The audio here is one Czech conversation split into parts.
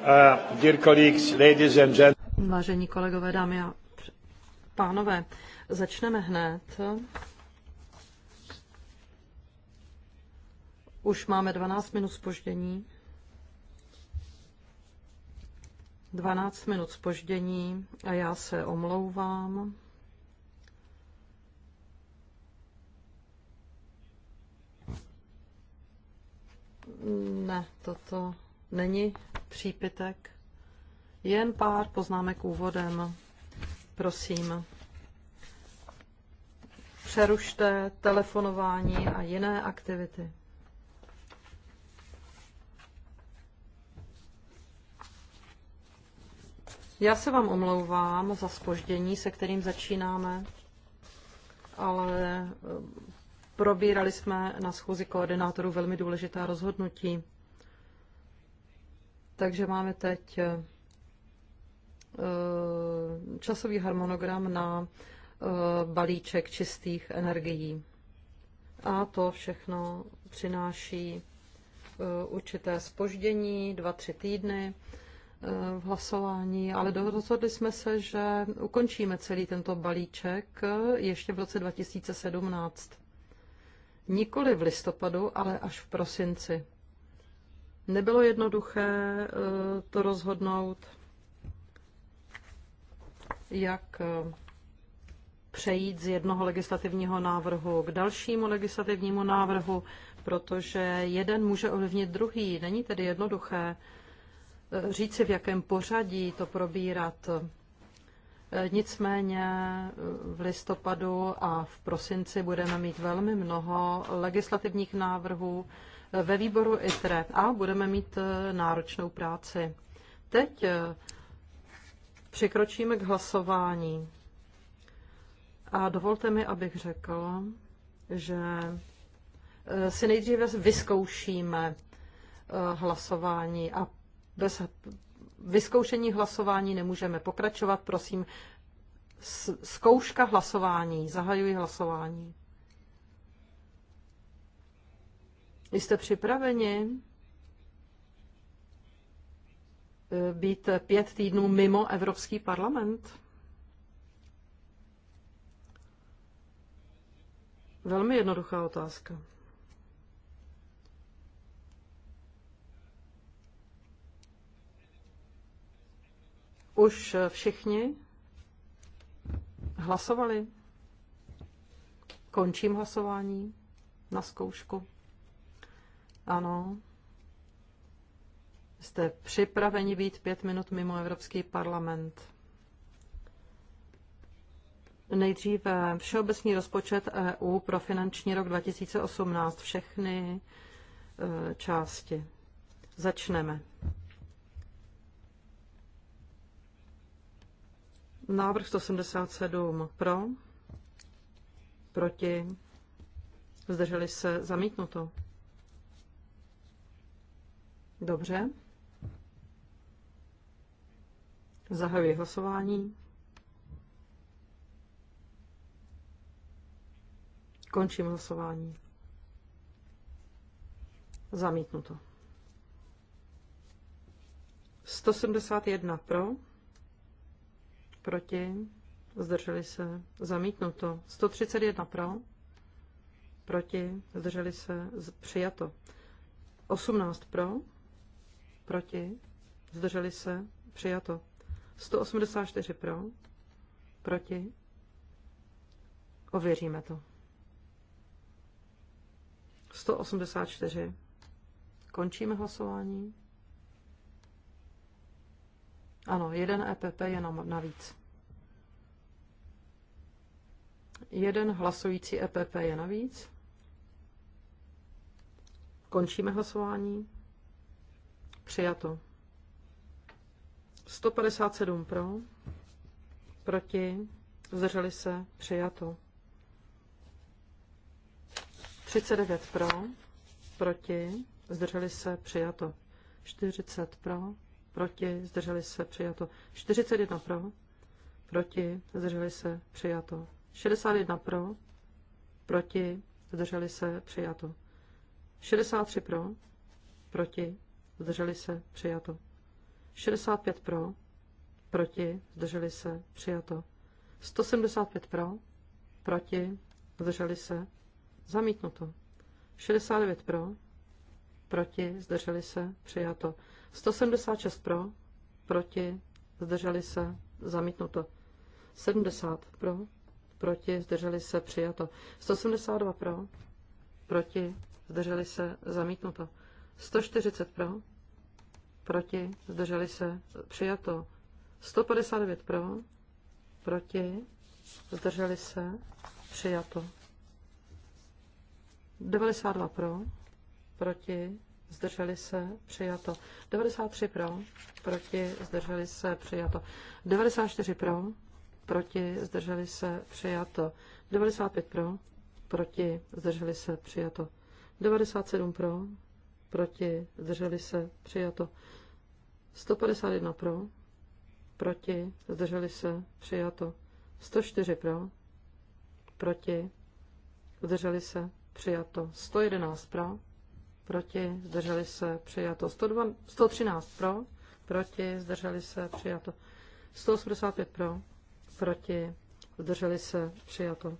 Uh, Vážení kolegové, dámy a pánové, začneme hned. Už máme 12 minut spoždění. 12 minut spoždění a já se omlouvám. Ne, toto není přípitek. Jen pár poznámek úvodem. Prosím, přerušte telefonování a jiné aktivity. Já se vám omlouvám za spoždění, se kterým začínáme, ale Probírali jsme na schůzi koordinátorů velmi důležitá rozhodnutí. Takže máme teď eh, časový harmonogram na eh, balíček čistých energií. A to všechno přináší eh, určité spoždění, dva, tři týdny v hlasování, ale rozhodli jsme se, že ukončíme celý tento balíček ještě v roce 2017 nikoli v listopadu, ale až v prosinci. Nebylo jednoduché eh, to rozhodnout, jak eh, přejít z jednoho legislativního návrhu k dalšímu legislativnímu návrhu, protože jeden může ovlivnit druhý. Není tedy jednoduché eh, říci, v jakém pořadí to probírat. Nicméně v listopadu a v prosinci budeme mít velmi mnoho legislativních návrhů ve výboru ITRE a budeme mít eh, náročnou práci. Teď eh, přikročíme k hlasování. A dovolte mi, abych řekl, že eh, si nejdříve vyzkoušíme hlasování a bez vyzkoušení hlasování nemůžeme pokračovat. Prosím, zkouška hlasování. Zahajuji hlasování. Jste připraveni e, být pět týdnů mimo Evropský parlament? Velmi jednoduchá otázka. Už všichni hlasovali? Končím hlasování na zkoušku. Ano. Jste připraveni být pět minut mimo Evropský parlament. Nejdříve všeobecný rozpočet EU pro finanční rok 2018. Všechny eh, části. Začneme. Návrh 177 pro, proti, zdrželi se, zamítnuto. Dobře. Zahajuji hlasování. Končím hlasování. Zamítnuto. 171 pro proti, zdrželi se, zamítnuto. 131 pro, proti, zdrželi se, přijato. 18 pro, proti, zdrželi se, přijato. 184 pro, proti, ověříme to. 184. Končíme hlasování. Ano, jeden EPP je na navíc. Jeden hlasující EPP je navíc. Končíme hlasování. Přijato. 157 pro, proti, zdrželi se, přijato. 39 pro, proti, zdrželi se, přijato. 40 pro, proti, zdrželi se, přijato. 41 pro, proti, zdrželi se, přijato. 61 pro, proti, zdrželi se, přijato. 63 pro, proti, zdrželi se, přijato. 65 pro, proti, zdrželi se, přijato. 175 pro, proti, zdrželi se, zamítnuto. 69 pro, proti, zdrželi se, přijato. 176 pro, proti, zdrželi se, zamítnuto. 70 pro, proti, zdrželi se, přijato. 172 pro, proti, zdrželi se, zamítnuto. 140 pro, proti, zdrželi se, přijato. 159 pro, proti, zdrželi se, přijato. 92 pro, proti, zdrželi se, přijato. 93 pro, proti, zdrželi se, přijato. 94 pro, proti, zdrželi se, přijato. 95 pro, proti, zdrželi se, přijato. 97 pro, proti, zdrželi se, přijato. 151 pro, proti, zdrželi se, přijato. 104 pro, proti, zdrželi se, přijato. 111 pro, proti, zdrželi se, přijato. 102, 113 pro, proti, zdrželi se, přijato. 185 pro, proti, zdrželi se, přijato.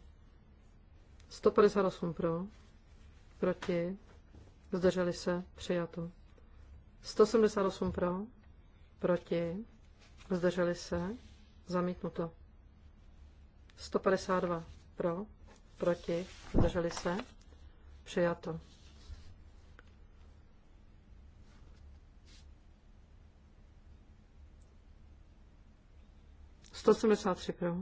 158 pro, proti, zdrželi se, přijato. 178 pro, proti, zdrželi se, zamítnuto. 152 pro, proti, zdrželi se, přijato. 173 pro,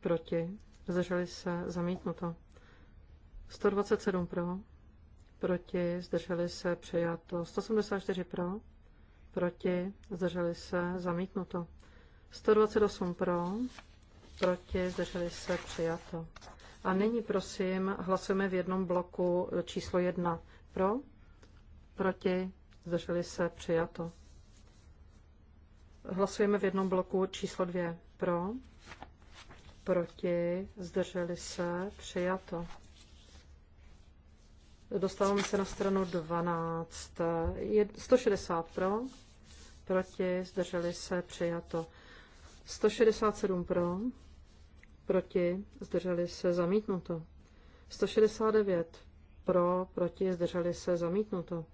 proti, zdrželi se, zamítnuto. 127 pro, proti, zdrželi se, přijato. 174 pro, proti, zdrželi se, zamítnuto. 128 pro, proti, zdrželi se, přijato. A nyní prosím, hlasujeme v jednom bloku číslo 1 pro, proti, zdrželi se, přijato. Hlasujeme v jednom bloku číslo dvě pro, proti, zdrželi se, přijato. Dostáváme se na stranu 12. 160 pro, proti, zdrželi se, přijato. 167 pro, proti, zdrželi se, zamítnuto. 169 pro, proti, zdrželi se, zamítnuto.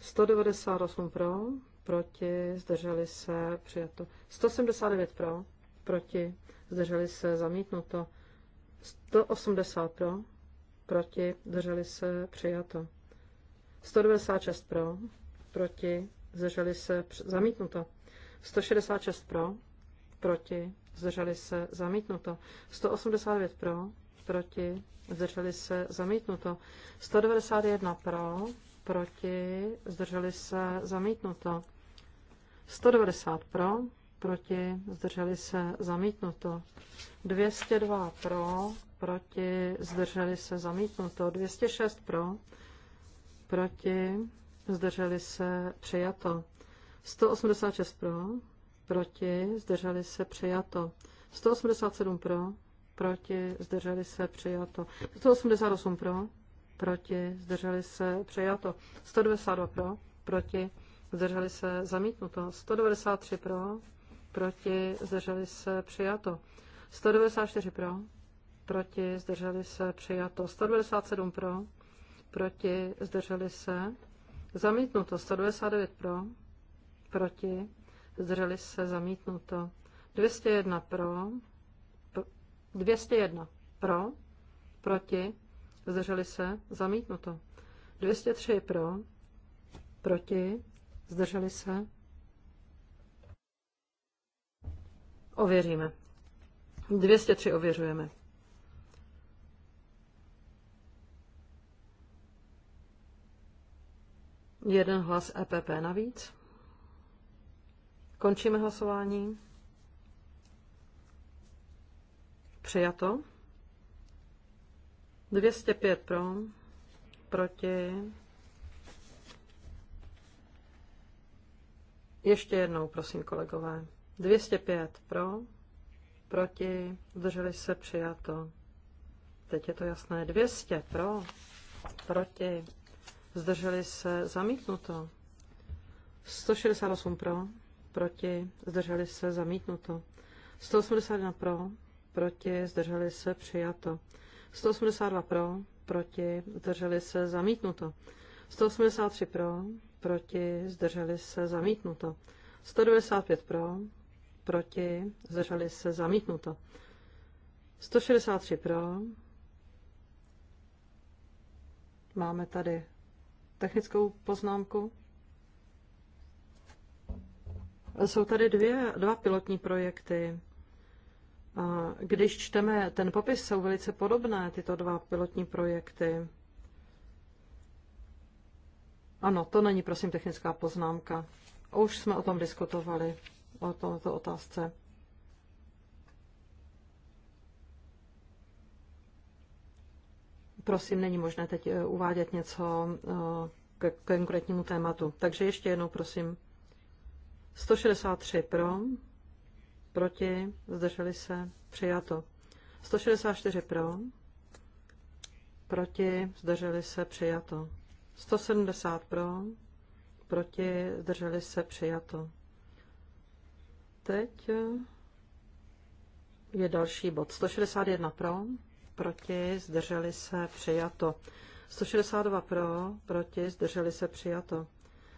198 pro, proti, zdrželi se, přijato. 179 pro, proti, zdrželi se, zamítnuto. 180 pro, proti, zdrželi se, přijato. 196 pro, proti, zdrželi se, zamítnuto. 166 pro, proti, zdrželi se, zamítnuto. 189 pro, proti, zdrželi se, zamítnuto. 191 pro, proti, zdrželi se, zamítnuto. 190 pro, proti, zdrželi se, zamítnuto. 202 pro, proti, zdrželi se, zamítnuto. 206 pro, proti, zdrželi se, přijato. 186 pro, proti, zdrželi se, přijato. 187 pro, proti, zdrželi se, přijato. 188 pro, proti, zdrželi se, přijato. 192 pro, proti, zdrželi se, zamítnuto. 193 pro, proti, zdrželi se, přijato. 194 pro, proti, zdrželi se, přijato. 197 pro, proti, zdrželi se, zamítnuto. 199 pro, proti, zdrželi se, zamítnuto. 201 pro, 201 pro, proti, zdrželi se, zamítnuto. 203 pro, proti, zdrželi se. Ověříme. 203 ověřujeme. Jeden hlas EPP navíc. Končíme hlasování. Přijato. 205 pro, proti. Ještě jednou, prosím, kolegové. 205 pro, proti, zdrželi se přijato. Teď je to jasné. 200 pro, proti, zdrželi se zamítnuto. 168 pro, proti, zdrželi se zamítnuto. 181 pro, proti, zdrželi se přijato. 182 pro, proti, zdrželi se, zamítnuto. 183 pro, proti, zdrželi se, zamítnuto. 195 pro, proti, zdrželi se, zamítnuto. 163 pro. Máme tady technickou poznámku. Jsou tady dvě, dva pilotní projekty když čteme ten popis, jsou velice podobné tyto dva pilotní projekty. Ano, to není prosím technická poznámka. Už jsme o tom diskutovali, o této otázce. Prosím, není možné teď eh, uvádět něco eh, k konkrétnímu tématu. Takže ještě jednou, prosím. 163 pro, proti, zdrželi se, přijato. 164 pro, proti, zdrželi se, přijato. 170 pro, proti, zdrželi se, přijato. Teď eh, je další bod. 161 pro, proti, zdrželi se, přijato. 162 pro, proti, zdrželi se, přijato.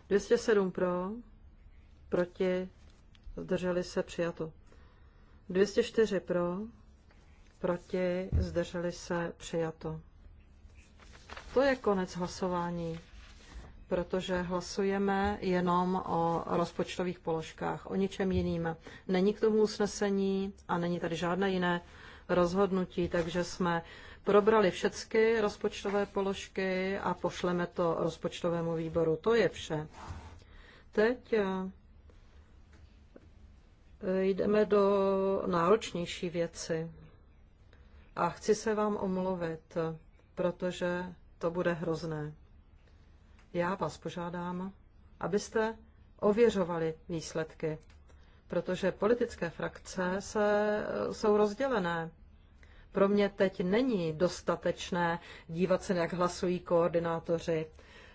207 pro, proti, zdrželi se, přijato. 204 pro, proti, zdrželi se, přijato. To je konec hlasování, protože hlasujeme jenom o rozpočtových položkách, o ničem jiným. Není k tomu usnesení a není tady žádné jiné rozhodnutí, takže jsme probrali všechny rozpočtové položky a pošleme to rozpočtovému výboru. To je vše. Teď eh, jdeme do náročnější věci. A chci se vám omluvit, protože to bude hrozné. Já vás požádám, abyste ověřovali výsledky, protože politické frakce se, jsou rozdělené. Pro mě teď není dostatečné dívat se, jak hlasují koordinátoři.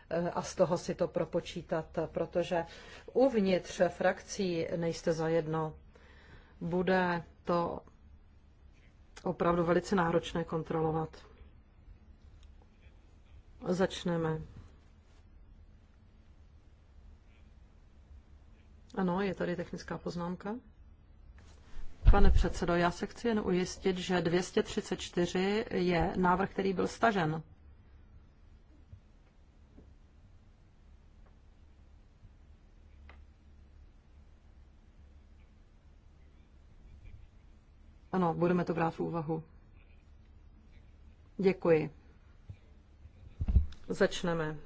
Eh, a z toho si to propočítat, protože uvnitř frakcí nejste zajedno. Bude to opravdu velice náročné kontrolovat. Začneme. Ano, je tady technická poznámka. Pane předsedo, já se chci jen ujistit, že 234 je návrh, který byl stažen. Ano, budeme to brát v úvahu. Děkuji. Začneme.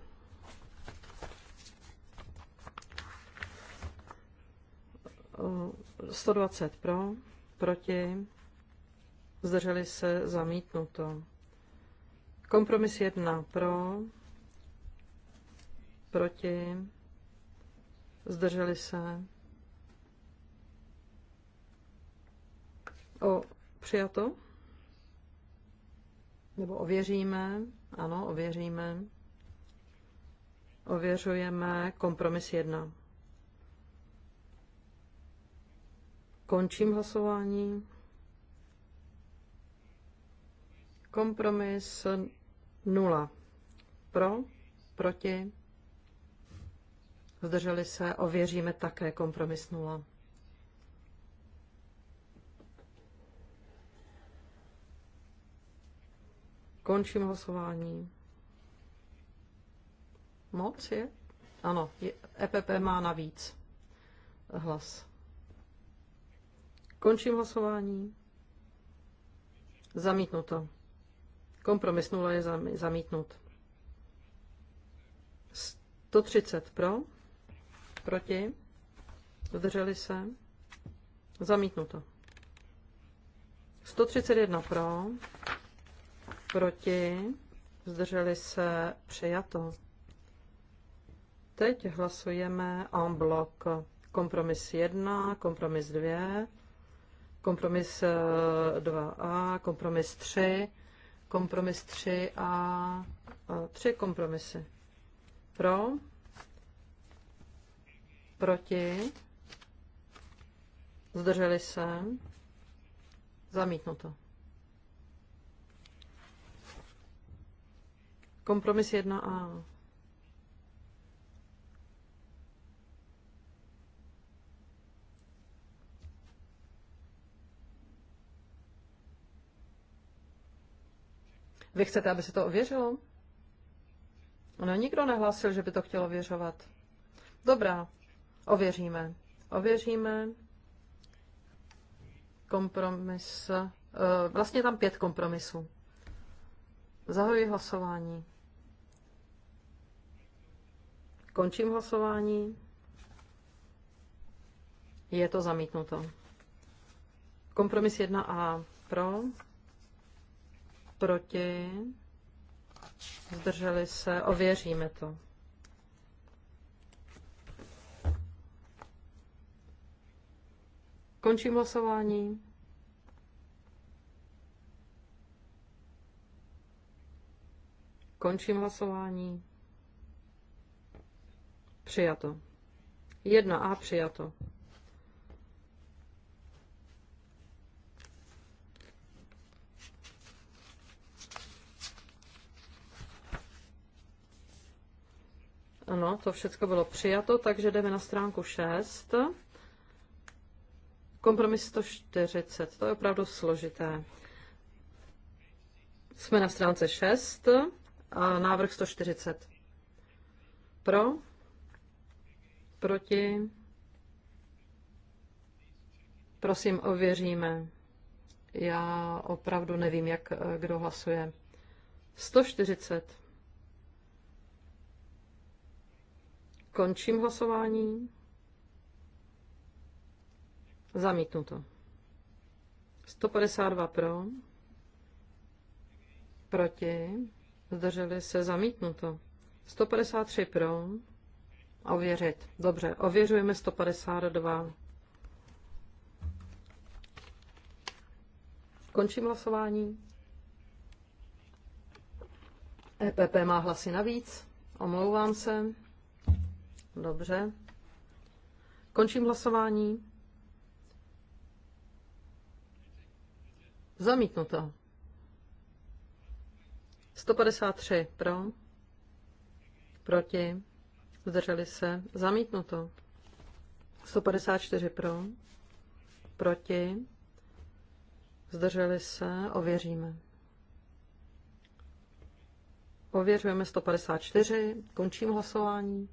Uh, 120 pro, proti, zdrželi se zamítnuto. Kompromis 1 pro, proti, zdrželi se O, přijato? Nebo ověříme? Ano, ověříme. Ověřujeme kompromis 1. Končím hlasování. Kompromis 0. Pro, proti, zdrželi se, ověříme také kompromis 0. Končím hlasování. Moc je? Ano, je, EPP má navíc hlas. Končím hlasování. Zamítnuto. Kompromis nula je zamítnut. 130 pro, proti, zdrželi se, zamítnuto. 131 pro, Proti? Zdrželi se přijato. Teď hlasujeme en bloc. Kompromis 1, kompromis 2, kompromis 2a, eh, kompromis 3, kompromis 3 a, a tři kompromisy. Pro, proti, zdrželi se, zamítnuto. Kompromis 1A. Vy chcete, aby se to ověřilo? No, nikdo nehlásil, že by to chtělo ověřovat. Dobrá, ověříme. Ověříme kompromis. Eh, vlastně tam pět kompromisů. Zahajuji hlasování. Končím hlasování. Je to zamítnuto. Kompromis 1A pro, proti, zdrželi se, ověříme to. Končím hlasování. Končím hlasování. Přijato. 1A přijato. Ano, to všechno bylo přijato, takže jdeme na stránku 6. Kompromis 140, to je opravdu složité. Jsme na stránce 6 a návrh 140. Pro, Proti? Prosím, ověříme. Já opravdu nevím, jak eh, kdo hlasuje. 140. Končím hlasování. Zamítnu to. 152 pro. Proti. Zdrželi se zamítnuto. 153 pro. Ověřit. Dobře, ověřujeme 152. Končím hlasování. EPP má hlasy navíc. Omlouvám se. Dobře. Končím hlasování. Zamítnuto. 153 pro, proti, zdrželi se, zamítnuto. 154 pro, proti, zdrželi se, ověříme. Ověřujeme 154, končím hlasování.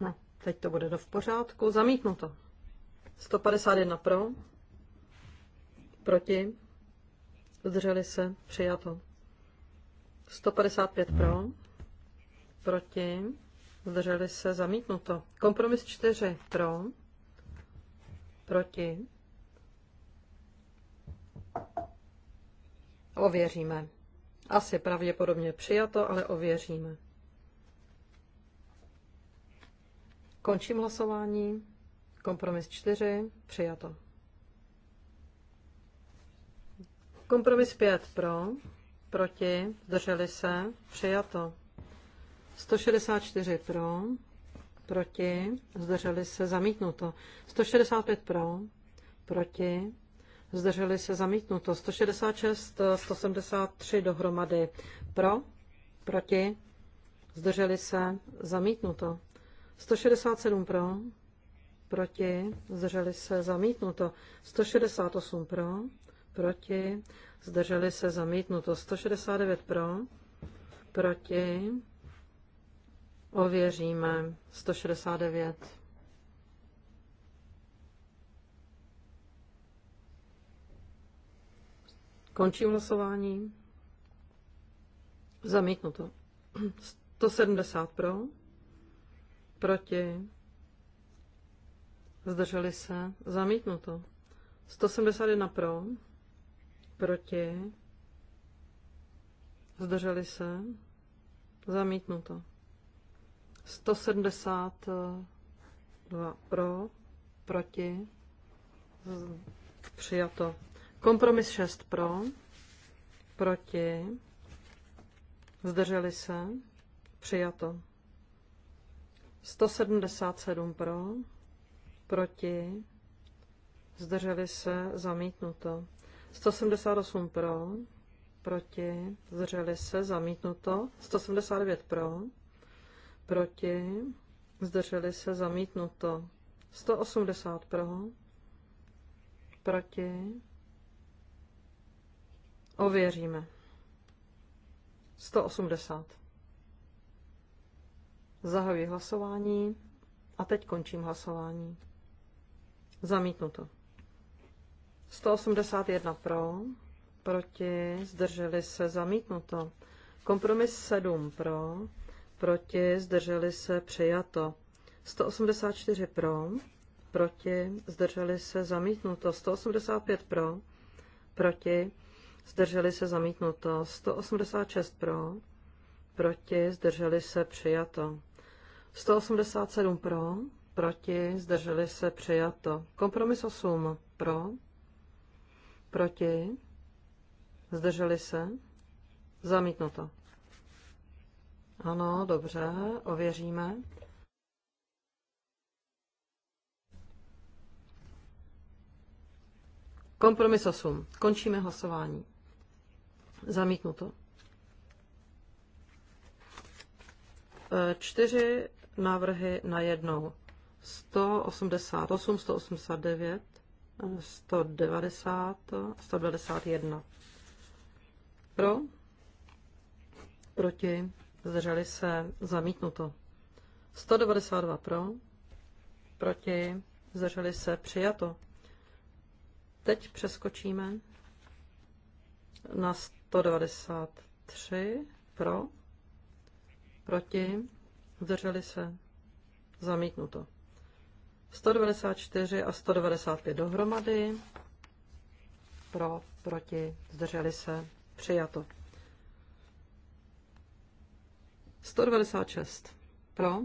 No, teď to bude do v pořádku, zamítnuto. 151 pro, Proti? Zdrželi se? Přijato. 155 pro. Proti? Zdrželi se? Zamítnuto. Kompromis 4 pro. Proti? Ověříme. Asi pravděpodobně přijato, ale ověříme. Končím hlasování. Kompromis 4. Přijato. Kompromis 5 pro, proti, zdrželi se, přijato. 164 pro, proti, zdrželi se, zamítnuto. 165 pro, proti, zdrželi se, zamítnuto. 166, 173 dohromady pro, proti, zdrželi se, zamítnuto. 167 pro, proti, zdrželi se, zamítnuto. 168 pro, proti, zdrželi se zamítnuto 169 pro, proti, ověříme 169. Končím hlasování. Zamítnuto. 170 pro, proti, zdrželi se, zamítnuto. 171 pro, Proti? Zdrželi se? Zamítnuto. 172 pro, proti, přijato. Kompromis 6 pro, proti, zdrželi se, přijato. 177 pro, proti, zdrželi se, zamítnuto. 178 pro, proti, zdrželi se, zamítnuto. 179 pro, proti, zdrželi se, zamítnuto. 180 pro, proti, ověříme. 180. Zahajuji hlasování a teď končím hlasování. Zamítnuto. 181 pro, proti, zdrželi se zamítnuto. Kompromis 7 pro, proti, zdrželi se přijato. 184 pro, proti, zdrželi se zamítnuto. 185 pro, proti, zdrželi se zamítnuto. 186 pro, proti, zdrželi se přijato. 187 pro, proti, zdrželi se přijato. Kompromis 8 pro, Proti? Zdrželi se? Zamítnuto. Ano, dobře, ověříme. Kompromis 8. Končíme hlasování. Zamítnuto. E, čtyři návrhy na jednou. 188, 189, 190, 191. Pro, proti, zdrželi se, zamítnuto. 192 pro, proti, zdrželi se, přijato. Teď přeskočíme na 193 pro, proti, zdrželi se, zamítnuto. 194 a 195 dohromady. Pro, proti, zdrželi se, přijato. 196 pro,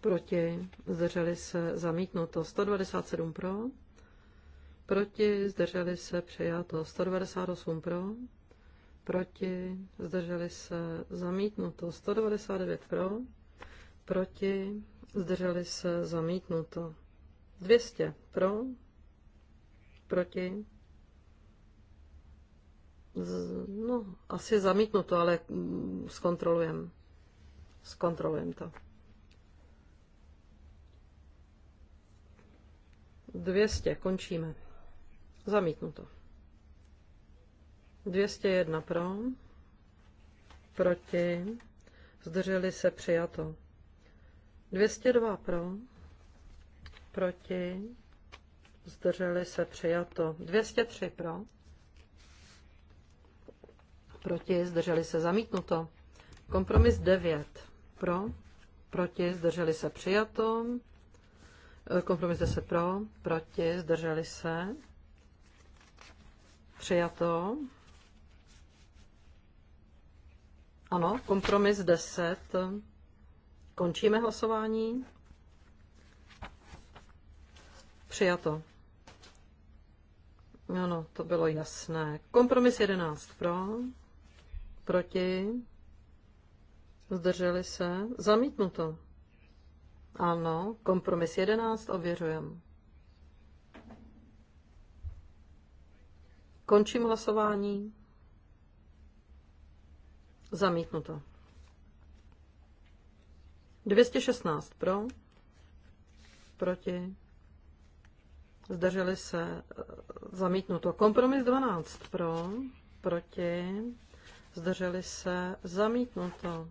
proti, zdrželi se, zamítnuto. 197 pro, proti, zdrželi se, přijato. 198 pro, proti, zdrželi se, zamítnuto. 199 pro, proti, zdrželi se zamítnuto. 200 pro, proti, Z, no, asi zamítnuto, ale mm, zkontrolujem. Zkontrolujem to. 200, končíme. Zamítnuto. 201 pro, proti, zdrželi se přijato. 202 pro, proti, zdrželi se přijato. 203 pro, proti, zdrželi se zamítnuto. Kompromis 9 pro, proti, zdrželi se přijato. Eh, kompromis 10 pro, proti, zdrželi se. Přijato. Ano, kompromis 10 Končíme hlasování. Přijato. Ano, to bylo jasné. Kompromis 11 pro, proti, zdrželi se, zamítnuto. Ano, kompromis 11 ověřujem. Končím hlasování. Zamítnuto. 216 eh, pro, proti, zdrželi se, zamítnuto. Kompromis 12 pro, proti, zdrželi se, zamítnuto.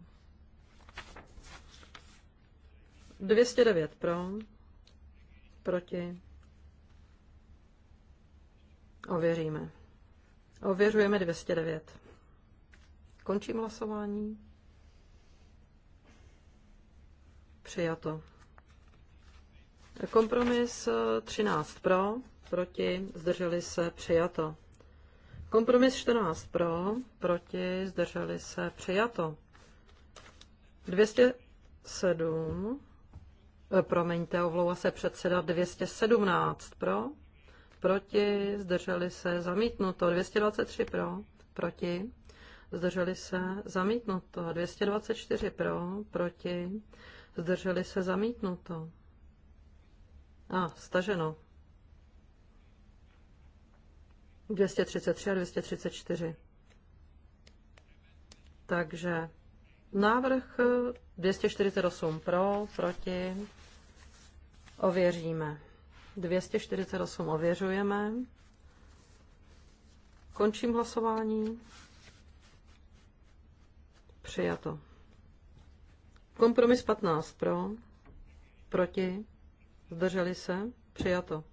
209 pro, proti, ověříme. Ověřujeme 209. Končím hlasování. Přijato. Kompromis 13 eh, pro, proti, zdrželi se, přijato. Kompromis 14 pro, proti, zdrželi se, přijato. 207, eh, promiňte, ovlouva se předseda 217 pro, proti, zdrželi se, zamítnuto, 223 pro, proti, zdrželi se, zamítnuto, 224 pro, proti, zdrželi se zamítnuto. A, staženo. 233 a 234. Takže návrh 248 pro, proti, ověříme. 248 ověřujeme. Končím hlasování. Přijato. Kompromis 15 pro, proti, zdrželi se, přijato.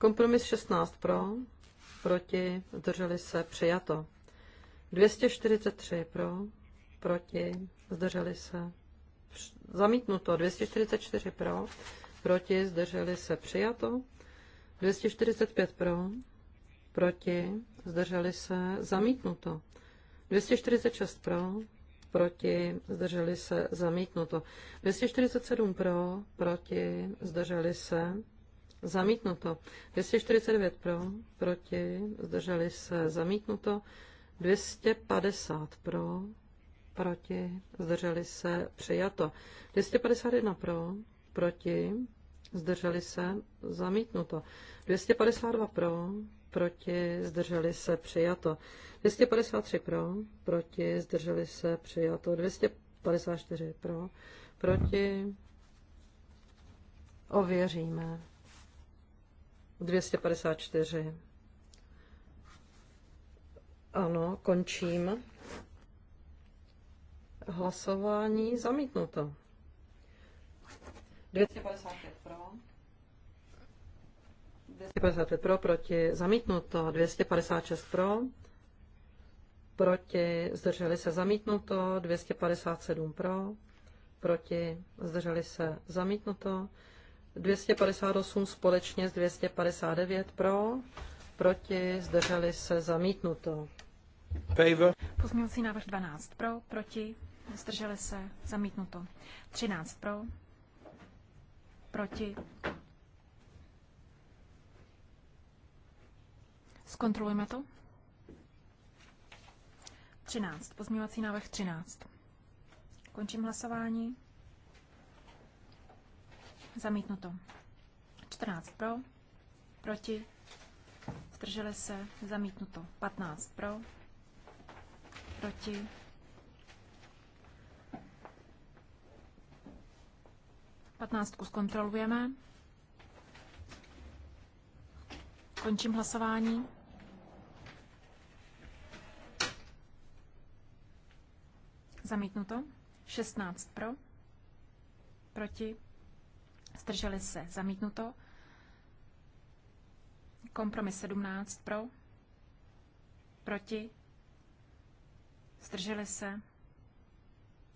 Kompromis 16 pro, proti, zdrželi se, přijato. 243 pro, proti, zdrželi se, zamítnuto. 244 pro, proti, zdrželi se, přijato. 245 pro, proti, zdrželi se, zamítnuto. 246 pro, proti, zdrželi se, zamítnuto. 247 pro, proti, zdrželi se, zamítnuto. 249 pro, proti, zdrželi se, zamítnuto. 250 pro, proti, zdrželi se, přijato. 251 pro, proti, zdrželi se, zamítnuto. 252 pro, proti, zdrželi se, přijato. 253 pro, proti, zdrželi se, přijato. 254 pro, proti, ověříme. 254. Ano, končím. Hlasování zamítnuto. 255 pro. 255 pro, proti zamítnuto, 256 pro, proti zdrželi se zamítnuto, 257 pro, proti zdrželi se zamítnuto, 258 společně s 259 pro, proti zdrželi se zamítnuto. Favor. Pozměňovací návrh 12 pro, proti zdrželi se zamítnuto, 13 pro, proti Zkontrolujeme to. 13. Pozměňovací návrh 13. Končím hlasování. Zamítnuto. 14 pro, proti, zdrželi se, zamítnuto. 15 pro, proti, 15 zkontrolujeme. Končím hlasování. Zamítnuto. 16 pro. Proti. Zdrželi se. Zamítnuto. Kompromis 17 pro. Proti. Zdrželi se.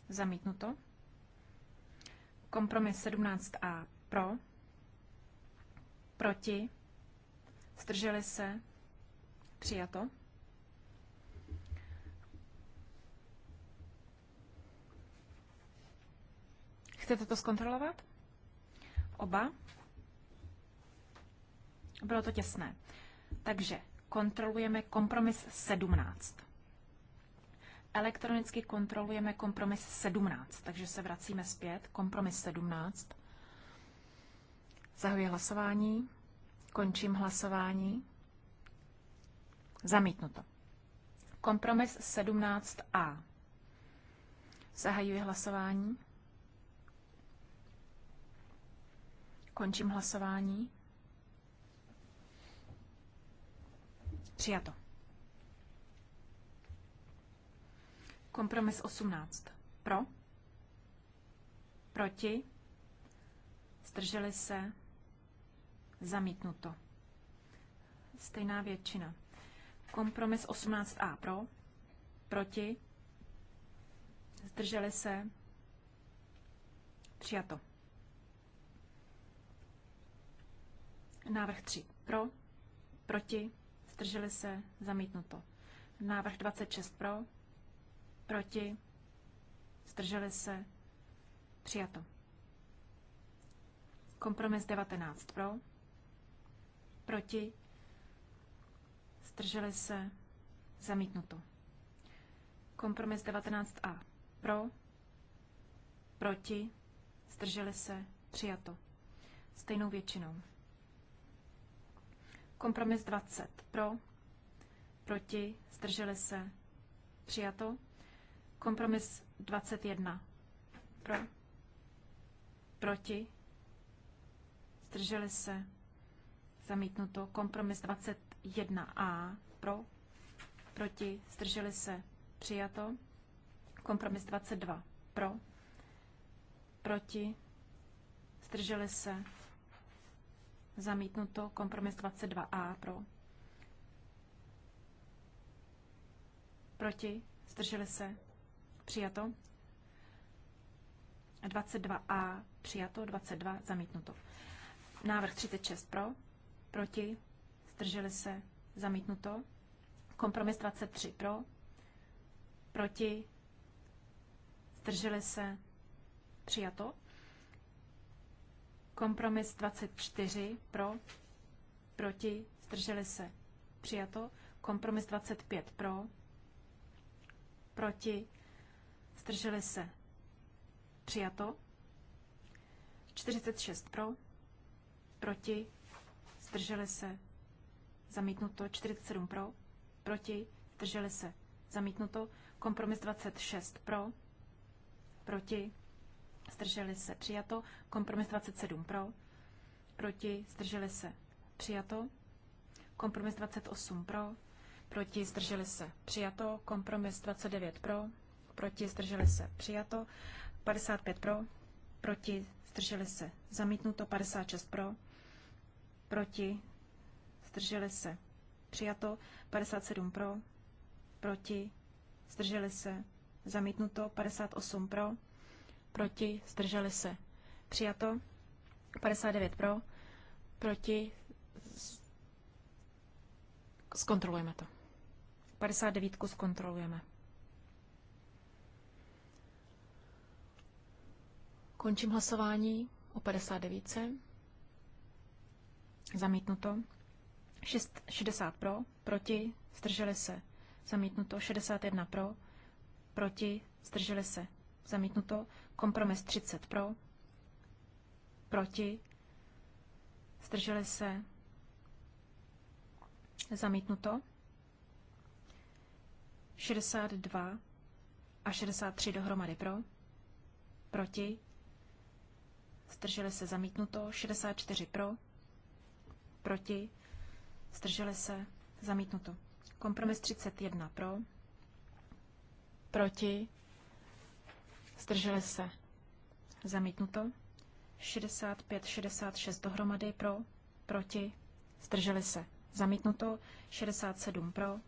Zamítnuto. Kompromis 17a pro. Proti. Zdrželi se. Přijato. Chcete to zkontrolovat? Oba? Bylo to těsné. Takže kontrolujeme kompromis 17. Elektronicky kontrolujeme kompromis 17, takže se vracíme zpět. Kompromis 17. Zahajuji hlasování. Končím hlasování. Zamítnuto. Kompromis 17a. Zahajuji hlasování. Končím hlasování. Přijato. Kompromis 18. Pro? Proti? Zdrželi se? Zamítnuto. Stejná většina. Kompromis 18a pro? Proti? Zdrželi se? Přijato. Návrh 3 pro, proti, zdrželi se, zamítnuto. Návrh 26 pro, proti, zdrželi se, přijato. Kompromis 19 pro, proti, zdrželi se, zamítnuto. Kompromis 19a pro, proti, zdrželi se, přijato. Stejnou většinou. Kompromis 20 pro, proti, zdrželi se, přijato. Kompromis 21 pro, proti, zdrželi se, zamítnuto. Kompromis 21a pro, proti, zdrželi se, přijato. Kompromis 22 pro, proti, zdrželi se, Zamítnuto. Kompromis 22a pro. Proti. Zdrželi se. Přijato. 22a přijato, 22 zamítnuto. Návrh 36 pro, proti, zdrželi se, zamítnuto. Kompromis 23 pro, proti, zdrželi se, přijato. Kompromis 24 pro, proti, zdrželi se, přijato. Kompromis 25 pro, proti, zdrželi se, přijato. 46 pro, proti, zdrželi se, zamítnuto. 47 pro, proti, zdrželi se, zamítnuto. Kompromis 26 pro, proti, zdrželi se, přijato. Kompromis 27 pro, proti, zdrželi se, přijato. Kompromis 28 pro, proti, zdrželi se, přijato. Kompromis 29 pro, proti, zdrželi se, přijato. 55 pro, proti, zdrželi se, zamítnuto. 56 pro, proti, zdrželi se, přijato. 57 pro, proti, zdrželi se, zamítnuto. 58 pro, proti, zdrželi se. Přijato. 59 pro, proti, zkontrolujeme to. 59 zkontrolujeme. Končím hlasování o 59. Zamítnuto. 6, 60 pro, proti, zdrželi se. Zamítnuto. 61 pro, proti, zdrželi se. Zamítnuto. Kompromis 30 pro, proti, zdrželi se, zamítnuto. 62 a 63 dohromady pro, proti, zdrželi se zamítnuto, 64 pro, proti, zdrželi se zamítnuto. Kompromis 31 pro, proti, Zdrželi se. Zamítnuto. 65, 66 dohromady pro, proti, zdrželi se. Zamítnuto. 67 pro,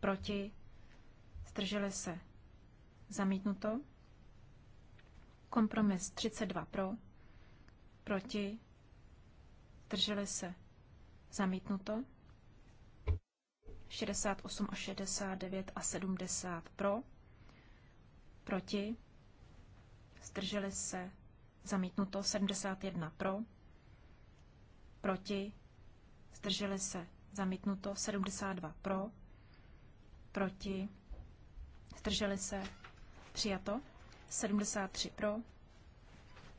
proti, zdrželi se. Zamítnuto. Kompromis 32 pro, proti, zdrželi se. Zamítnuto. 68 a 69 a 70 pro, proti, zdrželi se, zamítnuto 71 pro, proti, zdrželi se, zamítnuto 72 pro, proti, zdrželi se, přijato 73 pro,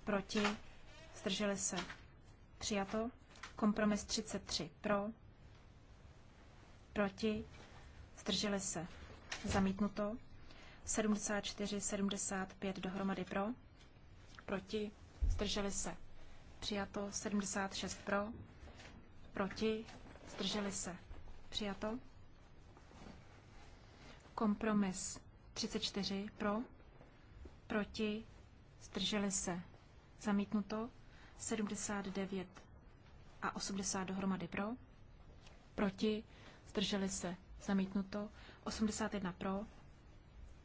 proti, zdrželi se, přijato, kompromis 33 pro, proti, zdrželi se, zamítnuto 74, 75 dohromady pro, proti, zdrželi se. Přijato 76 pro, proti, zdrželi se. Přijato. Kompromis 34 pro, proti, zdrželi se. Zamítnuto 79 a 80 dohromady pro, proti, zdrželi se. Zamítnuto 81 pro,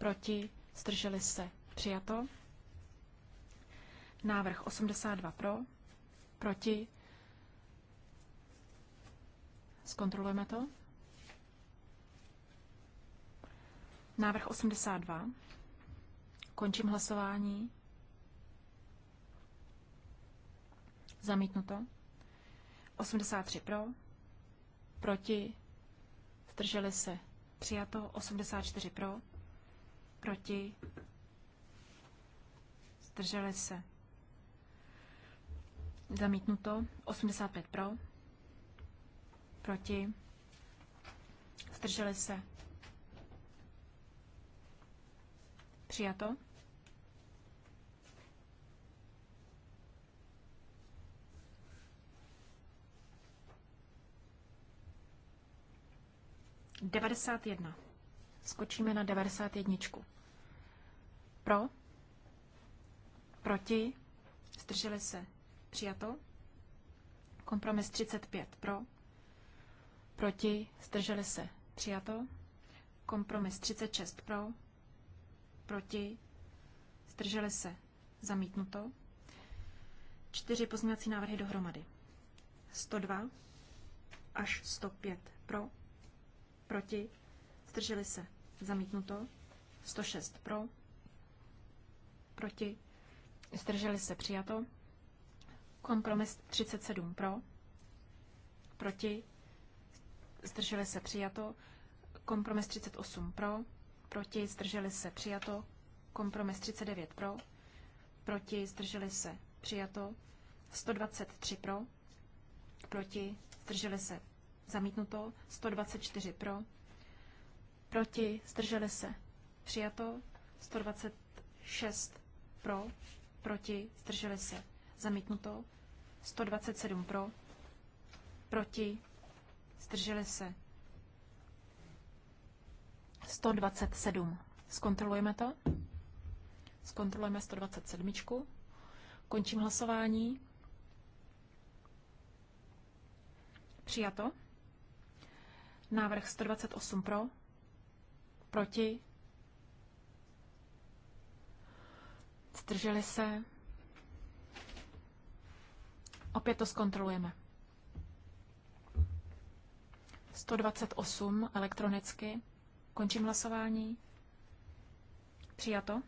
proti, zdrželi se, přijato. Návrh 82 pro, proti, zkontrolujeme to. Návrh 82. Končím hlasování. Zamítnuto. 83 pro, proti, zdrželi se, přijato, 84 pro, proti, zdrželi se. Zamítnuto 85 pro, proti, zdrželi se. Přijato. Devadesát jedna. Skočíme na devadesát jedničku. Pro? Proti? Zdrželi se. Přijato. Kompromis 35 pro. Proti? Zdrželi se. Přijato. Kompromis 36 pro. Proti? Zdrželi se. Zamítnuto. Čtyři pozměňovací návrhy dohromady. 102 až 105 pro. Proti? Zdrželi se. Zamítnuto. 106 pro proti, zdrželi se přijato. Kompromis 37 pro, proti, zdrželi se přijato. Kompromis 38 pro, proti, zdrželi se přijato. Kompromis 39 pro, proti, zdrželi se přijato. 123 pro, proti, zdrželi se zamítnuto. 124 pro, proti, zdrželi se přijato. 126 pro, proti, zdrželi se, zamítnuto. 127 pro, proti, zdrželi se. 127. Zkontrolujeme to. Zkontrolujeme 127. Končím hlasování. Přijato. Návrh 128 pro, proti, zdrželi se. Opět to zkontrolujeme. 128 elektronicky. Končím hlasování. Přijato.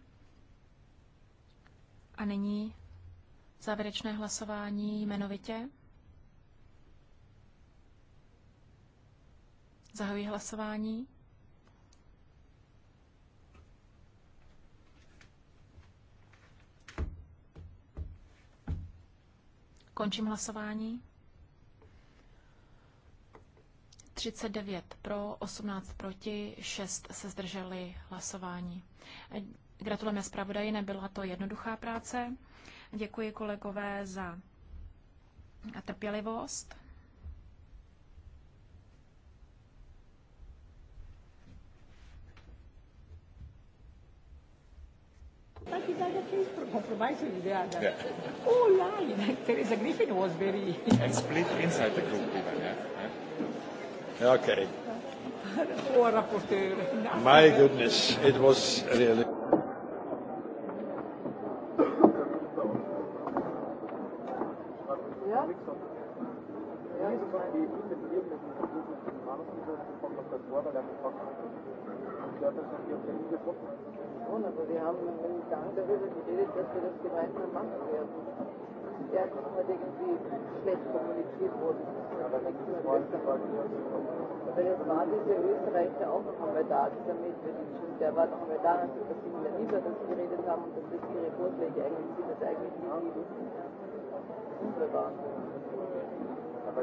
A nyní závěrečné hlasování jmenovitě. Zahajuji hlasování. Končím hlasování. 39 pro, 18 proti, 6 se zdrželi hlasování. Gratulujeme zpravodaji, nebyla to jednoduchá práce. Děkuji kolegové za trpělivost. But it doesn't case for compromising the other. Yeah. Oh, yeah, Teresa Griffin was very... and split inside the group even, yeah? yeah. Okay. Poor rapporteur. My goodness, it was really... Ich glaube, schon, aber wir haben im Gang darüber geredet, dass wir das gemeinsam machen werden. Ja, es ist halt irgendwie schlecht kommuniziert worden. Aber nächstes Mal Weil es war dieser Österreicher auch noch einmal da, dieser Medvedicin, der war noch einmal da, als wir das der das geredet haben und dass das ihre Vorschläge eigentlich sind, das eigentlich nicht wunderbar. Aber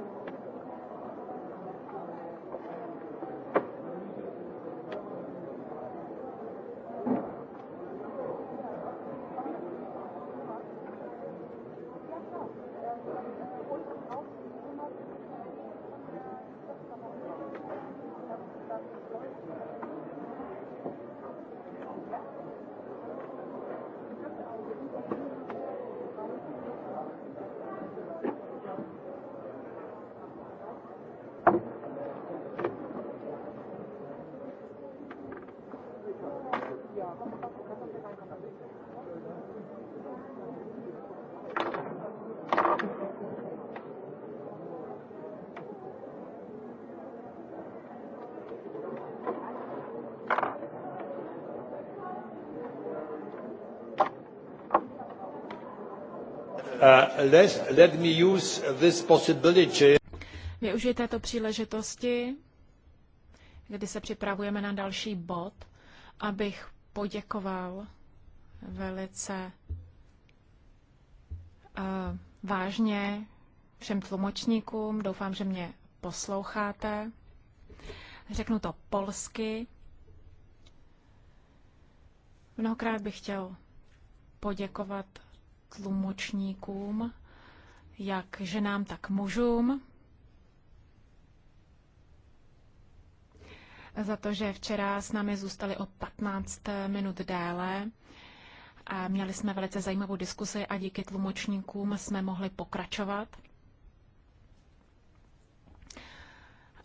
Využijte uh, Využij této příležitosti, kdy se připravujeme na další bod, abych poděkoval velice uh, vážně všem tlumočníkům. Doufám, že mě posloucháte. Řeknu to polsky. Mnohokrát bych chtěl poděkovat tlumočníkům, jak ženám, tak mužům, za to, že včera s námi zůstali o 15 minut déle. A měli jsme velice zajímavou diskusi a díky tlumočníkům jsme mohli pokračovat.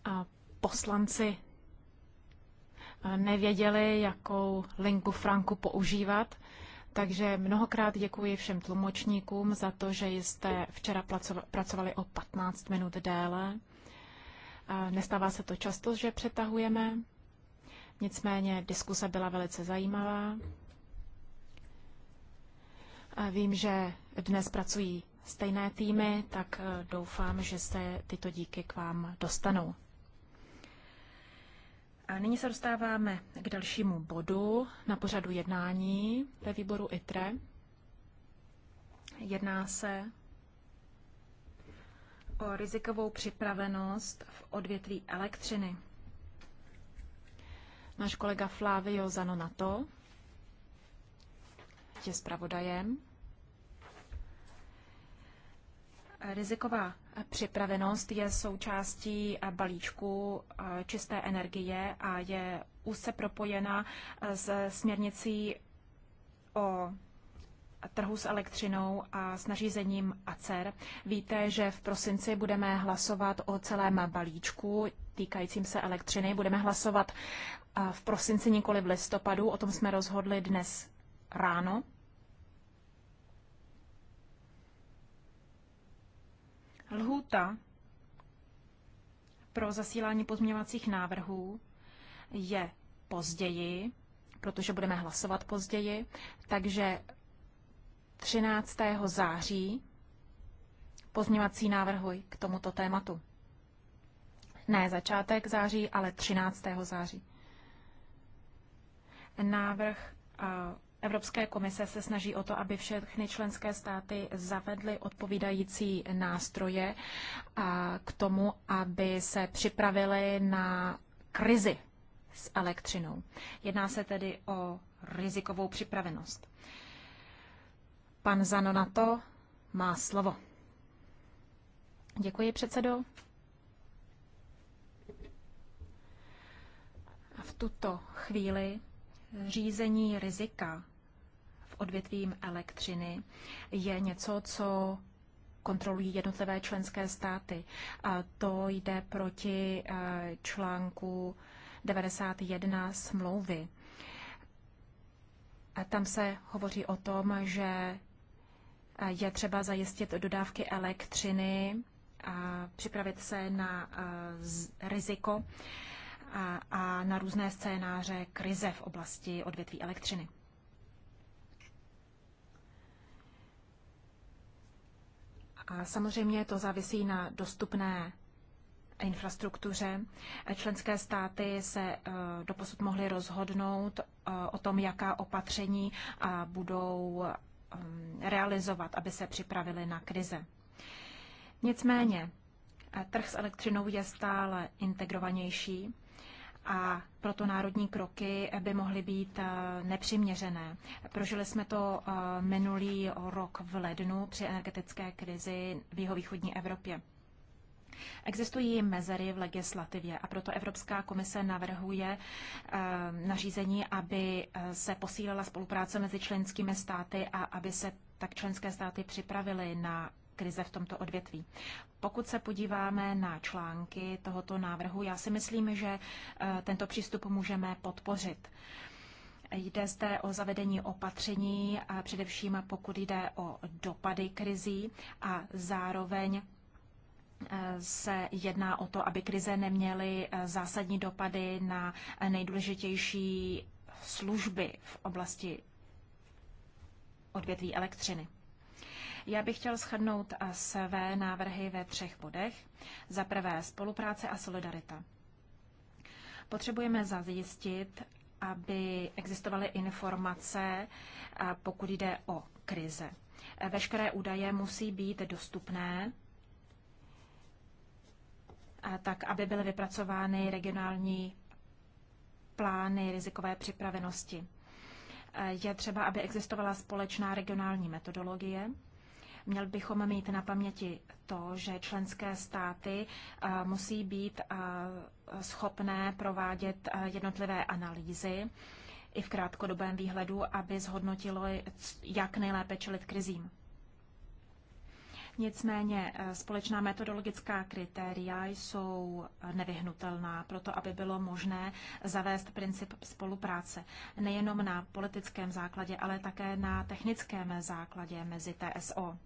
A poslanci nevěděli, jakou linku franku používat. Takže mnohokrát děkuji všem tlumočníkům za to, že jste včera pracovali o 15 minut déle. Nestává se to často, že přetahujeme. Nicméně diskuse byla velice zajímavá. A vím, že dnes pracují stejné týmy, tak eh, doufám, že se tyto díky k vám dostanou. A nyní se dostáváme k dalšímu bodu na pořadu jednání ve výboru ITRE. Jedná se o rizikovou připravenost v odvětví elektřiny. Náš kolega Flávio Zanonato je zpravodajem. Riziková Připravenost je součástí eh, balíčku eh, čisté energie a je úzce propojena eh, s směrnicí o trhu s elektřinou a s nařízením ACER. Víte, že v prosinci budeme hlasovat o celém balíčku týkajícím se elektřiny. Budeme hlasovat v prosinci, nikoli v listopadu. O tom jsme rozhodli dnes ráno. Lhůta pro zasílání pozměňovacích návrhů je později, protože budeme hlasovat později, takže 13. září pozměňovací návrhy k tomuto tématu. Ne začátek září, ale 13. září. Návrh Evropské komise se snaží o to, aby všechny členské státy zavedly odpovídající nástroje k tomu, aby se připravili na krizi s elektřinou. Jedná se tedy o rizikovou připravenost. Pan Zano na to má slovo. Děkuji, předsedo. A v tuto chvíli řízení rizika v odvětvím elektřiny je něco, co kontrolují jednotlivé členské státy. A to jde proti eh, článku 91 smlouvy. A tam se hovoří o tom, že eh, je třeba zajistit dodávky elektřiny a připravit se na eh, riziko a, a na různé scénáře krize v oblasti odvětví elektřiny. A samozřejmě to závisí na dostupné infrastruktuře. Členské státy se eh, doposud mohly rozhodnout eh, o tom, jaká opatření budou eh, realizovat, aby se připravili na krize. Nicméně, trh s elektřinou je stále integrovanější a proto národní kroky by mohly být eh, nepřiměřené. Prožili jsme to eh, minulý rok v lednu při energetické krizi v jihovýchodní Evropě. Existují mezery v legislativě a proto Evropská komise navrhuje eh, nařízení, aby se posílila spolupráce mezi členskými státy a aby se tak členské státy připravily na krize v tomto odvětví. Pokud se podíváme na články tohoto návrhu, já si myslím, že eh, tento přístup můžeme podpořit. Jde zde o zavedení opatření, a především pokud jde o dopady krizí a zároveň eh, se jedná o to, aby krize neměly eh, zásadní dopady na nejdůležitější služby v oblasti odvětví elektřiny. Já bych chtěl shrnout své návrhy ve třech bodech. Za prvé spolupráce a solidarita. Potřebujeme zajistit, aby existovaly informace, pokud jde o krize. Veškeré údaje musí být dostupné, tak aby byly vypracovány regionální plány rizikové připravenosti. Je třeba, aby existovala společná regionální metodologie Měl bychom mít na paměti to, že členské státy eh, musí být eh, schopné provádět eh, jednotlivé analýzy i v krátkodobém výhledu, aby zhodnotilo, jak nejlépe čelit krizím. Nicméně společná metodologická kritéria jsou nevyhnutelná proto, aby bylo možné zavést princip spolupráce nejenom na politickém základě, ale také na technickém základě mezi TSO.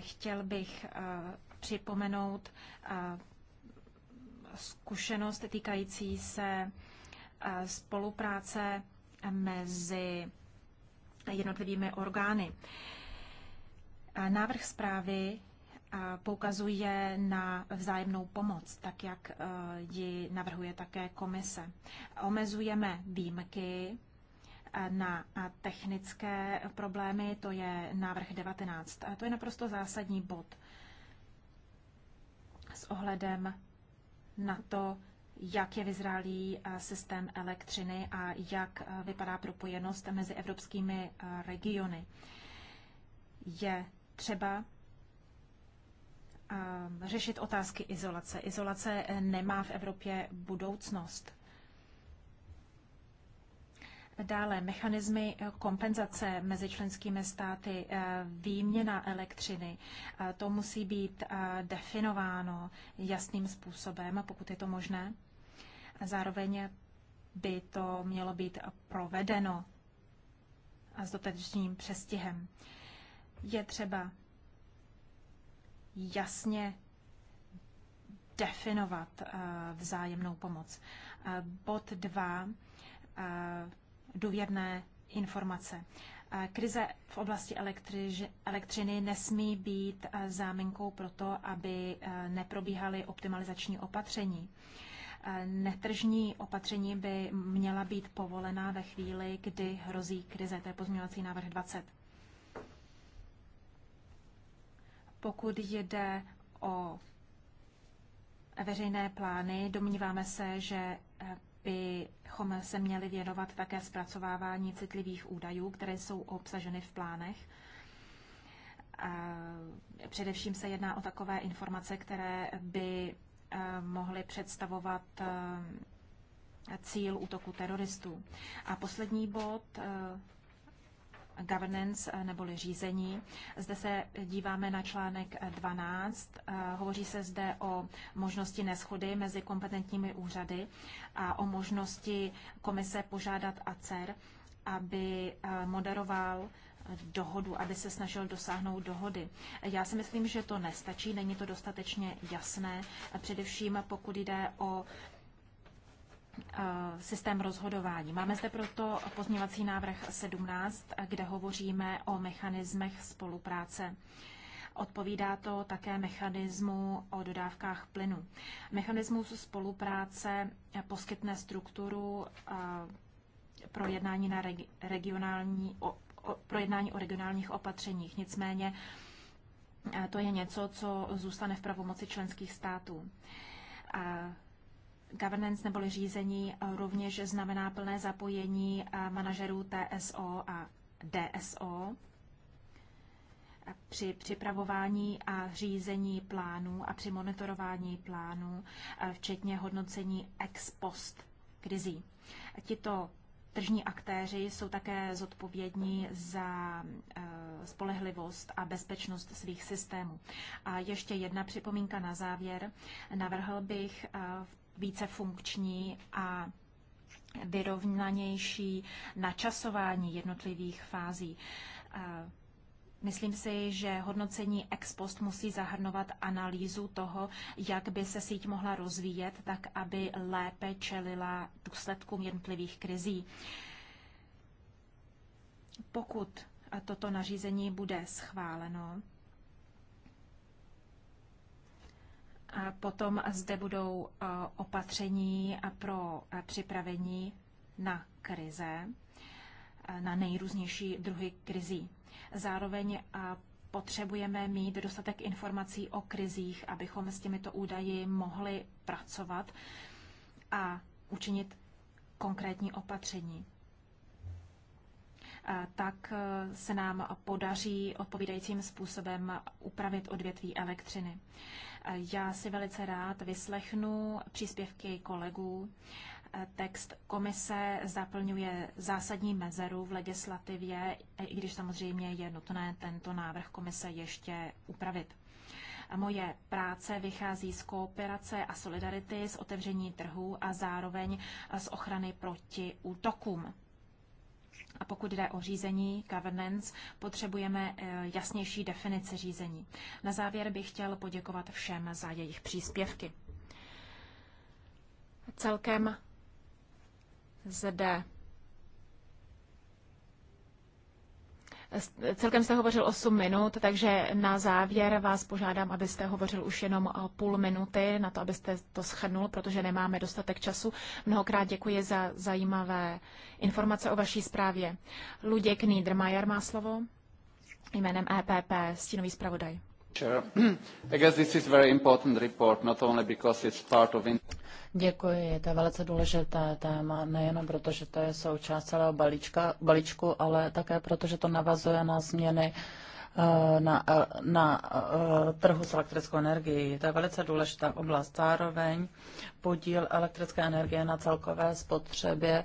Chtěl bych eh, připomenout eh, zkušenost týkající se eh, spolupráce mezi jednotlivými orgány. Návrh zprávy poukazuje na vzájemnou pomoc, tak jak ji navrhuje také komise. Omezujeme výjimky na technické problémy, to je návrh 19. To je naprosto zásadní bod s ohledem na to, jak je vyzrálý eh, systém elektřiny a jak eh, vypadá propojenost mezi evropskými eh, regiony. Je třeba řešit otázky izolace. Izolace nemá v Evropě budoucnost. Dále mechanismy kompenzace mezi členskými státy, eh, výměna elektřiny, eh, to musí být eh, definováno jasným způsobem, pokud je to možné. Zároveň by to mělo být provedeno a s dotačním přestihem. Je třeba jasně definovat vzájemnou pomoc. Bod 2 důvěrné informace. Krize v oblasti elektři, elektřiny nesmí být záminkou pro to, aby neprobíhaly optimalizační opatření. Netržní opatření by měla být povolená ve chvíli, kdy hrozí krize. To je pozměňovací návrh 20. Pokud jde o veřejné plány, domníváme se, že bychom se měli věnovat také zpracovávání citlivých údajů, které jsou obsaženy v plánech. Především se jedná o takové informace, které by eh, mohly představovat eh, cíl útoku teroristů. A poslední bod eh, governance eh, neboli řízení. Zde se díváme na článek 12. Eh, hovoří se zde o možnosti neschody mezi kompetentními úřady a o možnosti komise požádat ACER, aby eh, moderoval dohodu, aby se snažil dosáhnout dohody. Já si myslím, že to nestačí, není to dostatečně jasné, především pokud jde o Eh, systém rozhodování. Máme zde proto pozměvací návrh 17, kde hovoříme o mechanismech spolupráce. Odpovídá to také mechanismu o dodávkách plynu. Mechanismus spolupráce poskytne strukturu eh, pro jednání, na regionální, o, o, pro jednání o regionálních opatřeních. Nicméně eh, to je něco, co zůstane v pravomoci členských států. A Governance neboli řízení eh, rovněž znamená plné zapojení eh, manažerů TSO a DSO při připravování a řízení plánů a při monitorování plánů, eh, včetně hodnocení ex post krizí. Tito tržní aktéři jsou také zodpovědní za spolehlivost a bezpečnost svých systémů. A ještě jedna připomínka na závěr. Navrhl bych v více funkční a vyrovnanější načasování jednotlivých fází. Myslím si, že hodnocení ex post musí zahrnovat analýzu toho, jak by se síť mohla rozvíjet, tak aby lépe čelila důsledkům jednotlivých krizí. Pokud toto nařízení bude schváleno, Potom zde budou e, opatření pro e, připravení na krize, e, na nejrůznější druhy krizí. Zároveň potřebujeme mít dostatek informací o krizích, abychom s těmito údaji mohli pracovat a učinit konkrétní opatření. Eh, tak eh, se nám podaří odpovídajícím způsobem upravit odvětví elektřiny. Eh, já si velice rád vyslechnu příspěvky kolegů. Text komise zaplňuje zásadní mezeru v legislativě, i když samozřejmě je nutné tento návrh komise ještě upravit. A moje práce vychází z kooperace a solidarity, z otevření trhu a zároveň z ochrany proti útokům. A pokud jde o řízení, governance, potřebujeme eh, jasnější definici řízení. Na závěr bych chtěl poděkovat všem za jejich příspěvky. Celkem zde Celkem jste hovořil 8 minut, takže na závěr vás požádám, abyste hovořil už jenom půl minuty na to, abyste to schrnul, protože nemáme dostatek času. Mnohokrát děkuji za zajímavé informace o vaší zprávě. Luděk Niedermayer má slovo jménem EPP, stínový zpravodaj. Děkuji, je to velice důležité téma, nejenom proto, že to je součást celého balíčka, balíčku, ale také proto, že to navazuje na změny Eh, na, eh, na eh, trhu s elektrickou energií. To je velice důležitá oblast. Zároveň podíl elektrické energie na celkové spotřebě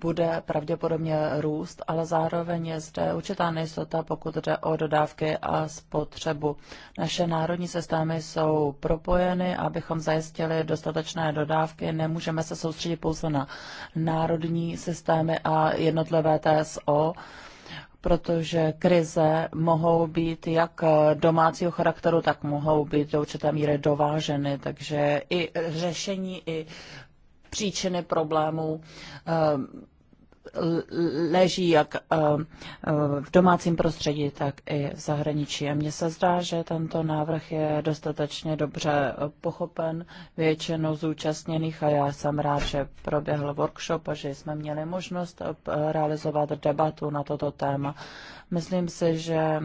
bude pravděpodobně růst, ale zároveň je zde určitá nejistota, pokud jde o dodávky a spotřebu. Naše národní systémy jsou propojeny, abychom zajistili dostatečné dodávky. Nemůžeme se soustředit pouze na národní systémy a jednotlivé TSO protože krize mohou být jak domácího charakteru, tak mohou být do určité míry dováženy. Takže i řešení, i příčiny problémů leží jak eh, eh, v domácím prostředí, tak i v zahraničí. A mně se zdá, že tento návrh je dostatečně dobře pochopen většinou zúčastněných a já jsem rád, že proběhl workshop a že jsme měli možnost eh, realizovat debatu na toto téma. Myslím si, že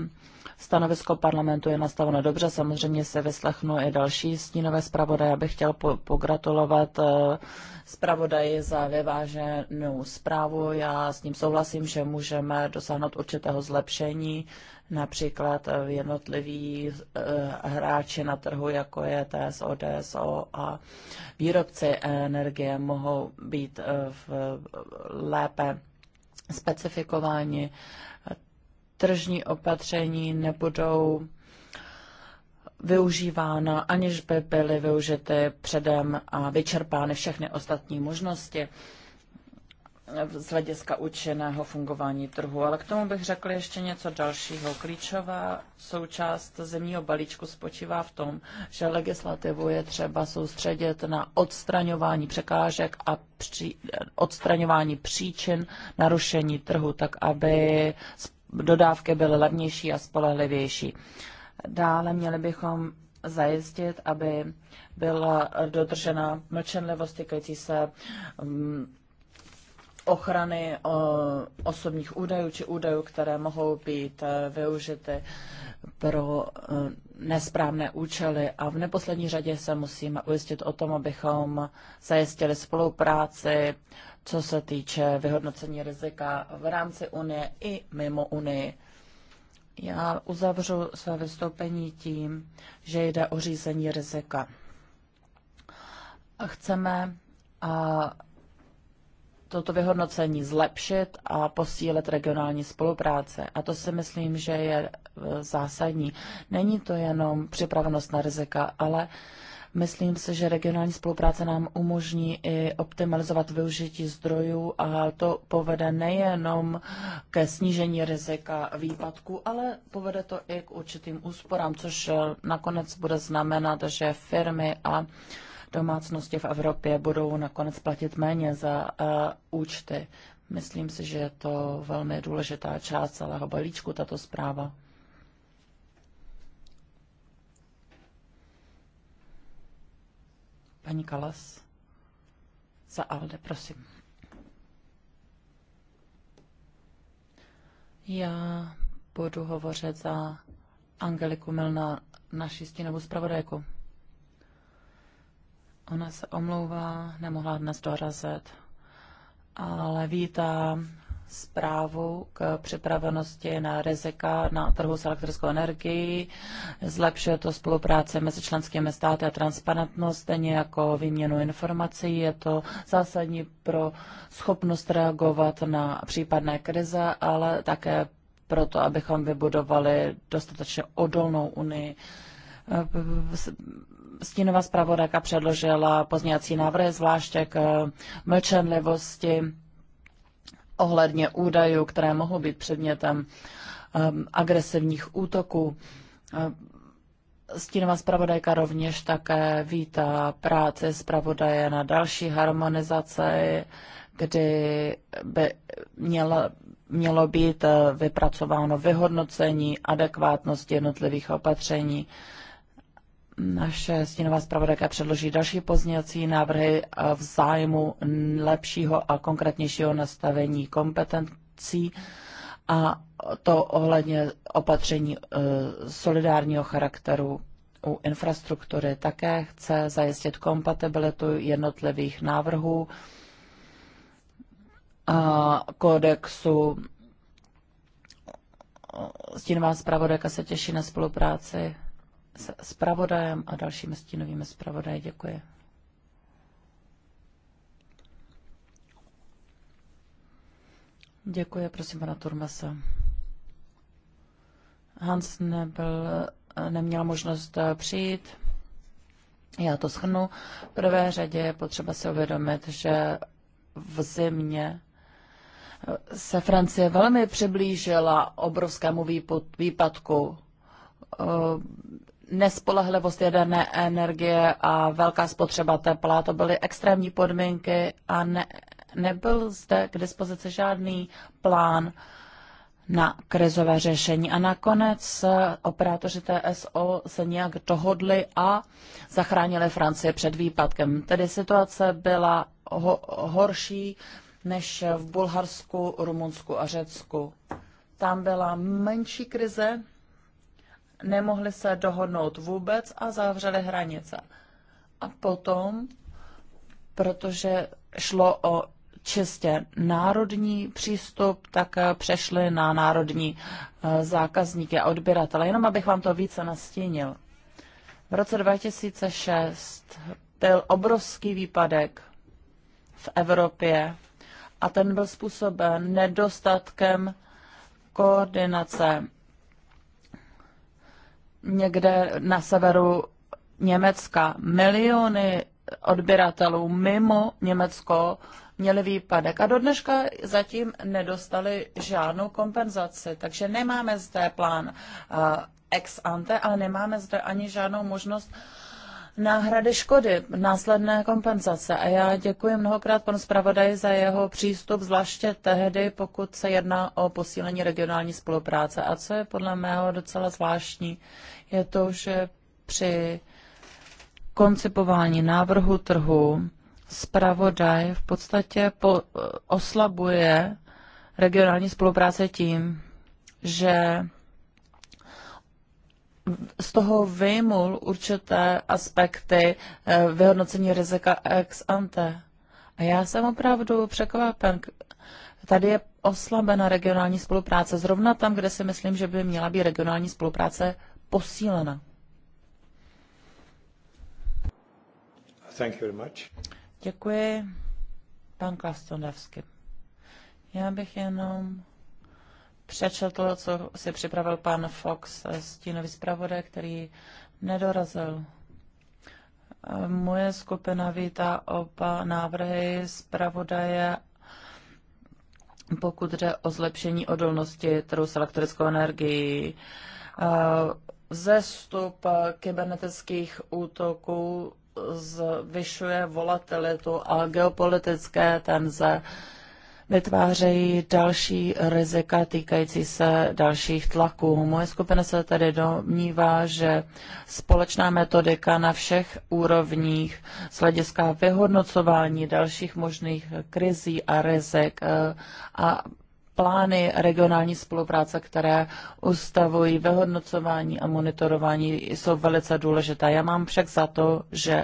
Stanovisko parlamentu je nastaveno dobře, samozřejmě se vyslechnu i další stínové zpravodaje. Já bych chtěl po- pogratulovat eh, zpravodaji za vyváženou zprávu. Já s ním souhlasím, že můžeme dosáhnout určitého zlepšení, například jednotliví eh, hráči na trhu, jako je TSO, DSO a výrobci energie mohou být eh, v lépe specifikováni tržní opatření nebudou využívána, aniž by byly využity předem a vyčerpány všechny ostatní možnosti z hlediska účinného fungování trhu. Ale k tomu bych řekl ještě něco dalšího. Klíčová součást zemního balíčku spočívá v tom, že legislativu je třeba soustředit na odstraňování překážek a při, odstraňování příčin narušení trhu, tak aby dodávky byly levnější a spolehlivější. Dále měli bychom zajistit, aby byla dodržena mlčenlivost týkající se mm, ochrany osobních údajů či údajů, které mohou být e, využity pro e, nesprávné účely. A v neposlední řadě se musíme ujistit o tom, abychom zajistili spolupráci co se týče vyhodnocení rizika v rámci Unie i mimo Unii. Já uzavřu své vystoupení tím, že jde o řízení rizika. Chceme a toto vyhodnocení zlepšit a posílit regionální spolupráce. A to si myslím, že je e, zásadní. Není to jenom připravenost na rizika, ale uh, Myslím si, že regionální spolupráce nám umožní i optimalizovat využití zdrojů a to povede nejenom ke snížení rizika výpadku, ale povede to i k určitým úsporám, což eh, nakonec bude znamenat, že firmy a domácnosti v Evropě budou nakonec platit méně za uh, účty. Myslím si, že je to velmi důležitá část celého balíčku, tato zpráva. Paní Kalas za Alde, prosím. Já budu hovořit za Angeliku Milna, naši stínovou zpravodajku. Ona se omlouvá, nemohla dnes dorazit, ale vítá zprávu k připravenosti na rizika na trhu s elektrickou energií. Zlepšuje to spolupráce mezi členskými státy a transparentnost, stejně jako výměnu informací. Je to zásadní pro schopnost reagovat na případné krize, ale také proto, abychom vybudovali dostatečně odolnou unii stínová zpravodajka předložila pozněcí návrhy, zvláště k mlčenlivosti ohledně údajů, které mohou být předmětem um, agresivních útoků. Um, stínová zpravodajka rovněž také vítá práci zpravodaje na další harmonizaci, kdy by měla, mělo být eh, vypracováno vyhodnocení adekvátnosti jednotlivých opatření. Uh, naše stínová zpravodajka předloží další pozněcí návrhy v zájmu lepšího a konkrétnějšího nastavení kompetencí a to ohledně opatření e, solidárního charakteru u infrastruktury. Také chce zajistit kompatibilitu jednotlivých návrhů a kodexu. Stínová zpravodajka se těší na spolupráci s zpravodajem a dalšími stínovými zpravodaji. Děkuji. Děkuji, prosím pana Turmesa. Hans nebyl, eh, neměl možnost eh, přijít. Já to schrnu. V prvé řadě je potřeba si uvědomit, že v zimě eh, se Francie velmi přiblížila obrovskému výpadku nespolehlivost jaderné energie a velká spotřeba tepla. To byly extrémní podmínky a ne, nebyl zde k dispozici žádný plán na krizové řešení. A nakonec eh, operátoři TSO se nějak dohodli a zachránili Francii před výpadkem. Tedy situace byla ho- horší než v Bulharsku, Rumunsku a Řecku. Tam byla menší krize, nemohli se dohodnout vůbec a zavřeli hranice. A potom, protože šlo o čistě národní přístup, tak eh, přešli na národní eh, zákazníky a odběratele. Jenom abych vám to více nastínil. V roce 2006 byl obrovský výpadek v Evropě a ten byl způsoben nedostatkem koordinace někde na severu Německa. Miliony odběratelů mimo Německo měli výpadek a do dneška zatím nedostali žádnou kompenzaci. Takže nemáme zde plán eh, ex ante, ale nemáme zde ani žádnou možnost uh, náhrady škody, následné kompenzace. A já děkuji mnohokrát panu zpravodaji za jeho přístup, zvláště tehdy, pokud se jedná o posílení regionální spolupráce. A co je podle mého docela zvláštní, je to, že při koncipování návrhu trhu zpravodaj v podstatě po, eh, oslabuje regionální spolupráce tím, že z toho vyjmul určité aspekty eh, vyhodnocení rizika ex ante. A já jsem opravdu překvapen. Tady je oslabena regionální spolupráce, zrovna tam, kde si myslím, že by měla být regionální spolupráce posílena. Thank you very much. Děkuji. Pan Klastondavsky. Já bych jenom přečetl, co si připravil pan Fox, eh, stínový zpravodaj, který nedorazil. Eh, moje skupina vítá oba návrhy zpravodaje, pokud jde o zlepšení odolnosti trhu s elektrickou energií. Eh, zestup kybernetických útoků zvyšuje volatilitu a geopolitické tenze vytvářejí další rizika týkající se dalších tlaků. Moje skupina se tedy domnívá, že společná metodika na všech úrovních z hlediska vyhodnocování dalších možných krizí a rizik eh, a plány regionální spolupráce, které ustavují vyhodnocování a monitorování, jsou velice důležité. Já mám však za to, že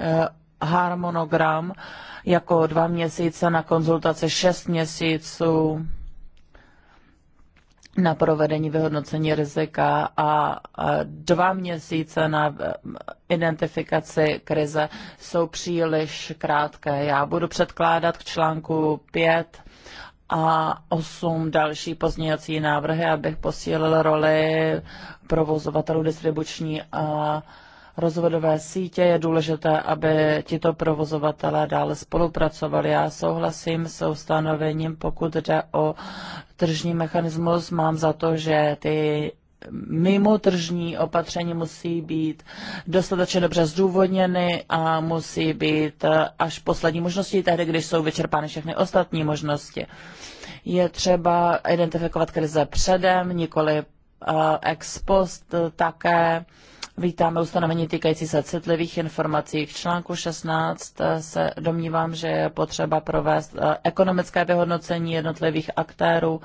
eh, harmonogram uh, jako dva měsíce na konzultace, šest měsíců na provedení vyhodnocení rizika a dva měsíce na eh, identifikaci krize jsou příliš krátké. Já budu předkládat k článku 5 a 8 další pozměňovací návrhy, abych posílil roli provozovatelů distribuční a rozvodové sítě. Je důležité, aby tito provozovatelé dále spolupracovali. Já souhlasím s ustanovením, pokud jde o tržní mechanismus. Mám za to, že ty mimo tržní opatření musí být dostatečně dobře zdůvodněny a musí být až poslední možností, tehdy, když jsou vyčerpány všechny ostatní možnosti. Je třeba identifikovat krize předem, nikoli eh, ex post také. Vítáme ustanovení týkající se citlivých informací. V článku 16 eh, se domnívám, že je potřeba provést eh, ekonomické vyhodnocení jednotlivých aktérů,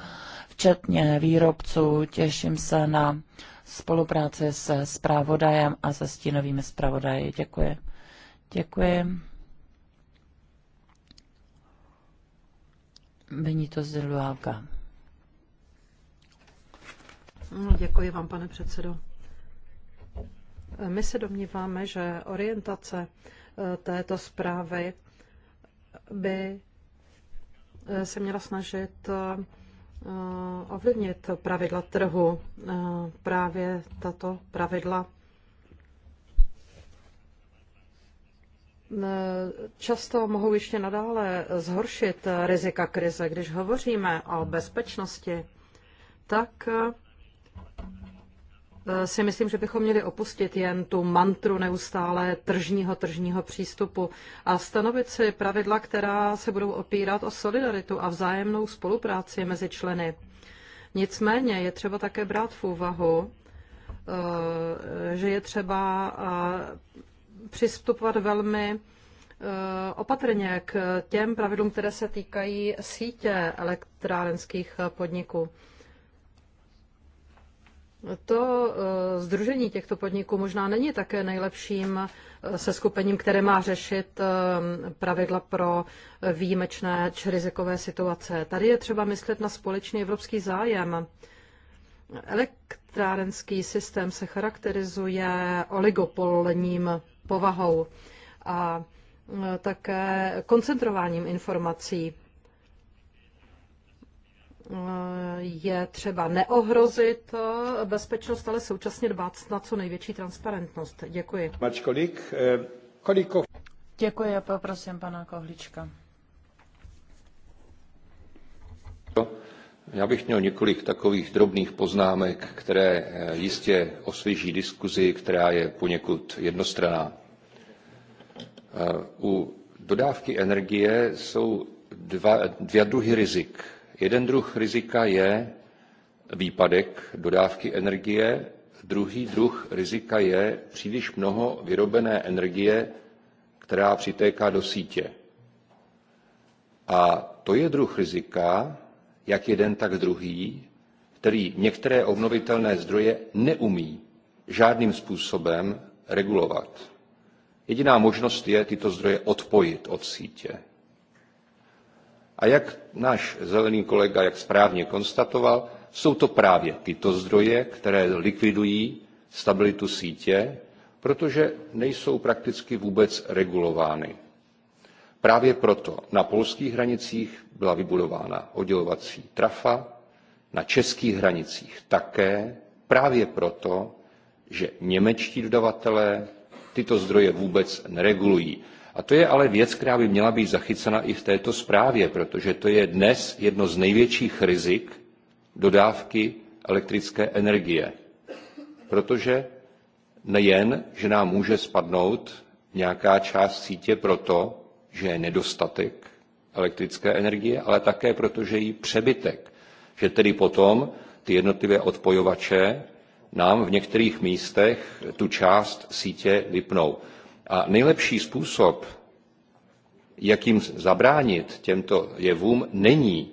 včetně výrobců. Těším se na spolupráci se zpravodajem a se stínovými zpravodaji. Děkuji. Děkuji. Benito Zdrluálka. No, děkuji vám, pane předsedo. My se domníváme, že orientace e, této zprávy by e, se měla snažit e, ovlivnit pravidla trhu. Právě tato pravidla často mohou ještě nadále zhoršit rizika krize. Když hovoříme o bezpečnosti, tak Eh, si myslím, že bychom měli opustit jen tu mantru neustále tržního, tržního přístupu a stanovit si pravidla, která se budou opírat o solidaritu a vzájemnou spolupráci mezi členy. Nicméně je třeba také brát v úvahu, eh, že je třeba eh, přistupovat velmi opatrně k těm pravidlům, které se týkají sítě elektrárenských podniků. To eh, združení těchto podniků možná není také nejlepším eh, se skupením, které má řešit eh, pravidla pro výjimečné či rizikové situace. Tady je třeba myslet na společný evropský zájem. Elektrárenský systém se charakterizuje oligopolním povahou a také koncentrováním informací je třeba neohrozit eh, bezpečnost, ale současně dbát na co největší transparentnost. Děkuji. Mačkolík, kolik eh, Děkuji a poprosím pana Kohlička. Já bych měl několik takových drobných poznámek, které eh, jistě osvěží diskuzi, která je poněkud jednostranná. U dodávky energie jsou dva, dvě druhy rizik Jeden druh rizika je výpadek dodávky energie, druhý druh rizika je příliš mnoho vyrobené energie, která přitéká do sítě. A to je druh rizika, jak jeden, tak druhý, který některé obnovitelné zdroje neumí žádným způsobem regulovat. Jediná možnost je tyto zdroje odpojit od sítě. A jak náš zelený kolega jak správně konstatoval, jsou to právě tyto zdroje, které likvidují stabilitu sítě, protože nejsou prakticky vůbec regulovány. Právě proto na polských hranicích byla vybudována oddělovací trafa, na českých hranicích také, právě proto, že němečtí dodavatelé tyto zdroje vůbec neregulují. A to je ale věc, která by měla být zachycena i v této zprávě, protože to je dnes jedno z největších rizik dodávky elektrické energie. Protože nejen, že nám může spadnout nějaká část sítě proto, že je nedostatek elektrické energie, ale také proto, že je jí přebytek. Že tedy potom ty jednotlivé odpojovače nám v některých místech tu část sítě vypnou. A nejlepší způsob, jakým zabránit těmto jevům, není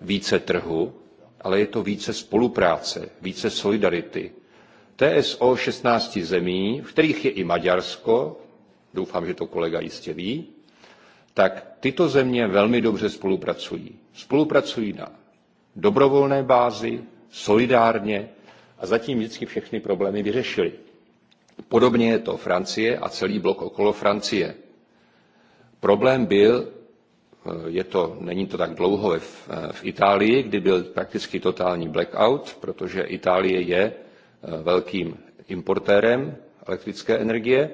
více trhu, ale je to více spolupráce, více solidarity. TSO 16 zemí, v kterých je i Maďarsko, doufám, že to kolega jistě ví, tak tyto země velmi dobře spolupracují. Spolupracují na dobrovolné bázi, solidárně a zatím vždycky všechny problémy vyřešili. Podobně je to Francie a celý blok okolo Francie. Problém byl, eh, je to, není to tak dlouho v, eh, v Itálii, kdy byl prakticky totální blackout, protože Itálie je eh, velkým importérem elektrické energie,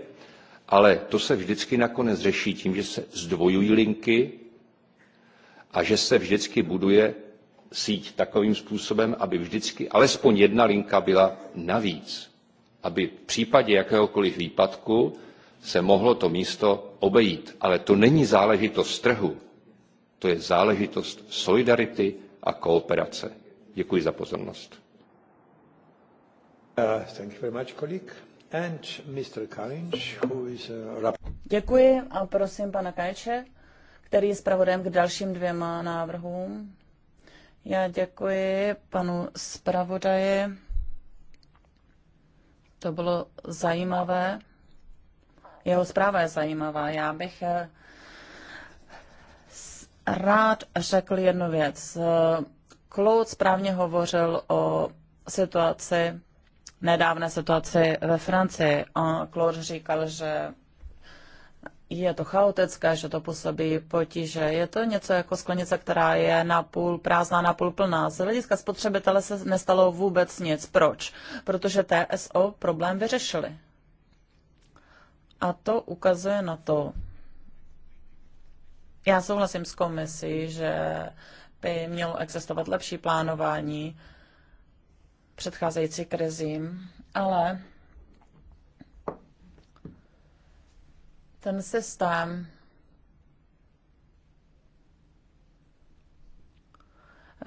ale to se vždycky nakonec řeší tím, že se zdvojují linky a že se vždycky buduje síť takovým způsobem, aby vždycky alespoň jedna linka byla navíc aby v případě jakéhokoliv výpadku se mohlo to místo obejít. Ale to není záležitost trhu, to je záležitost solidarity a kooperace. Děkuji za pozornost. Uh, uh, děkuji a prosím pana Kajče, který je zpravodajem k dalším dvěma návrhům. Já děkuji panu zpravodaji. To bylo zajímavé. Jeho zpráva je zajímavá. Já bych eh, rád řekl jednu věc. Claude správně hovořil o situaci, nedávné situaci ve Francii. A Claude říkal, že je to chaotické, že to působí potíže. Je to něco jako sklenice, která je napůl prázdná, napůl plná. Z hlediska spotřebitele se nestalo vůbec nic. Proč? Protože TSO problém vyřešili. A to ukazuje na to, já souhlasím s komisí, že by mělo existovat lepší plánování předcházející krizím, ale ten systém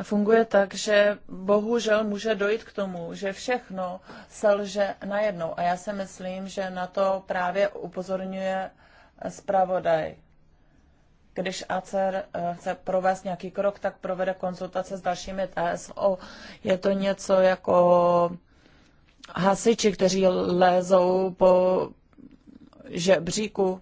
funguje tak, že bohužel může dojít k tomu, že všechno selže najednou. A já si myslím, že na to právě upozorňuje zpravodaj. Když ACER eh, chce provést nějaký krok, tak provede konzultace s dalšími TSO. Je to něco jako hasiči, kteří lézou po žebříku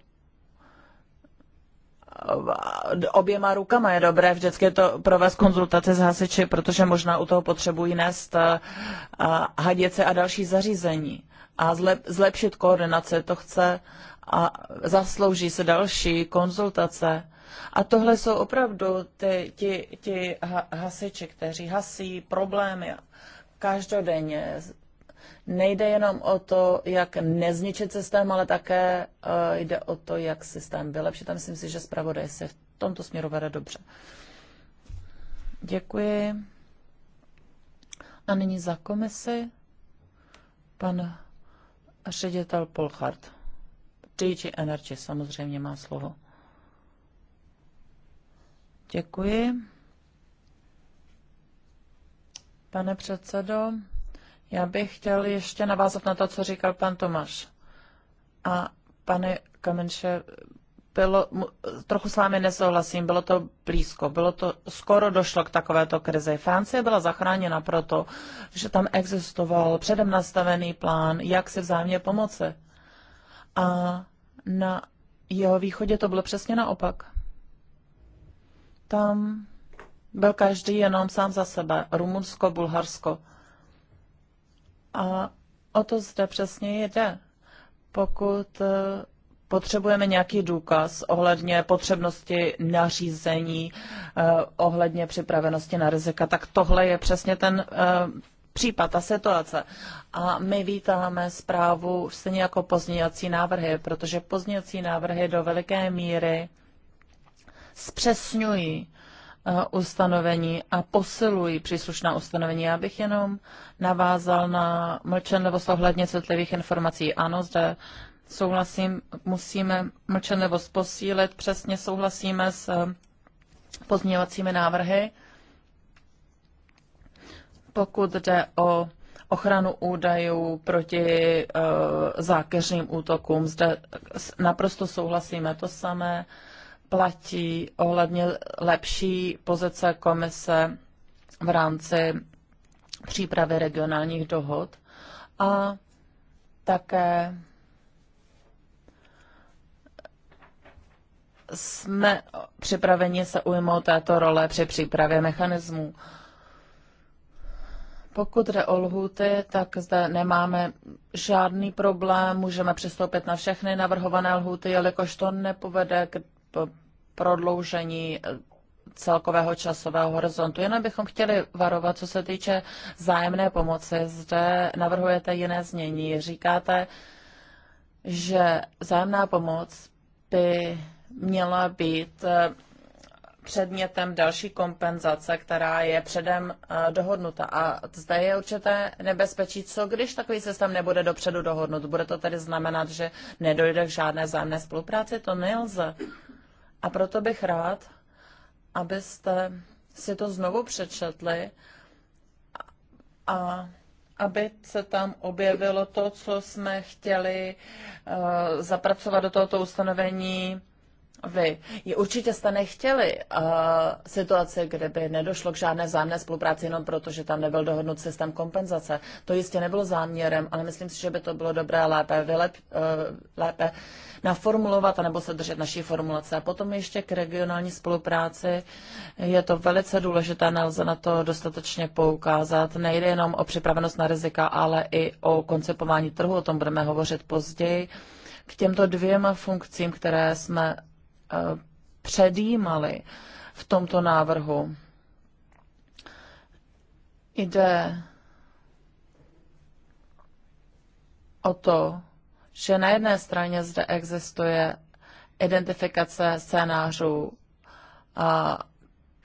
oběma rukama. Je dobré vždycky to provést konzultace s hasiči, protože možná u toho potřebují nést eh, eh, hadice a další zařízení. A zlepšit koordinaci, to chce a zaslouží se další konzultace. A tohle jsou opravdu ty, ti, ti hasiči, kteří hasí problémy každodenně, Nejde jenom o to, jak nezničit systém, ale také eh, jde o to, jak systém vylepšit. A myslím si, že zpravodaj se v tomto směru vede dobře. Děkuji. A nyní za komisi pan ředitel Polchard. DG Energy samozřejmě má slovo. Děkuji. Pane předsedo, já bych chtěl ještě navázat na to, co říkal pan Tomáš. A pane Kamenše, bylo, trochu s vámi nesouhlasím, bylo to blízko, bylo to, skoro došlo k takovéto krizi. Francie byla zachráněna proto, že tam existoval předem nastavený plán, jak si vzájemně pomoci. A na jeho východě to bylo přesně naopak. Tam byl každý jenom sám za sebe. Rumunsko, Bulharsko. A o to zde přesně jde. Pokud eh, potřebujeme nějaký důkaz ohledně potřebnosti nařízení, eh, ohledně připravenosti na rizika, tak tohle je přesně ten eh, případ, ta situace. A my vítáme zprávu stejně jako pozdějací návrhy, protože pozdějací návrhy do veliké míry zpřesňují Eh, ustanovení a posilují příslušná ustanovení. Já bych jenom navázal na mlčenlivost ohledně citlivých informací. Ano, zde souhlasím, musíme mlčenlivost posílit, přesně souhlasíme s eh, pozměňovacími návrhy. Pokud jde o ochranu údajů proti uh, zákeřným útokům, zde naprosto souhlasíme to samé. Uh, platí ohledně lepší pozice komise v rámci přípravy regionálních dohod a také jsme připraveni se ujmout této role při přípravě mechanismů. Pokud jde o lhuty, tak zde nemáme žádný problém, můžeme přistoupit na všechny navrhované lhuty, jelikož to nepovede k prodloužení eh, celkového časového horizontu. Jenom bychom chtěli varovat, co se týče zájemné pomoci. Zde navrhujete jiné změní. Říkáte, že zájemná pomoc by měla být eh, předmětem další kompenzace, která je předem eh, dohodnuta. A zde je určité nebezpečí, co když takový systém nebude dopředu dohodnut. Bude to tedy znamenat, že nedojde k žádné zájemné spolupráci? To nelze a proto bych rád, abyste si to znovu přečetli a aby se tam objevilo to, co jsme chtěli eh, zapracovat do tohoto ustanovení vy. Určitě jste nechtěli uh, situaci, kde by nedošlo k žádné zájemné spolupráci jenom proto, že tam nebyl dohodnut systém kompenzace. To jistě nebylo záměrem, ale myslím si, že by to bylo dobré lépe, vylep, uh, lépe naformulovat anebo se držet naší formulace. A potom ještě k regionální spolupráci. Je to velice důležité, nelze na to dostatečně poukázat. Nejde jenom o připravenost na rizika, ale i o koncepování trhu, o tom budeme hovořit později. K těmto dvěma funkcím, které jsme Eh, předjímali v tomto návrhu. Jde o to, že na jedné straně zde existuje identifikace scénářů a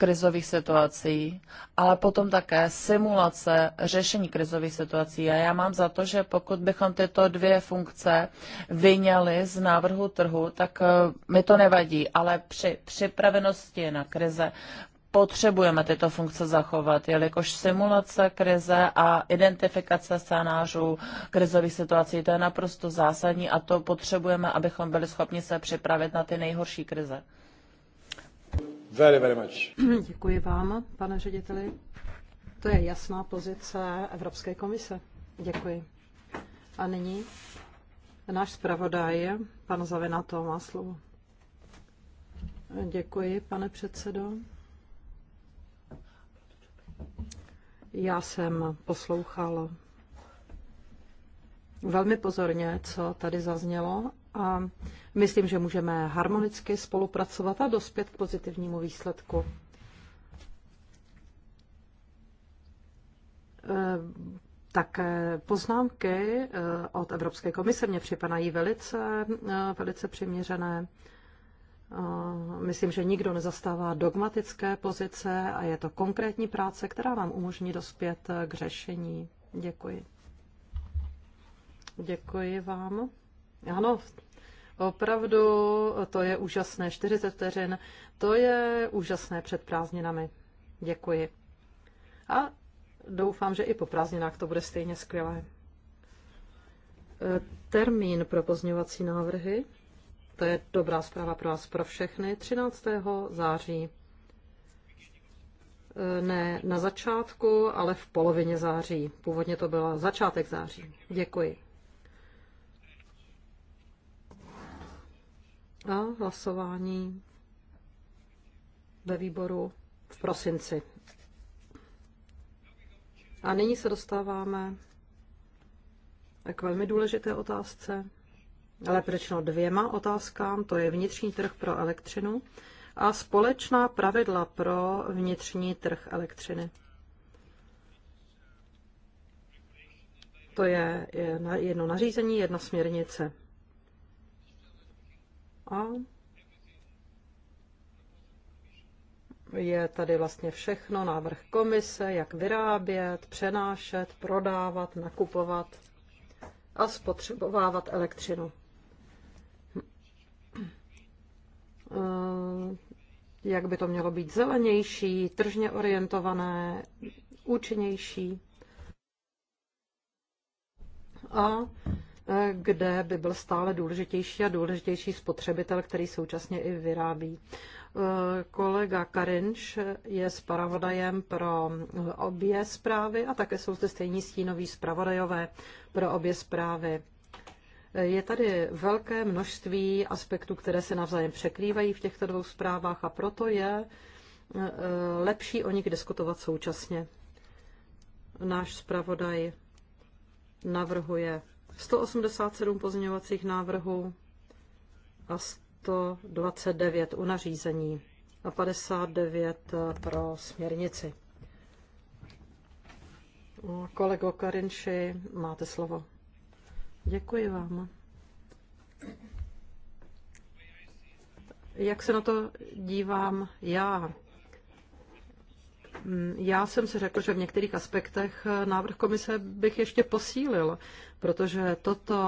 krizových situací, ale potom také simulace řešení krizových situací. A já mám za to, že pokud bychom tyto dvě funkce vyněli z návrhu trhu, tak eh, mi to nevadí, ale při připravenosti na krize potřebujeme tyto funkce zachovat, jelikož simulace krize a identifikace scénářů krizových situací, to je naprosto zásadní a to potřebujeme, abychom byli schopni se připravit na ty nejhorší krize. Very, very much. Děkuji vám, pane řediteli. To je jasná pozice Evropské komise. Děkuji. A nyní náš zpravodaj, pan Zavinato, má slovo. Děkuji, pane předsedo. Já jsem poslouchal velmi pozorně, co tady zaznělo a myslím, že můžeme harmonicky spolupracovat a dospět k pozitivnímu výsledku. Eh, tak poznámky eh, od Evropské komise mě připadají velice, eh, velice přiměřené. Myslím, že nikdo nezastává dogmatické pozice a je to konkrétní práce, která vám umožní dospět k řešení. Děkuji. Děkuji vám. Ano, opravdu to je úžasné. 40 vteřin, to je úžasné před prázdninami. Děkuji. A doufám, že i po prázdninách to bude stejně skvělé. E, termín pro pozňovací návrhy, to je dobrá zpráva pro vás pro všechny, 13. září. E, ne na začátku, ale v polovině září. Původně to bylo začátek září. Děkuji. a hlasování ve výboru v prosinci. A nyní se dostáváme k velmi důležité otázce, ale řečeno dvěma otázkám, to je vnitřní trh pro elektřinu a společná pravidla pro vnitřní trh elektřiny. To je jedno nařízení, jedna směrnice. A je tady vlastně všechno, návrh komise, jak vyrábět, přenášet, prodávat, nakupovat a spotřebovávat elektřinu. Eh, jak by to mělo být zelenější, tržně orientované, účinnější. A kde by byl stále důležitější a důležitější spotřebitel, který současně i vyrábí. Eh, kolega Karinš je zpravodajem pro obě zprávy a také jsou zde stejní stínoví zpravodajové pro obě zprávy. Eh, je tady velké množství aspektů, které se navzájem překrývají v těchto dvou zprávách a proto je eh, lepší o nich diskutovat současně. Náš zpravodaj navrhuje 187 pozměňovacích návrhů a 129 u nařízení a 59 eh, pro směrnici. No, kolego Karinši, máte slovo. Děkuji vám. Jak se na to dívám já? Mm, já jsem si řekl, že v některých aspektech eh, návrh komise bych ještě posílil, protože toto,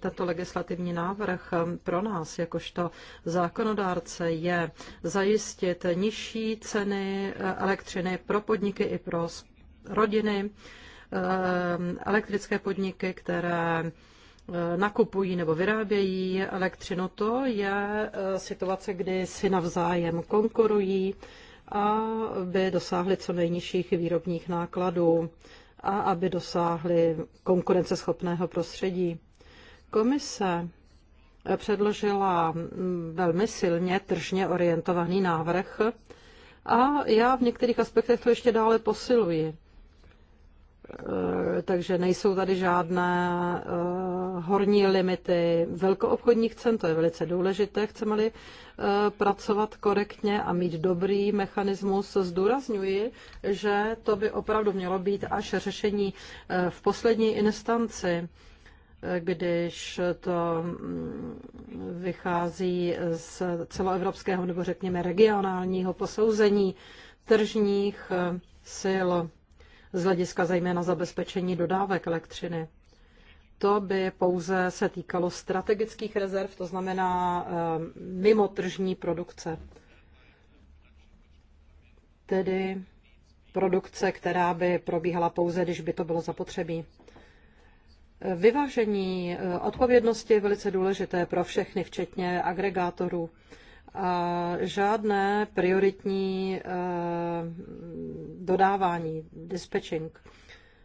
tento legislativní návrh eh, pro nás, jakožto zákonodárce, je zajistit nižší ceny eh, elektřiny pro podniky i pro rodiny, elektrické podniky, které nakupují nebo vyrábějí elektřinu. To je situace, kdy si navzájem konkurují a aby dosáhli co nejnižších výrobních nákladů a aby dosáhli konkurenceschopného prostředí. Komise předložila velmi silně tržně orientovaný návrh a já v některých aspektech to ještě dále posiluji. E, takže nejsou tady žádné horní limity velkoobchodních cen, to je velice důležité, chceme-li eh, pracovat korektně a mít dobrý mechanismus. Zdůrazňuji, že to by opravdu mělo být až řešení eh, v poslední instanci eh, když to mm, vychází z celoevropského nebo řekněme regionálního posouzení tržních sil z hlediska zejména zabezpečení dodávek elektřiny to by pouze se týkalo strategických rezerv, to znamená eh, mimo tržní produkce. Tedy produkce, která by probíhala pouze, když by to bylo zapotřebí. Eh, vyvážení eh, odpovědnosti je velice důležité pro všechny, včetně agregátorů. A žádné prioritní dodávání, dispatching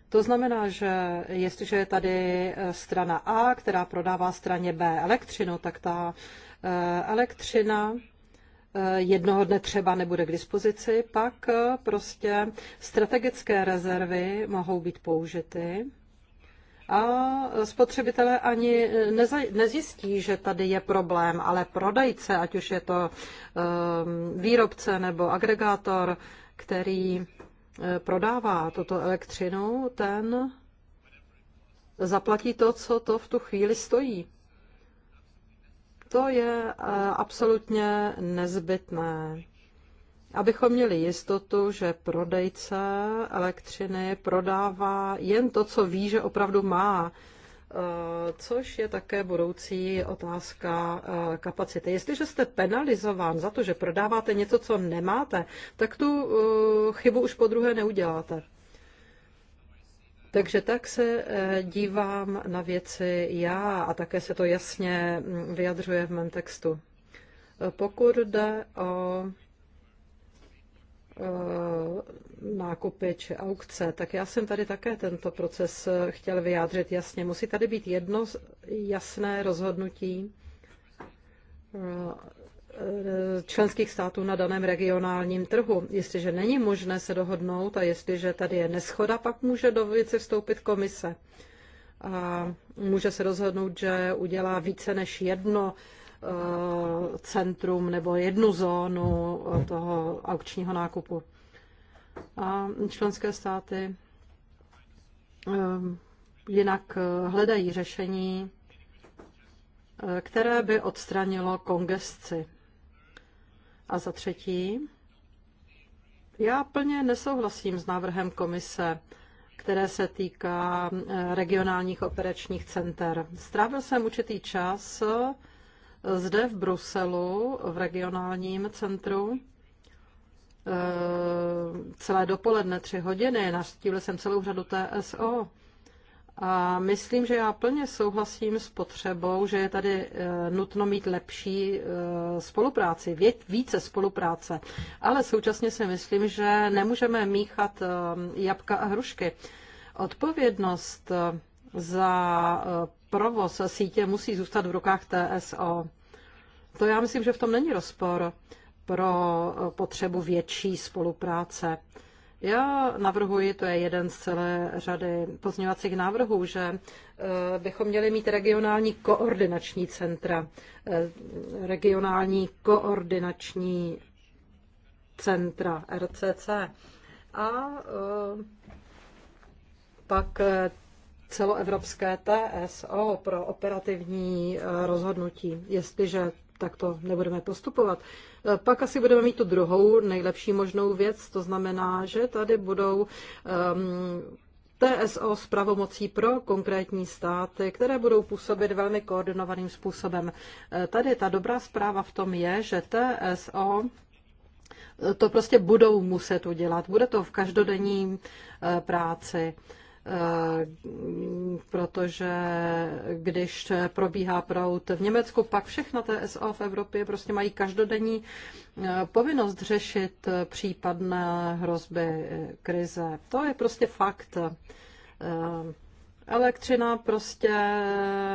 to znamená, že jestliže je tady eh, strana A, která prodává straně B elektřinu, tak ta eh, elektřina eh, jednoho dne třeba nebude k dispozici, pak prostě strategické rezervy mohou být použity a spotřebitelé ani nezjistí, že tady je problém, ale prodejce, ať už je to výrobce nebo agregátor, který Eh, prodává tuto elektřinu, ten zaplatí to, co to v tu chvíli stojí. To je eh, absolutně nezbytné. Abychom měli jistotu, že prodejce elektřiny prodává jen to, co ví, že opravdu má což je také budoucí otázka eh, kapacity. Jestliže jste penalizován za to, že prodáváte něco, co nemáte, tak tu eh, chybu už po druhé neuděláte. Takže tak se eh, dívám na věci já a také se to jasně mm, vyjadřuje v mém textu. Pokud jde o nákupy či aukce, tak já jsem tady také tento proces eh, chtěl vyjádřit jasně. Musí tady být jedno jasné rozhodnutí eh, členských států na daném regionálním trhu. Jestliže není možné se dohodnout a jestliže tady je neschoda, pak může do věci vstoupit komise. A může se rozhodnout, že udělá více než jedno eh, centrum nebo jednu zónu toho aukčního nákupu a členské státy ehm, jinak eh, hledají řešení, eh, které by odstranilo kongesci. A za třetí, já plně nesouhlasím s návrhem komise, které se týká eh, regionálních operačních center. Strávil jsem určitý čas zde v Bruselu, v regionálním centru, Eh, celé dopoledne, tři hodiny, navštívil jsem celou řadu TSO. A myslím, že já plně souhlasím s potřebou, že je tady eh, nutno mít lepší eh, spolupráci, více spolupráce. Ale současně si myslím, že nemůžeme míchat jabka a hrušky. Odpovědnost za provoz sítě musí zůstat v rukách TSO. To já myslím, že v tom není rozpor pro potřebu větší spolupráce. Já navrhuji, to je jeden z celé řady pozměňovacích návrhů, že eh, bychom měli mít regionální koordinační centra, eh, regionální koordinační centra RCC a eh, pak celoevropské TSO pro operativní rozhodnutí, jestliže takto nebudeme postupovat, Eh, pak asi budeme mít tu druhou nejlepší možnou věc, to znamená, že tady budou um, ehm, TSO s pravomocí pro konkrétní státy, které budou působit velmi koordinovaným způsobem. Eh, tady ta dobrá zpráva v tom je, že TSO eh, to prostě budou muset udělat. Bude to v každodenní práci. Eh, protože když probíhá proud v Německu, pak všechna TSO v Evropě prostě mají každodenní eh, povinnost řešit eh, případné hrozby krize. To je prostě fakt. Elektřina prostě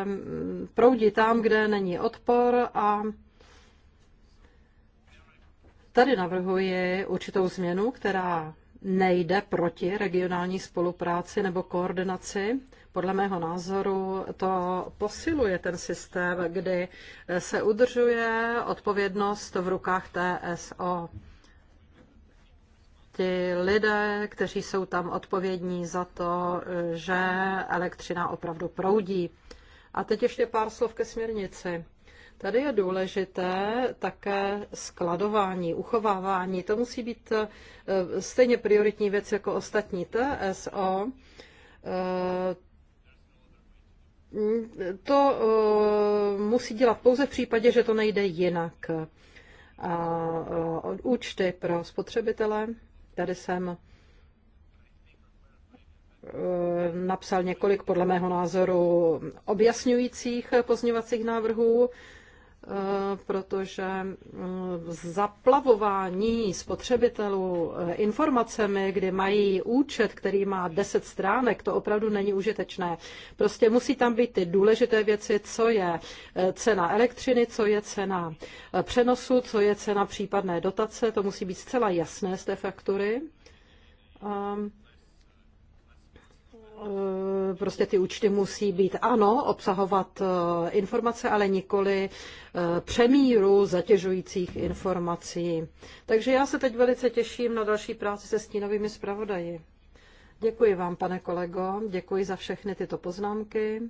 mm, proudí tam, kde není odpor a tady navrhuji určitou změnu, která nejde proti regionální spolupráci nebo koordinaci. Podle mého názoru to posiluje ten systém, kdy se udržuje odpovědnost v rukách TSO. Ti lidé, kteří jsou tam odpovědní za to, že elektřina opravdu proudí. A teď ještě pár slov ke směrnici. Tady je důležité také skladování, uchovávání. To musí být eh, stejně prioritní věc jako ostatní TSO. Eh, to eh, musí dělat pouze v případě, že to nejde jinak. A účty pro spotřebitele. Tady jsem napsal několik podle mého názoru objasňujících pozměňovacích návrhů. Eh, protože eh, zaplavování spotřebitelů eh, informacemi, kdy mají účet, který má 10 stránek, to opravdu není užitečné. Prostě musí tam být ty důležité věci, co je cena elektřiny, co je cena přenosu, co je cena případné dotace, to musí být zcela jasné z té faktury. Um, Eh, prostě ty účty musí být, ano, obsahovat eh, informace, ale nikoli eh, přemíru zatěžujících informací. Takže já se teď velice těším na další práci se stínovými zpravodaji. Děkuji vám, pane kolego, děkuji za všechny tyto poznámky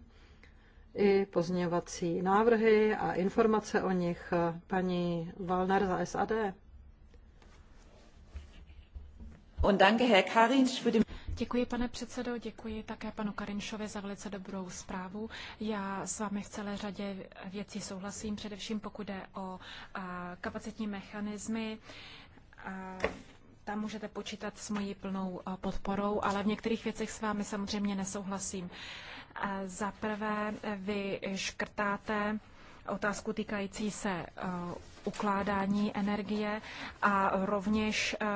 i pozměňovací návrhy a informace o nich paní Valner za SAD. Děkuji, pane předsedo, děkuji také panu Karinšovi za velice dobrou zprávu. Já s vámi v celé řadě věcí souhlasím, především pokud jde o kapacitní mechanismy. Tam můžete počítat s mojí plnou podporou, ale v některých věcech s vámi samozřejmě nesouhlasím. Za prvé, vy škrtáte otázku týkající se eh, ukládání energie a rovněž eh,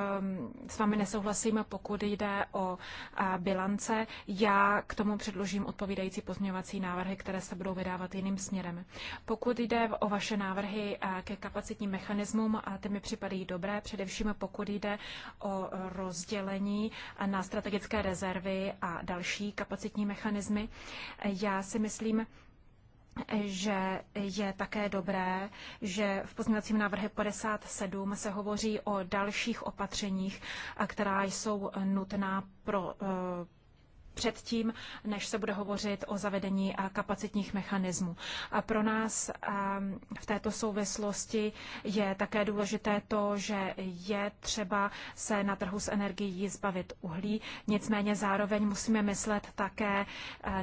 s vámi nesouhlasím, pokud jde o eh, bilance. Já k tomu předložím odpovídající pozměňovací návrhy, které se budou vydávat jiným směrem. Pokud jde o vaše návrhy ke kapacitním mechanismům, ty mi připadají dobré, především pokud jde o rozdělení na strategické rezervy a další kapacitní mechanismy. Já si myslím, že je také dobré, že v pozměňovacím návrhu 57 se hovoří o dalších opatřeních, která jsou nutná pro eh, předtím, než se bude hovořit o zavedení kapacitních mechanismů. A pro nás v této souvislosti je také důležité to, že je třeba se na trhu s energií zbavit uhlí, nicméně zároveň musíme myslet také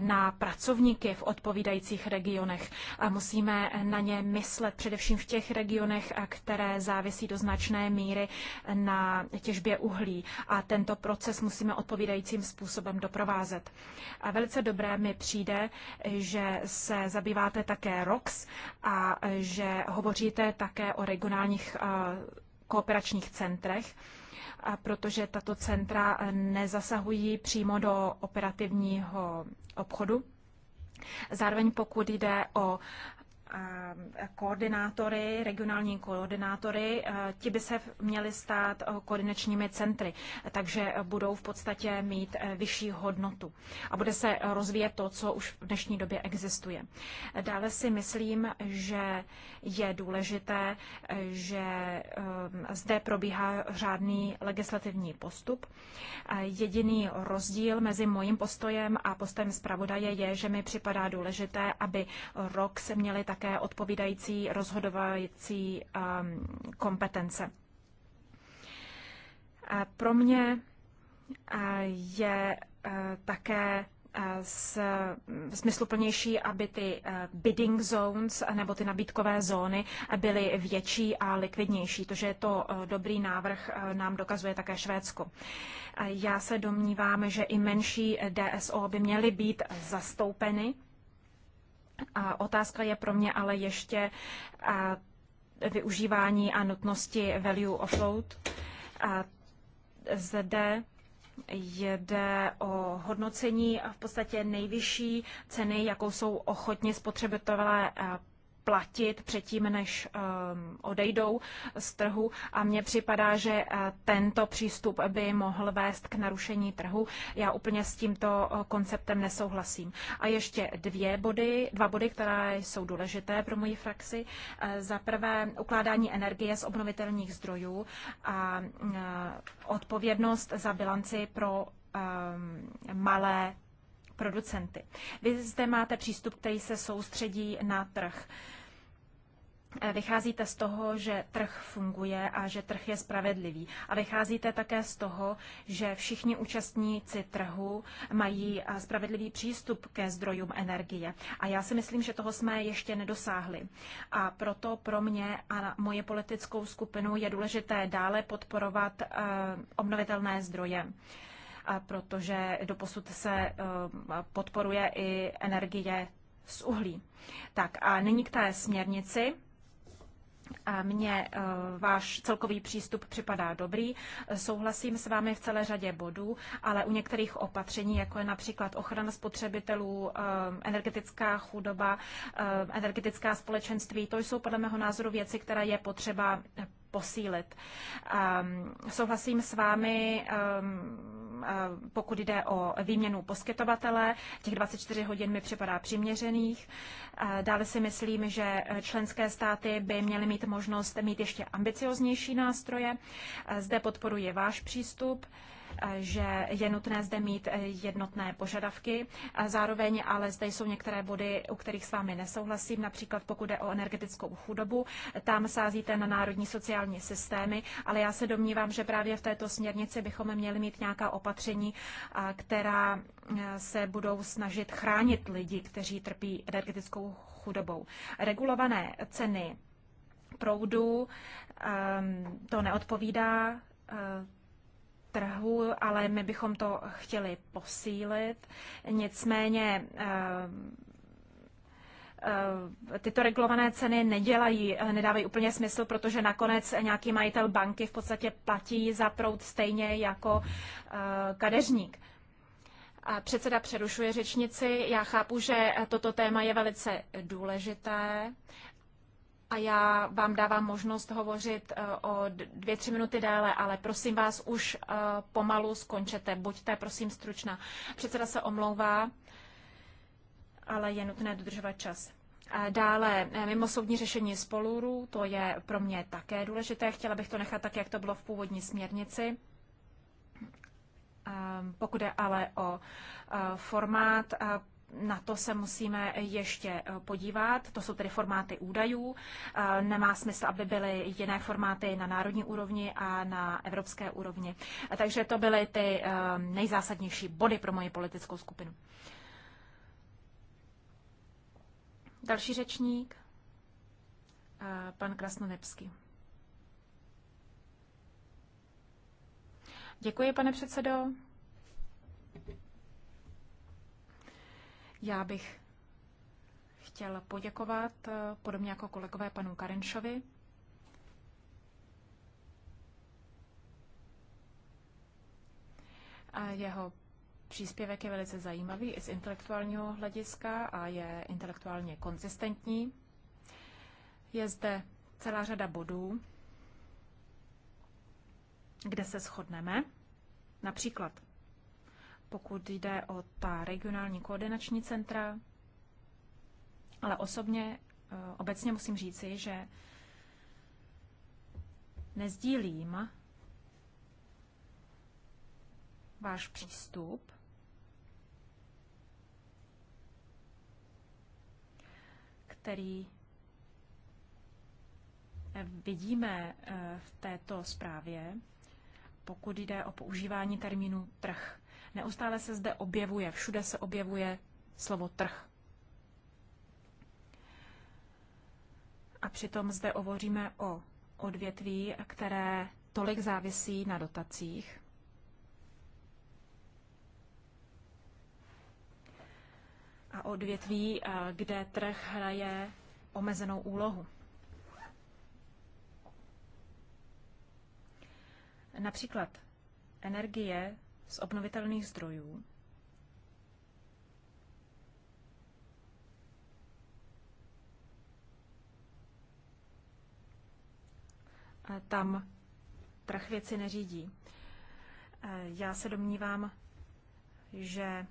na pracovníky v odpovídajících regionech. A musíme na ně myslet především v těch regionech, které závisí do značné míry na těžbě uhlí. A tento proces musíme odpovídajícím způsobem doprovázet procházet. A velice dobré mi přijde, že se zabýváte také ROX a že hovoříte také o regionálních eh, kooperačních centrech, a protože tato centra nezasahují přímo do operativního obchodu. Zároveň pokud jde o Eh, koordinátory, regionální koordinátory, eh, ti by se měli stát eh, koordinačními centry, takže budou v podstatě mít vyšší hodnotu a bude se rozvíjet to, co už v dnešní době existuje. Dále si myslím, že je důležité, že zde probíhá řádný legislativní postup. Jediný rozdíl mezi mojím postojem a postojem zpravodaje je, že mi připadá důležité, aby rok se měli také také odpovídající rozhodovací um, kompetence. Pro mě uh, je uh, také uh, s, smysluplnější, aby ty bidding zones nebo ty nabídkové zóny byly větší a likvidnější. To, že je to dobrý návrh, nám dokazuje také Švédsko. Já se domnívám, že i menší DSO by měly být zastoupeny a otázka je pro mě ale ještě a využívání a nutnosti value offload. A zde jde o hodnocení v podstatě nejvyšší ceny, jakou jsou ochotně spotřebitelé platit předtím, než ehm, odejdou z trhu. A mně připadá, že eh, tento přístup by mohl vést k narušení trhu. Já úplně s tímto eh, konceptem nesouhlasím. A ještě dvě body, dva body, které jsou důležité pro moji frakci. Eh, za prvé ukládání energie z obnovitelných zdrojů a odpovědnost za bilanci pro ehm, malé producenty. Vy zde máte přístup, který se soustředí na trh. Eh, vycházíte z toho, že trh funguje a že trh je spravedlivý. A vycházíte také z toho, že všichni účastníci trhu mají eh, spravedlivý přístup ke zdrojům energie. A já si myslím, že toho jsme ještě nedosáhli. A proto pro mě a moje politickou skupinu je důležité dále podporovat eh, obnovitelné zdroje protože doposud se podporuje i energie z uhlí. Tak a nyní k té směrnici. A mně eh, váš celkový přístup připadá dobrý. Souhlasím s vámi v celé řadě bodů, ale u některých opatření, jako je například ochrana spotřebitelů, eh, energetická chudoba, eh, energetická společenství, to jsou podle mého názoru věci, které je potřeba posílit. Ehm, souhlasím s vámi ehm, pokud jde o výměnu poskytovatele, těch 24 hodin mi připadá přiměřených. Dále si myslím, že členské státy by měly mít možnost mít ještě ambicioznější nástroje. Zde podporuji váš přístup že je nutné zde mít jednotné požadavky. Zároveň ale zde jsou některé body, u kterých s vámi nesouhlasím, například pokud jde o energetickou chudobu, tam sázíte na národní sociální systémy, ale já se domnívám, že právě v této směrnici bychom měli mít nějaká opatření, která e, se budou snažit chránit lidi, kteří trpí energetickou chudobou. Regulované ceny proudu, e, to neodpovídá e, trhu, ale my bychom to chtěli posílit. Nicméně eh, eh, tyto regulované ceny nedělají, eh, nedávají úplně smysl, protože nakonec nějaký majitel banky v podstatě platí za prout stejně jako kadeřník. A předseda přerušuje řečnici. Já chápu, že toto téma je velice důležité a já vám dávám možnost hovořit eh, o dvě, tři minuty déle, ale prosím vás, už eh, pomalu skončete. Buďte, prosím, stručná. Předseda se omlouvá, ale je nutné dodržovat čas. Dále eh, soudní řešení spolurů, to je pro mě také důležité. Chtěla bych to nechat tak, jak to bylo v původní směrnici. Ehm, pokud je ale o formát, na to se musíme ještě eh, podívat. To jsou tedy formáty údajů. Eh, nemá smysl, aby byly jiné formáty na národní úrovni a na evropské úrovni. Eh, takže to byly ty nejzásadnější body pro moji politickou skupinu. Další řečník, pan Krasnonebský. Děkuji, pane předsedo. Já bych chtěla poděkovat, eh, podobně jako kolegové, panu Karenšovi. A jeho příspěvek je velice zajímavý i z intelektuálního hlediska a je intelektuálně konzistentní. Je zde celá řada bodů, kde se shodneme. Například pokud jde o ta regionální koordinační centra, ale osobně e, obecně musím říci, že nezdílím váš přístup. který e, vidíme e, v této zprávě, pokud jde o používání termínu trh. Neustále se zde objevuje, všude se objevuje slovo trh. A přitom zde hovoříme o odvětví, které tolik závisí na dotacích. A odvětví, eh, kde trh hraje omezenou úlohu. Například energie z obnovitelných zdrojů. tam trh věci neřídí. E, já se domnívám, že e,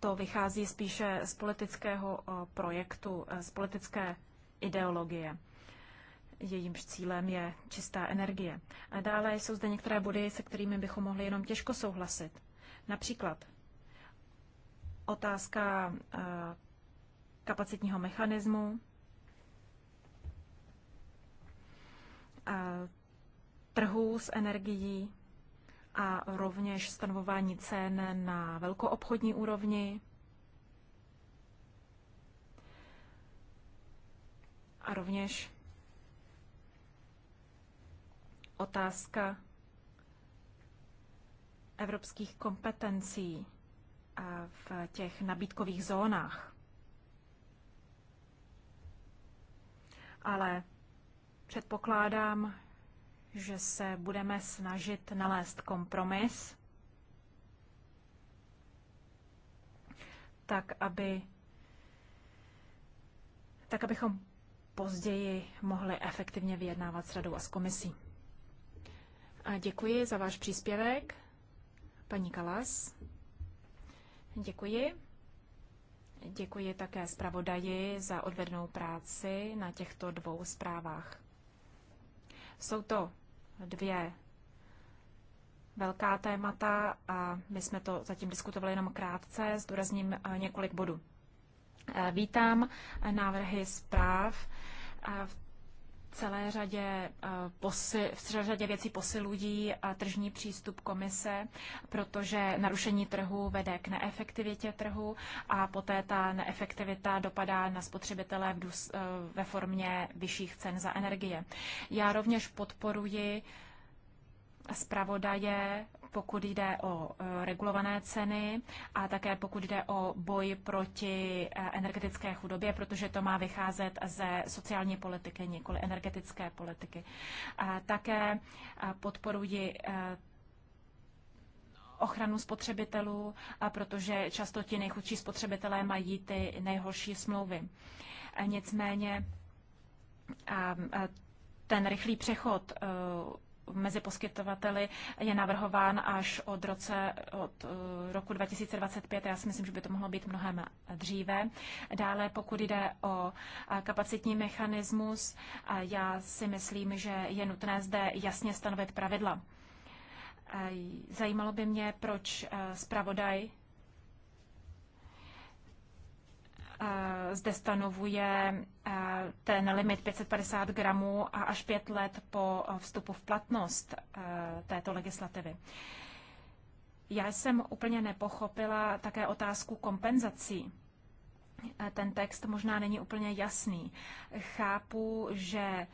to vychází spíše z politického projektu, e, z politické ideologie jejímž cílem je čistá energie. A dále jsou zde některé body, se kterými bychom mohli jenom těžko souhlasit. Například otázka eh, kapacitního mechanismu, eh, trhů s energií a rovněž stanovování cen na velkoobchodní úrovni. A rovněž otázka evropských kompetencí v těch nabídkových zónách. Ale předpokládám, že se budeme snažit nalézt kompromis, tak aby tak abychom později mohli efektivně vyjednávat s radou a s komisí. A děkuji za váš příspěvek, paní Kalas. Děkuji. Děkuji také zpravodaji za odvednou práci na těchto dvou zprávách. Jsou to dvě velká témata a my jsme to zatím diskutovali jenom krátce, zdůrazním eh, několik bodů. Eh, vítám návrhy zpráv v eh, celé řadě, eh, posi, v celé řadě věcí posilují eh, tržní přístup komise, protože narušení trhu vede k neefektivitě trhu a poté ta neefektivita dopadá na spotřebitele v dus, eh, ve formě vyšších cen za energie. Já rovněž podporuji zpravodaje pokud jde o e, regulované ceny a také pokud jde o boj proti e, energetické chudobě, protože to má vycházet ze sociální politiky, nikoli energetické politiky. Také e, podporuji ochranu spotřebitelů, a protože často ti nejchudší spotřebitelé mají ty nejhorší smlouvy. Nicméně ten rychlý přechod mezi poskytovateli je navrhován až od, roce, od eh, roku 2025. Já si myslím, že by to mohlo být mnohem dříve. Dále, pokud jde o eh, kapacitní mechanismus, eh, já si myslím, že je nutné zde jasně stanovit pravidla. Zajímalo by mě, proč zpravodaj zde stanovuje ten limit 550 gramů a až pět let po vstupu v platnost této legislativy. Já jsem úplně nepochopila také otázku kompenzací. Ten text možná není úplně jasný. Chápu, že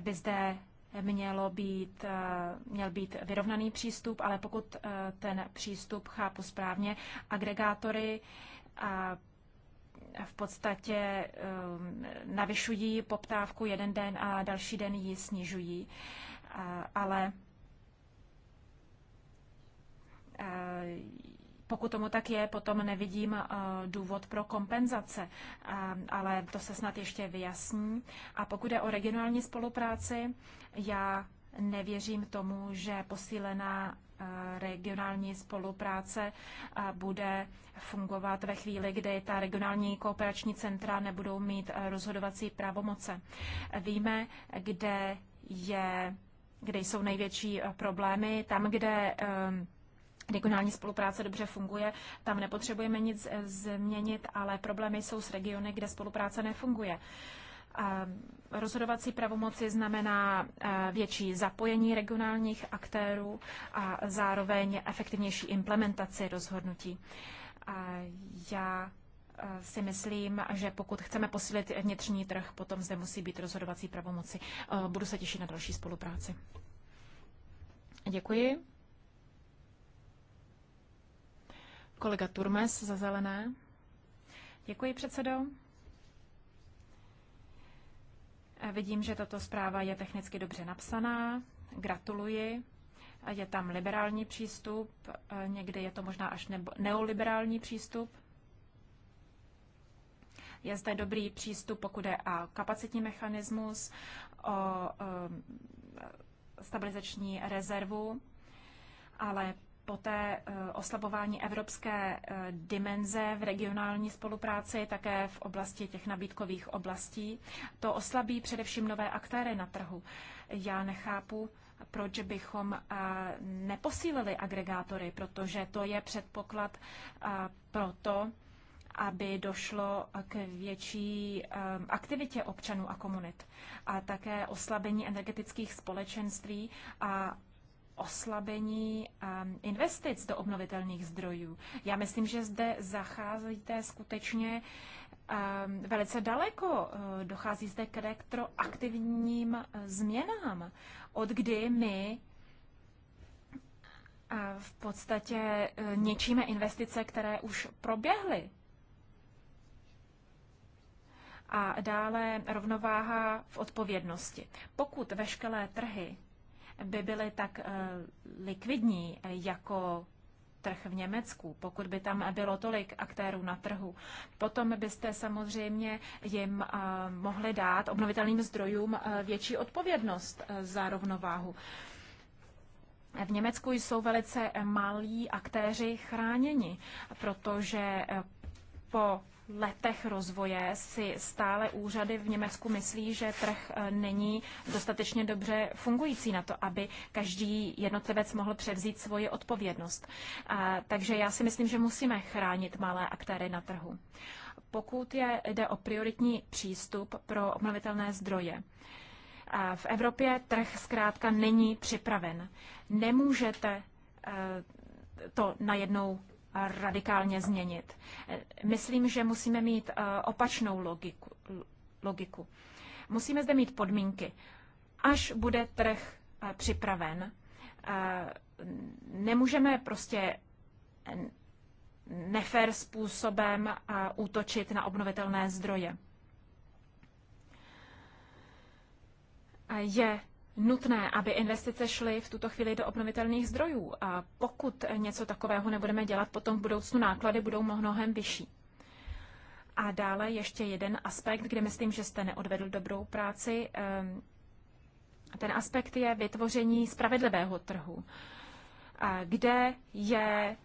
by zde mělo být, eh, měl být vyrovnaný přístup, ale pokud eh, ten přístup chápu správně, agregátory a eh, v podstatě navyšují poptávku jeden den a další den ji snižují, ale pokud tomu tak je, potom nevidím eh, důvod pro kompenzace, eh, ale to se snad ještě vyjasní. A pokud je o regionální spolupráci, já nevěřím tomu, že posílená eh, regionální spolupráce bude fungovat ve chvíli, kdy ta regionální kooperační centra nebudou mít rozhodovací pravomoce. Víme, kde, je, kde jsou největší problémy, tam, kde regionální spolupráce dobře funguje, tam nepotřebujeme nic eh, změnit, ale problémy jsou s regiony, kde spolupráce nefunguje. Rozhodovací pravomoci znamená eh, větší zapojení regionálních aktérů a zároveň efektivnější implementaci rozhodnutí. Já eh, si myslím, že pokud chceme posílit vnitřní trh, potom zde musí být rozhodovací pravomoci. Budu se těšit na další spolupráci. Děkuji. Kolega Turmes za zelené. Děkuji, předsedo. A vidím, že tato zpráva je technicky dobře napsaná. Gratuluji. Je tam liberální přístup, někdy je to možná až neoliberální přístup. Je zde dobrý přístup, pokud je a kapacitní mechanismus, o stabilizační rezervu, ale poté eh, oslabování evropské eh, dimenze v regionální spolupráci, také v oblasti těch nabídkových oblastí. To oslabí především nové aktéry na trhu. Já nechápu, proč bychom eh, neposílili agregátory, protože to je předpoklad pro to, aby došlo k větší aktivitě občanů a komunit. A také oslabení energetických společenství a oslabení investic do obnovitelných zdrojů. Já myslím, že zde zacházíte skutečně velice daleko. E, dochází zde k retroaktivním e, změnám, od kdy my v podstatě e, něčíme investice, které už proběhly. A dále rovnováha v odpovědnosti. Pokud veškeré trhy by byly tak eh, likvidní eh, jako trh v Německu, pokud by tam bylo tolik aktérů na trhu, potom byste samozřejmě jim eh, mohli dát obnovitelným zdrojům větší odpovědnost za rovnováhu. V Německu jsou velice malí aktéři chráněni, protože po letech rozvoje si stále úřady v Německu myslí, že trh eh, není dostatečně dobře fungující na to, aby každý jednotlivec mohl převzít svoji odpovědnost. A, eh, takže já si myslím, že musíme chránit malé aktéry na trhu. Pokud je, jde o prioritní přístup pro obnovitelné zdroje, a eh, v Evropě trh zkrátka není připraven. Nemůžete to najednou radikálně změnit. Myslím, že musíme mít eh, opačnou logiku. logiku. Musíme zde mít podmínky. Až bude trh eh, připraven, eh, nemůžeme prostě nefér způsobem útočit na obnovitelné zdroje. Je nutné, aby investice šly v tuto chvíli do obnovitelných zdrojů. A pokud něco takového nebudeme dělat, potom v budoucnu náklady budou mnohem vyšší. A dále ještě jeden aspekt, kde myslím, že jste neodvedl dobrou práci. Ehm, ten aspekt je vytvoření spravedlivého trhu, eh, kde je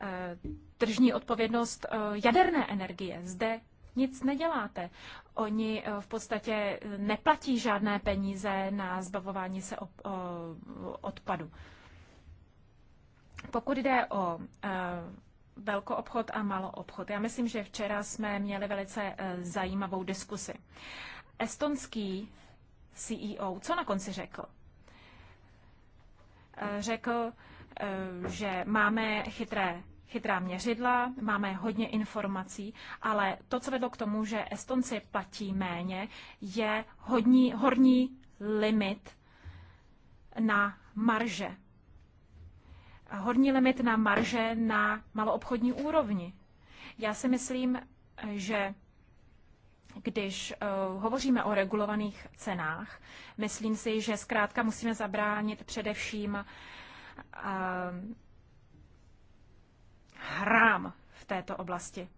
eh, tržní odpovědnost eh, jaderné energie. Zde nic neděláte. Oni eh, v podstatě neplatí žádné peníze na zbavování se odpadu. Pokud jde o eh, velkoobchod a maloobchod, já myslím, že včera jsme měli velice eh, zajímavou diskusi. Estonský CEO, co na konci řekl? Řekl, že máme chytré chytrá měřidla, máme hodně informací, ale to, co vedlo k tomu, že Estonci platí méně, je hodní, horní limit na marže. Horní limit na marže na maloobchodní úrovni. Já si myslím, že když uh, hovoříme o regulovaných cenách, myslím si, že zkrátka musíme zabránit především uh, hrám v této oblasti.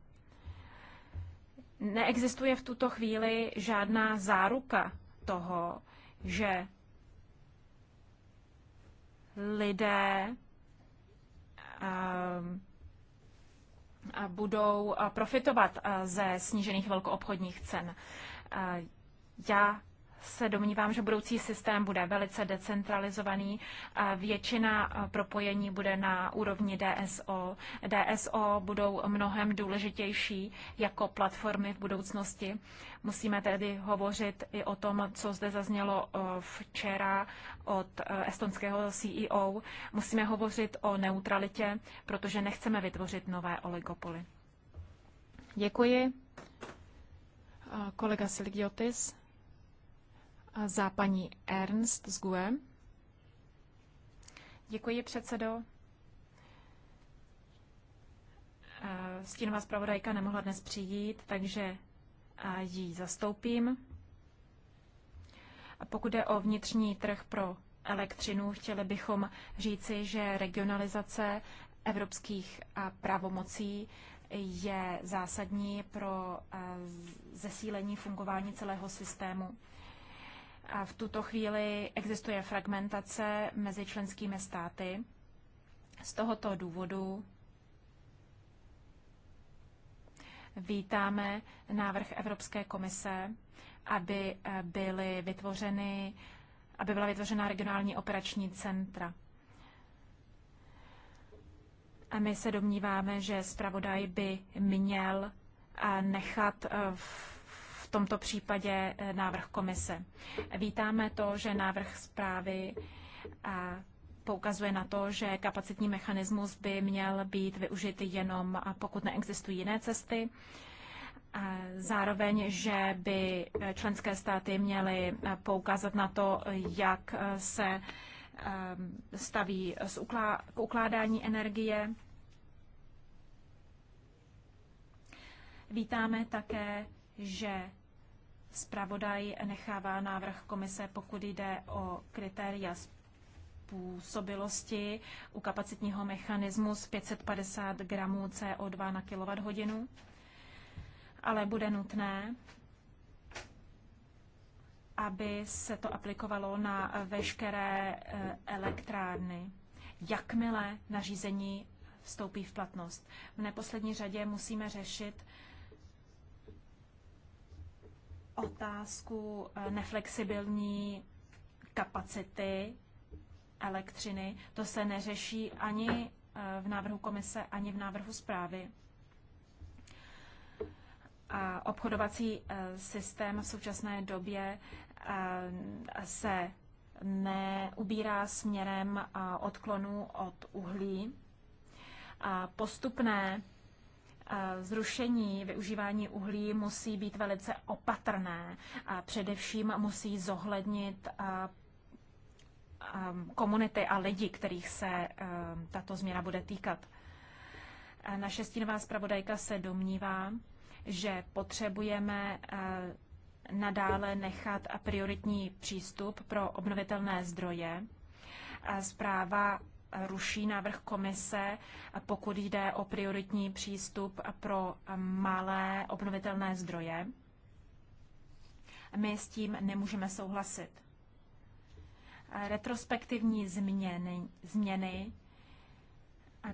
Neexistuje v tuto chvíli žádná záruka toho, že lidé ehm, budou profitovat ze snížených velkoobchodních cen. Já se domnívám, že budoucí systém bude velice decentralizovaný. Většina propojení bude na úrovni DSO. DSO budou mnohem důležitější jako platformy v budoucnosti. Musíme tedy hovořit i o tom, co zde zaznělo včera od e, estonského CEO. Musíme hovořit o neutralitě, protože nechceme vytvořit nové oligopoly. Děkuji. Kolega Siligiotis za paní Ernst z GUE. Děkuji, předsedo. Eh, stínová zpravodajka nemohla dnes přijít, takže eh, ji zastoupím. Pokud je o vnitřní trh pro elektřinu, chtěli bychom říci, že regionalizace evropských eh, pravomocí je zásadní pro zesílení fungování celého systému. A v tuto chvíli existuje fragmentace mezi členskými státy. Z tohoto důvodu vítáme návrh Evropské komise, aby eh, byly vytvořeny, aby byla vytvořena regionální operační centra. A my se domníváme, že zpravodaj by měl eh, nechat eh, v v tomto případě eh, návrh komise. Vítáme to, že návrh zprávy poukazuje na to, že kapacitní mechanismus by měl být využit jenom, pokud neexistují jiné cesty. A zároveň, že by eh, členské státy měly eh, poukázat na to, jak se ehm, staví k ukládání energie. Vítáme také, že Spravodaj nechává návrh komise, pokud jde o kritéria způsobilosti u kapacitního mechanismu z 550 gramů CO2 na kWh, ale bude nutné, aby se to aplikovalo na veškeré eh, elektrárny, jakmile nařízení vstoupí v platnost. V neposlední řadě musíme řešit otázku eh, neflexibilní kapacity elektřiny. To se neřeší ani eh, v návrhu komise, ani v návrhu zprávy. A obchodovací eh, systém v současné době se neubírá směrem odklonu od uhlí. A postupné zrušení využívání uhlí musí být velice opatrné. A především musí zohlednit komunity a lidi, kterých se tato změna bude týkat. Naše stínová zpravodajka se domnívá, že potřebujeme nadále nechat a prioritní přístup pro obnovitelné zdroje. Zpráva ruší návrh komise, pokud jde o prioritní přístup pro malé obnovitelné zdroje. My s tím nemůžeme souhlasit. Retrospektivní změny, změny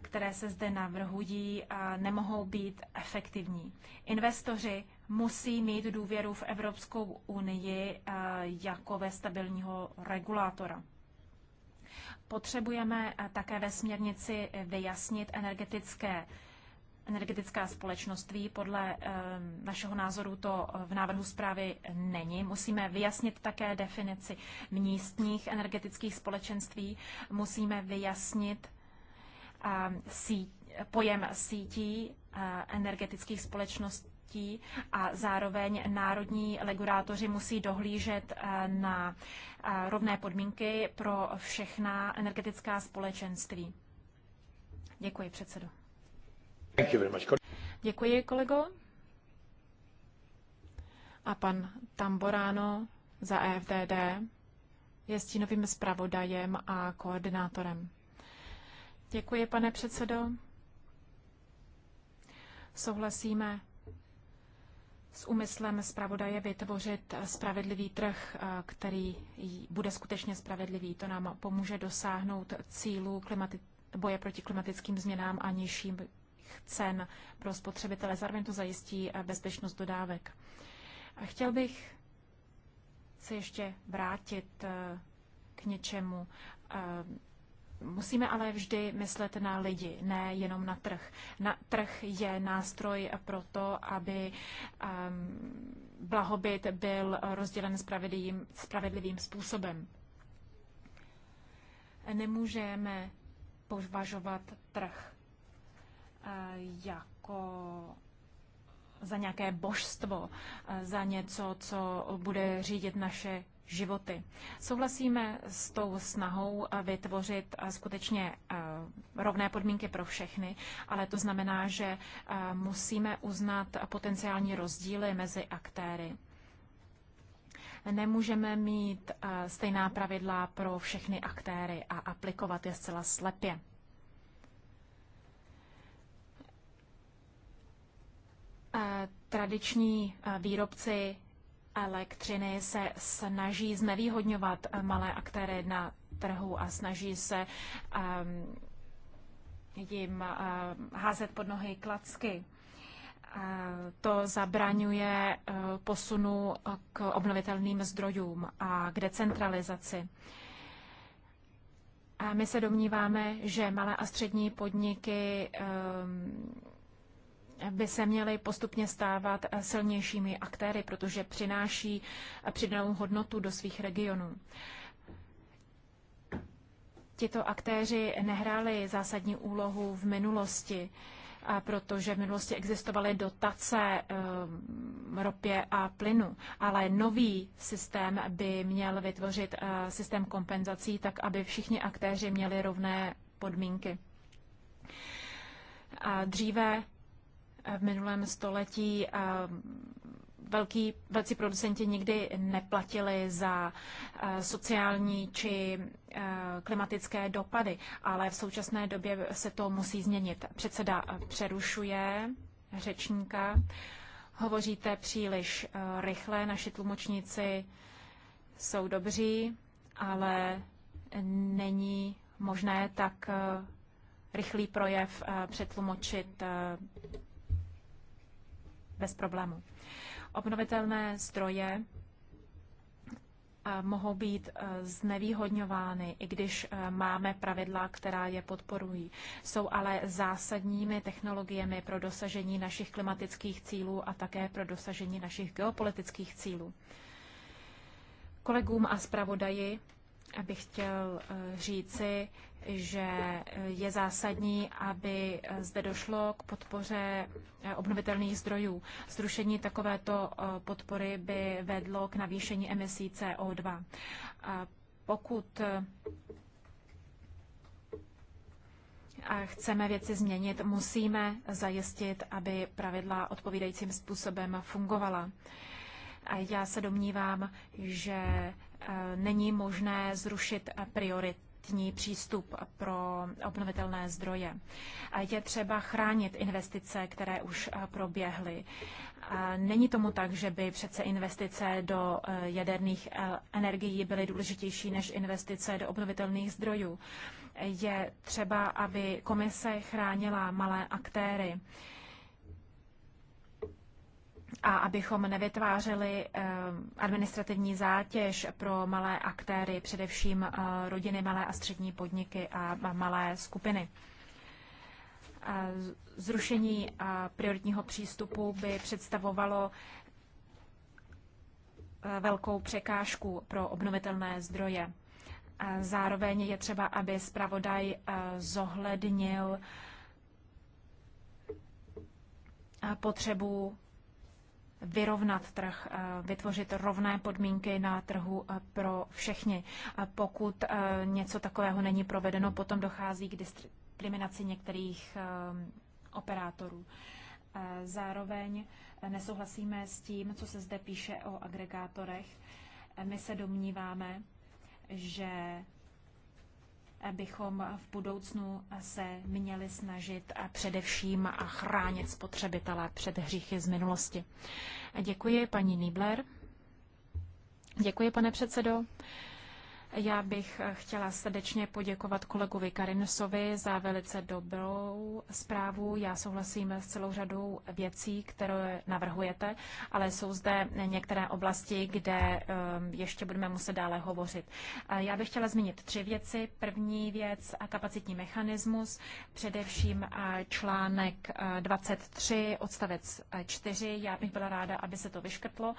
které se zde navrhují, nemohou být efektivní. Investoři musí mít důvěru v Evropskou unii jako ve stabilního regulátora. Potřebujeme eh, také ve směrnici vyjasnit energetické energetická společnoství. Podle eh, našeho názoru to v návrhu zprávy není. Musíme vyjasnit také definici místních energetických společenství. Musíme vyjasnit eh, pojem sítí energetických společností dětí a zároveň národní regulátoři musí dohlížet eh, na eh, rovné podmínky pro všechna energetická společenství. Děkuji, předsedo. Děkuji, kolego. A pan Tamborano za EFDD je stínovým zpravodajem a koordinátorem. Děkuji, pane předsedo. Souhlasíme s úmyslem zpravodaje vytvořit spravedlivý trh, eh, který bude skutečně spravedlivý. To nám pomůže dosáhnout cílů klimati- boje proti klimatickým změnám a nižším cen pro spotřebitele. Zároveň to zajistí eh, bezpečnost dodávek. A chtěl bych se ještě vrátit eh, k něčemu, Musíme ale vždy myslet na lidi, ne jenom na trh. Na, trh je nástroj pro to, aby um, blahobyt byl rozdělen spravedlivým, spravedlivým způsobem. Nemůžeme považovat trh eh, jako za nějaké božstvo, eh, za něco, co bude řídit naše životy. Souhlasíme s tou snahou eh, vytvořit eh, skutečně eh, rovné podmínky pro všechny, ale to znamená, že musíme uznat potenciální rozdíly mezi aktéry. Nemůžeme mít stejná pravidla pro všechny aktéry a aplikovat je zcela slepě. Tradiční výrobci elektřiny se snaží znevýhodňovat eh, malé aktéry na trhu a snaží se um, jim uh, házet pod nohy klacky. Eh, to zabraňuje uh, posunu k obnovitelným zdrojům a k decentralizaci. A my se domníváme, že malé a střední podniky um, by se měly postupně stávat eh, silnějšími aktéry, protože přináší eh, přidanou hodnotu do svých regionů. Tito aktéři nehráli zásadní úlohu v minulosti, protože v minulosti existovaly dotace eh, ropě a plynu, ale nový systém by měl vytvořit systém kompenzací tak, aby všichni aktéři měli rovné podmínky. A dříve v minulém století eh, velký, velcí producenti nikdy neplatili za eh, sociální či eh, klimatické dopady, ale v současné době se to musí změnit. Předseda přerušuje řečníka. Hovoříte příliš rychle, naši tlumočníci jsou dobří, ale není možné tak rychlý projev přetlumočit bez problému. Obnovitelné stroje eh, mohou být eh, znevýhodňovány, i když eh, máme pravidla, která je podporují. Jsou ale zásadními technologiemi pro dosažení našich klimatických cílů a také pro dosažení našich geopolitických cílů. Kolegům a zpravodaji bych chtěl říci, že je zásadní, aby zde došlo k podpoře obnovitelných zdrojů. Zrušení takovéto eh, podpory by vedlo k navýšení emisí CO2. Pokud eh, a chceme věci změnit, musíme zajistit, aby pravidla odpovídajícím způsobem fungovala. A já se domnívám, že eh, není možné zrušit priorit koherentní přístup pro obnovitelné zdroje. Je třeba chránit investice, které už eh, proběhly. Není tomu tak, že by přece investice do eh, jaderných eh, energií byly důležitější než investice do obnovitelných zdrojů. Je třeba, aby komise chránila malé aktéry a abychom nevytvářeli eh, administrativní zátěž pro malé aktéry, především eh, rodiny, malé a střední podniky a malé skupiny. Zrušení eh, prioritního přístupu by představovalo velkou překážku pro obnovitelné zdroje. Zároveň je třeba, aby zpravodaj zohlednil potřebu vyrovnat trh, eh, vytvořit rovné podmínky na trhu eh, pro všechny. Pokud eh, něco takového není provedeno, potom dochází k diskriminaci některých operátorů. Zároveň nesouhlasíme s tím, co se zde píše o agregátorech. My se domníváme, že bychom v budoucnu se měli snažit a především a chránit spotřebitele před hříchy z minulosti. Děkuji, paní Nibler. Děkuji, pane předsedo. Já bych chtěla srdečně poděkovat kolegovi Karinsovi za velice dobrou zprávu. Já souhlasím s celou řadou věcí, které navrhujete, ale jsou zde některé oblasti, kde um, ještě budeme muset dále hovořit. Já bych chtěla zmínit tři věci. První věc a kapacitní mechanismus, především článek 23 odstavec 4. Já bych byla ráda, aby se to vyškrtlo.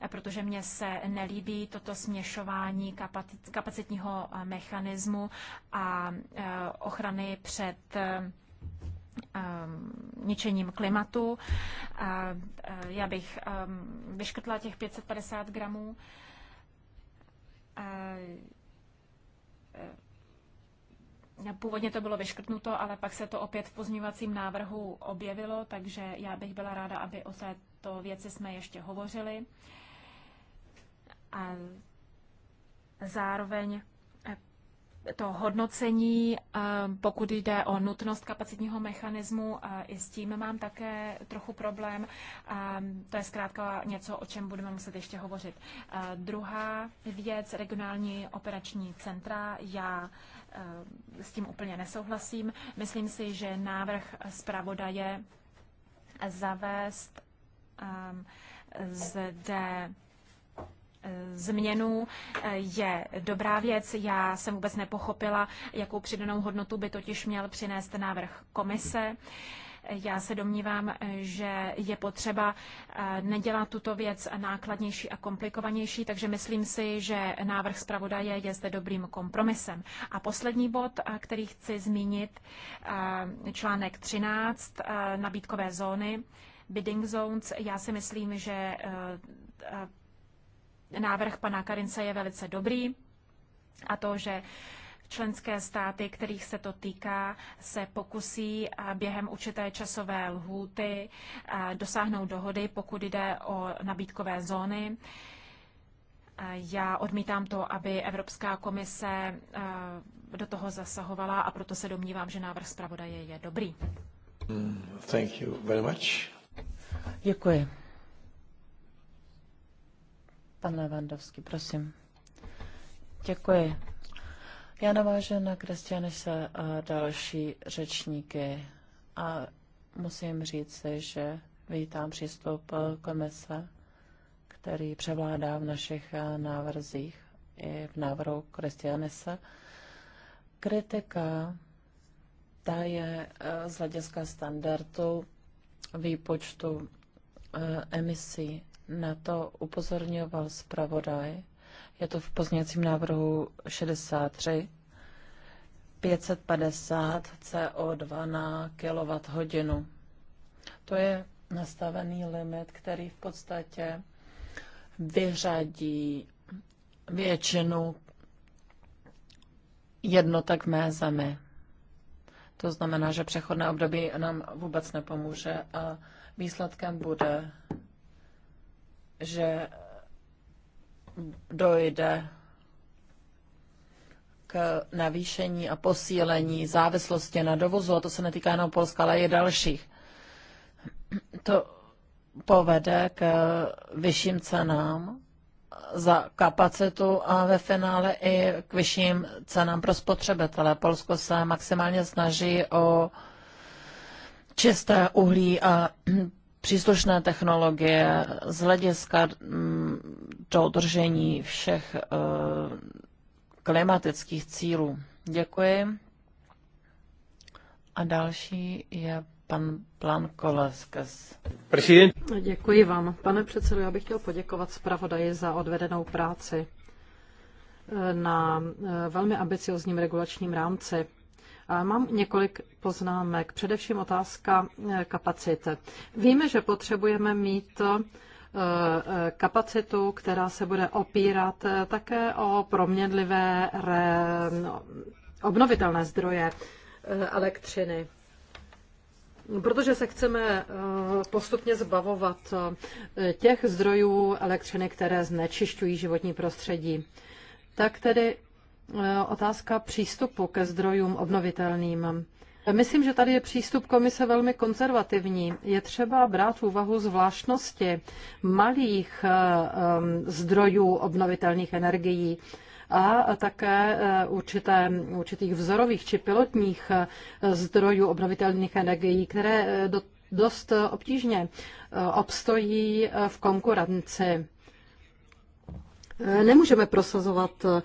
Eh, protože mně se nelíbí toto směšování kapacitního eh, mechanismu a eh, ochrany před ničením klimatu. Já bych vyškrtla těch 550 gramů. Původně to bylo vyškrtnuto, ale pak se to opět v pozměňovacím návrhu objevilo, takže já bych byla ráda, aby o této věci jsme ještě hovořili zároveň eh, to hodnocení, eh, pokud jde o nutnost kapacitního mechanismu, i s tím mám také trochu problém. To je zkrátka něco, o čem budeme muset ještě hovořit. Druhá věc, regionální operační centra. Já eh, s tím úplně nesouhlasím. Myslím si, že návrh zpravodaje zavést zde změnu eh, je dobrá věc. Já jsem vůbec nepochopila, jakou přidanou hodnotu by totiž měl přinést návrh komise. Já se domnívám, že je potřeba eh, nedělat tuto věc nákladnější a komplikovanější, takže myslím si, že návrh zpravodaje je zde dobrým kompromisem. A poslední bod, eh, který chci zmínit, článek 13, nabídkové zóny, bidding zones. Já si myslím, že návrh pana Karince je velice dobrý a to, že členské státy, kterých se to týká, se pokusí během určité časové lhůty dosáhnout dohody, pokud jde o nabídkové zóny. Já odmítám to, aby Evropská komise do toho zasahovala a proto se domnívám, že návrh zpravodaje je dobrý. Thank you very much. Děkuji. Pan Levandovský, prosím. Děkuji. Já navážu na se a další řečníky a musím říct že vítám přístup komise, který převládá v našich návrzích i v návrhu Kristianise. Kritika, ta je eh, z hlediska standardu výpočtu eh, emisí na to upozorňoval zpravodaj. Je to v pozněcím návrhu 63. 550 CO2 na kWh. To je nastavený limit, který v podstatě vyřadí většinu jednotek mé zemi. To znamená, že přechodné období nám vůbec nepomůže a výsledkem bude že dojde k navýšení a posílení závislosti na dovozu, a to se netýká jenom Polska, ale i dalších. To povede k vyšším cenám za kapacitu a ve finále i k vyšším cenám pro spotřebitele. Polsko se maximálně snaží o čisté uhlí a příslušné technologie z hlediska dodržení mm, všech eh, klimatických cílů. Děkuji. A další je pan Plan Koleskes. Děkuji vám. Pane předsedo, já bych chtěl poděkovat zpravodaji za odvedenou práci eh, na eh, velmi ambiciozním regulačním rámci. Mám několik poznámek, především otázka eh, kapacity. Víme, že potřebujeme mít eh, eh, kapacitu, která se bude opírat také o proměnlivé obnovitelné zdroje elektřiny. Protože se chceme postupně zbavovat těch zdrojů elektřiny, které znečišťují životní prostředí. Tak tedy Eh, otázka přístupu ke zdrojům obnovitelným. Myslím, že tady je přístup komise velmi konzervativní. Je třeba brát v úvahu zvláštnosti malých eh, zdrojů obnovitelných energií a také eh, určité, určitých vzorových či pilotních zdrojů obnovitelných energií, které do, dost obtížně obstojí v konkurenci Nemůžeme prosazovat eh,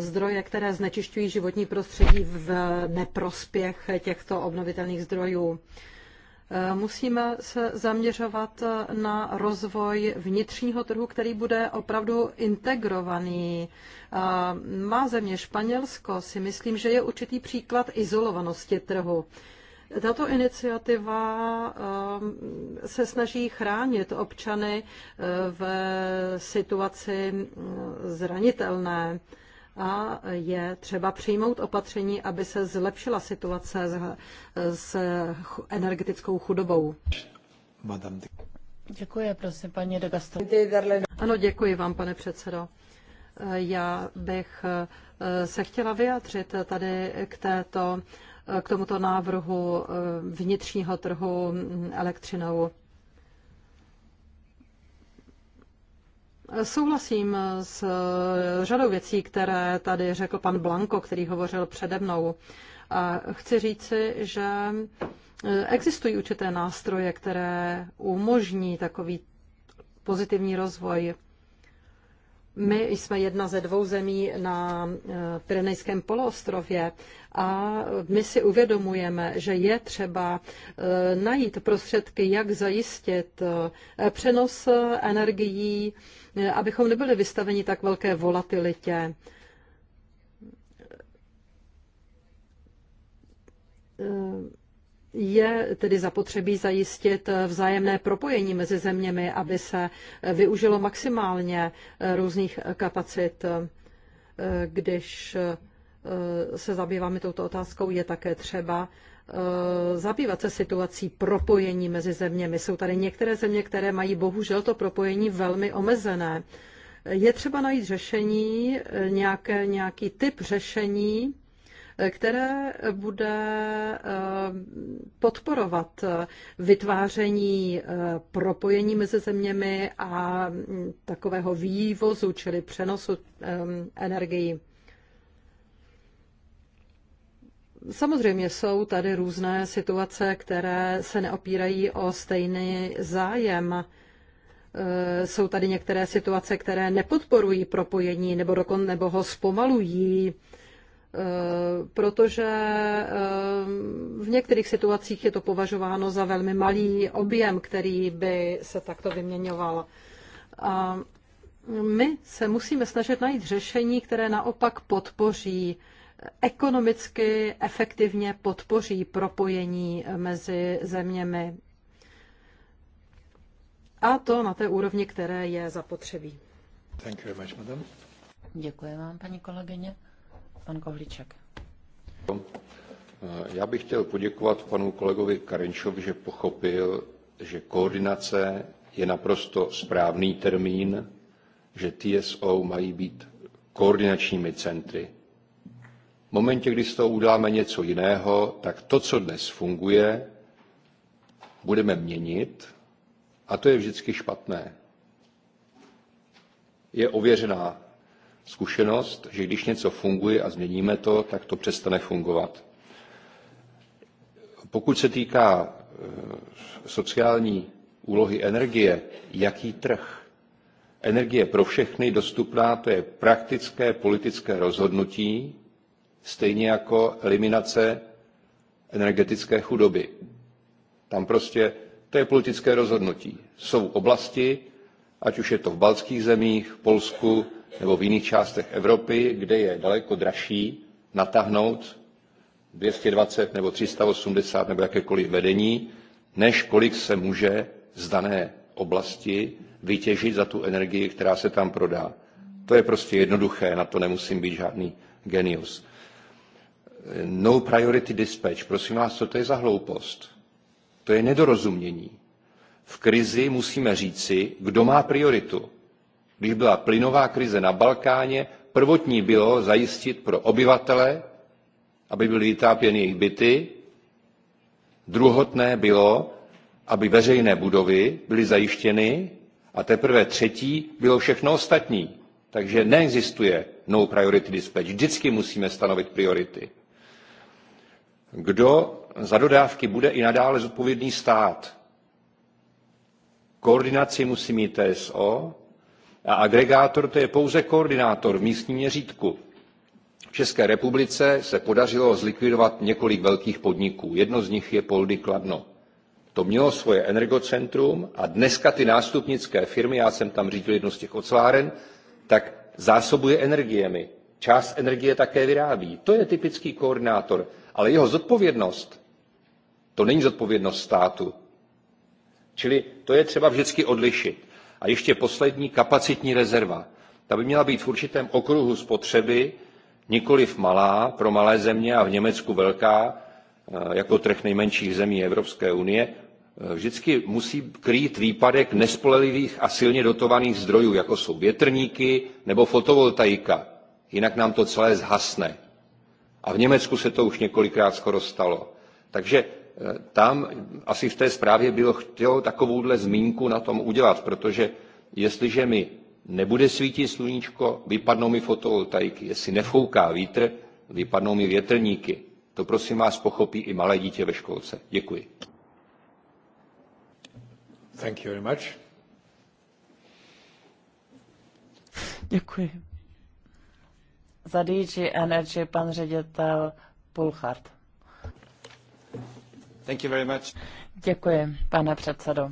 zdroje, které znečišťují životní prostředí v neprospěch těchto obnovitelných zdrojů. Eh, musíme se zaměřovat eh, na rozvoj vnitřního trhu, který bude opravdu integrovaný. Má země Španělsko si myslím, že je určitý příklad izolovanosti trhu. Tato iniciativa ehm, se snaží chránit občany eh, v situaci mm, zranitelné a je třeba přijmout opatření, aby se zlepšila situace s energetickou chudobou. Děkuji, prosím, paní de Ano, děkuji vám, pane předsedo. Eh, já bych eh, se chtěla vyjádřit tady k této k tomuto návrhu eh, vnitřního trhu mm, elektřinou. Souhlasím s eh, řadou věcí, které tady řekl pan Blanko, který hovořil přede mnou. A chci říci, že eh, existují určité nástroje, které umožní takový pozitivní rozvoj my jsme jedna ze dvou zemí na eh, Pyrenejském poloostrově a my si uvědomujeme, že je třeba eh, najít prostředky, jak zajistit eh, přenos energií, abychom nebyli vystaveni tak velké volatilitě je tedy zapotřebí zajistit vzájemné propojení mezi zeměmi, aby se využilo maximálně eh, různých eh, kapacit. Eh, když se zabýváme touto otázkou, je také třeba zabývat se situací propojení mezi zeměmi. Jsou tady některé země, které mají bohužel to propojení velmi omezené. Je třeba najít řešení, nějaké, nějaký typ řešení, které bude eh, podporovat vytváření eh, propojení mezi zeměmi a mm, takového vývozu, čili přenosu eh, energií. Samozřejmě jsou tady různé situace, které se neopírají o stejný zájem. Jsou tady některé situace, které nepodporují propojení nebo dokon, nebo ho zpomalují. Eh, protože eh, v některých situacích je to považováno za velmi malý objem, který by se takto vyměňoval. A my se musíme snažit najít řešení, které naopak podpoří ekonomicky efektivně podpoří propojení mezi zeměmi. A to na té úrovni, které je zapotřebí. Thank you very much, madam. Děkuji vám, paní kolegyně pan Kohlíček. Já bych chtěl poděkovat panu kolegovi Karinčovi, že pochopil, že koordinace je naprosto správný termín, že TSO mají být koordinačními centry. V momentě, kdy z toho uděláme něco jiného, tak to, co dnes funguje, budeme měnit a to je vždycky špatné. Je ověřená zkušenost, že když něco funguje a změníme to, tak to přestane fungovat. Pokud se týká eh, sociální úlohy energie, jaký trh? Energie pro všechny dostupná, to je praktické politické rozhodnutí, stejně jako eliminace energetické chudoby. Tam prostě to je politické rozhodnutí. Jsou oblasti, ať už je to v balckých zemích, Polsku, nebo v jiných částech Evropy, kde je daleko dražší natáhnout 220 nebo 380 nebo jakékoliv vedení, než kolik se může z dané oblasti vytěžit za tu energii, která se tam prodá. To je prostě jednoduché, na to nemusím být žádný genius. No priority dispatch, prosím vás, co to je za hloupost? To je nedorozumění. V krizi musíme říci, kdo má prioritu. Když byla plynová krize na Balkáně, prvotní bylo zajistit pro obyvatele, aby byly vytápěny jejich byty, druhotné bylo, aby veřejné budovy byly zajištěny a teprve třetí bylo všechno ostatní. Takže neexistuje no priority dispatch. Vždycky musíme stanovit priority. Kdo za dodávky bude i nadále zodpovědný stát? Koordinaci musí mít TSO, a agregátor to je pouze koordinátor v místním měřítku. V České republice se podařilo zlikvidovat několik velkých podniků. Jedno z nich je Poldy Kladno. To mělo svoje energocentrum a dneska ty nástupnické firmy, já jsem tam řídil jednu z těch oceláren, tak zásobuje energiemi. Část energie také vyrábí. To je typický koordinátor. Ale jeho zodpovědnost, to není zodpovědnost státu. Čili to je třeba vždycky odlišit. A ještě poslední kapacitní rezerva. Ta by měla být v určitém okruhu spotřeby, nikoliv malá pro malé země a v Německu velká, e, jako trh nejmenších zemí Evropské unie, e, vždycky musí krýt výpadek nespolehlivých a silně dotovaných zdrojů, jako jsou větrníky nebo fotovoltaika. Jinak nám to celé zhasne. A v Německu se to už několikrát skoro stalo. Takže tam asi v té zprávě bylo chtělo takovouhle zmínku na tom udělat, protože jestliže mi nebude svítit sluníčko, vypadnou mi fotovoltaiky, jestli nefouká vítr, vypadnou mi větrníky. To prosím vás pochopí i malé dítě ve školce. Děkuji. Thank you very much. Děkuji. Za DG Energy pan ředitel Pulchard. Děkuji, pane předsedo.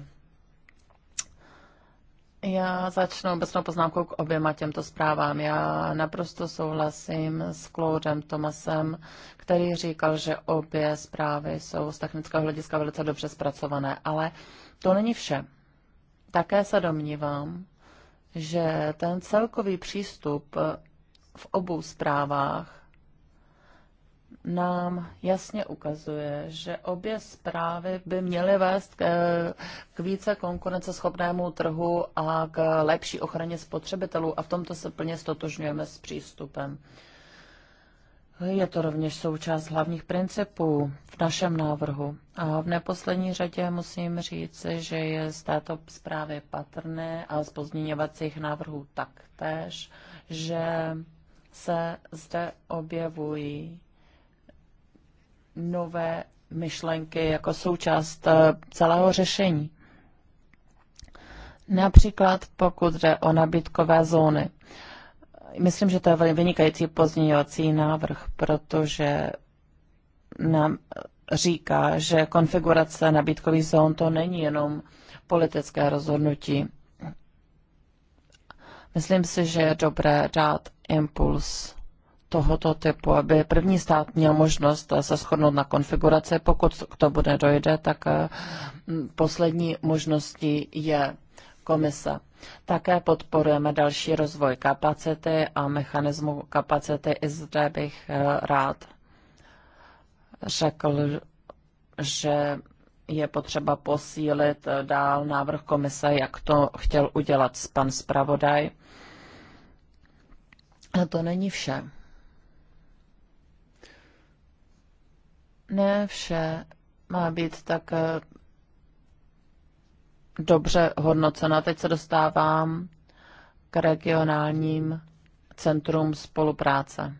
Já začnu obecnou poznámkou k oběma těmto zprávám. Já naprosto souhlasím s Claudem Tomasem, který říkal, že obě zprávy jsou z technického hlediska velice dobře zpracované, ale to není vše. Také se domnívám, že ten celkový přístup v obou zprávách nám jasně ukazuje, že obě zprávy by měly vést k, k více konkurenceschopnému trhu a k lepší ochraně spotřebitelů a v tomto se plně stotožňujeme s přístupem. Je to rovněž součást hlavních principů v našem návrhu. A v neposlední řadě musím říct, že je z této zprávy patrné a z pozměňovacích návrhů taktéž, že se zde objevují nové myšlenky jako součást eh, celého řešení. Například pokud jde o nabídkové zóny. Myslím, že to je vynikající pozměňovací návrh, protože nám říká, že konfigurace nabídkových zón to není jenom politické rozhodnutí. Myslím si, že je dobré dát impuls tohoto typu, aby první stát měl možnost se shodnout na konfiguraci. Pokud k bude dojde, tak eh, poslední možností je komise. Také podporujeme další rozvoj kapacity a mechanismu kapacity. I zde bych eh, rád řekl, že je potřeba posílit eh, dál návrh komise, jak to chtěl udělat pan zpravodaj. A to není vše. ne vše má být tak eh, dobře hodnocena. Teď se dostávám k regionálním centrum spolupráce.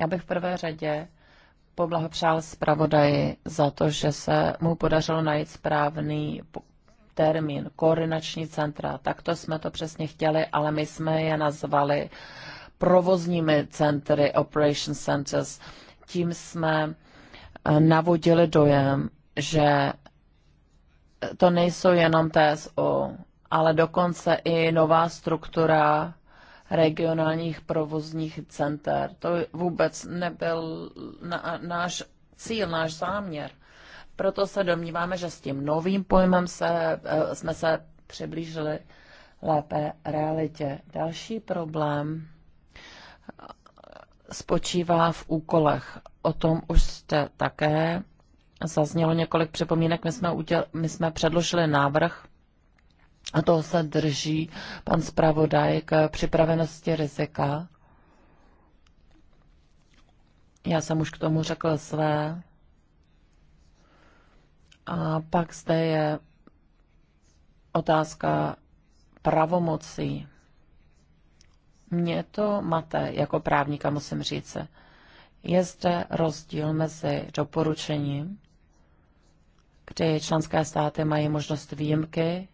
Já bych v prvé řadě poblahopřál zpravodaji za to, že se mu podařilo najít správný termín, koordinační centra. Takto jsme to přesně chtěli, ale my jsme je nazvali provozními centry, operation centers. Tím jsme navodili dojem, že to nejsou jenom TSO, ale dokonce i nová struktura regionálních provozních center. To vůbec nebyl na, náš cíl, náš záměr. Proto se domníváme, že s tím novým pojmem se, eh, jsme se přiblížili lépe realitě. Další problém spočívá v úkolech. O tom už jste také zaznělo několik připomínek. My jsme, uděl, my jsme předložili návrh a toho se drží pan zpravodaj k připravenosti rizika. Já jsem už k tomu řekl své. A pak zde je otázka pravomocí. Mě to mate jako právníka, musím říct. Je zde rozdíl mezi doporučením, kdy členské státy mají možnost výjimky,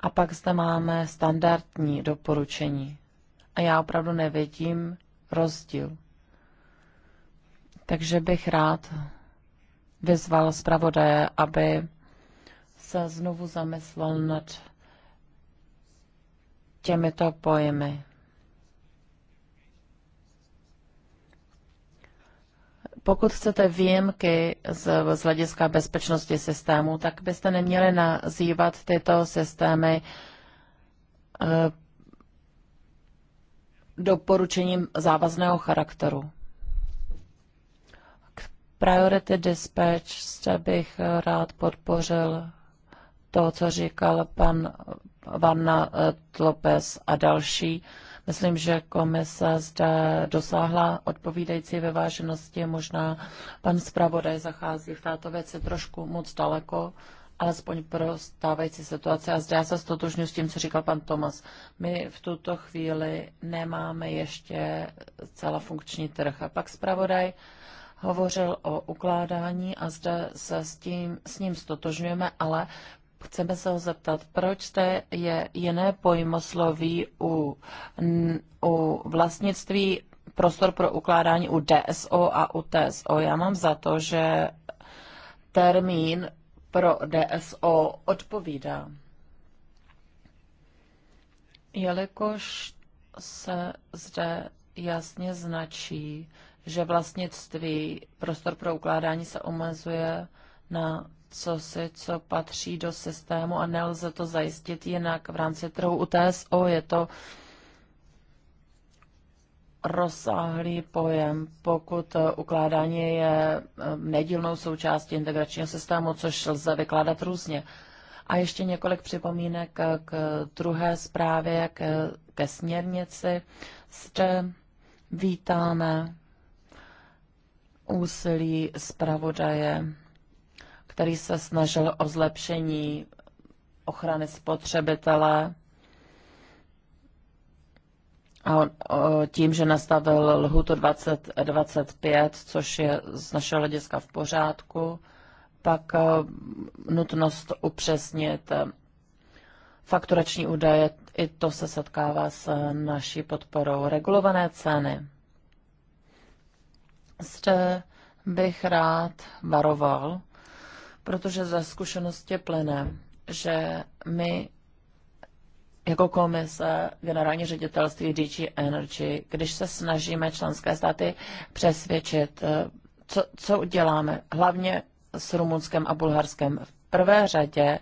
a pak zde máme standardní doporučení. A já opravdu nevidím rozdíl. Takže bych rád vyzval zpravodaje, aby se znovu zamyslel nad těmito pojmy. Pokud chcete výjimky z, z hlediska bezpečnosti systému, tak byste neměli nazývat tyto systémy eh, doporučením závazného charakteru. K Priority Dispatch jste bych rád podpořil to, co říkal pan Vanna Tlopes a další Myslím, že komise zde dosáhla odpovídající vyváženosti. Možná pan zpravodaj zachází v této věci trošku moc daleko, alespoň pro stávající situaci. A já se stotožňuji s tím, co říkal pan Tomas. My v tuto chvíli nemáme ještě celá funkční trh. A pak zpravodaj hovořil o ukládání a zde se s, tím, s ním stotožňujeme, ale Chceme se ho zeptat, proč jste je jiné pojmosloví u, u vlastnictví prostor pro ukládání u DSO a u TSO. Já mám za to, že termín pro DSO odpovídá. Jelikož se zde jasně značí, že vlastnictví prostor pro ukládání se omezuje na co si, co patří do systému a nelze to zajistit jinak. V rámci trhu u TSO je to rozsáhlý pojem, pokud ukládání je eh, nedílnou součástí integračního systému, což lze vykládat různě. A ještě několik připomínek k druhé zprávě, k, ke směrnici. Zde vítáme úsilí zpravodaje který se snažil o zlepšení ochrany spotřebitele a on, o, tím, že nastavil lhutu 2025, což je z našeho hlediska v pořádku, pak o, e, nutnost upřesnit e, fakturační údaje, i to se setkává s naší podporou. Regulované ceny. Zde bych rád varoval, protože ze zkušenosti plyne, že my jako komise generální ředitelství DG Energy, když se snažíme členské státy přesvědčit, eh, co, co děláme, hlavně s Rumunskem a Bulharskem, v prvé řadě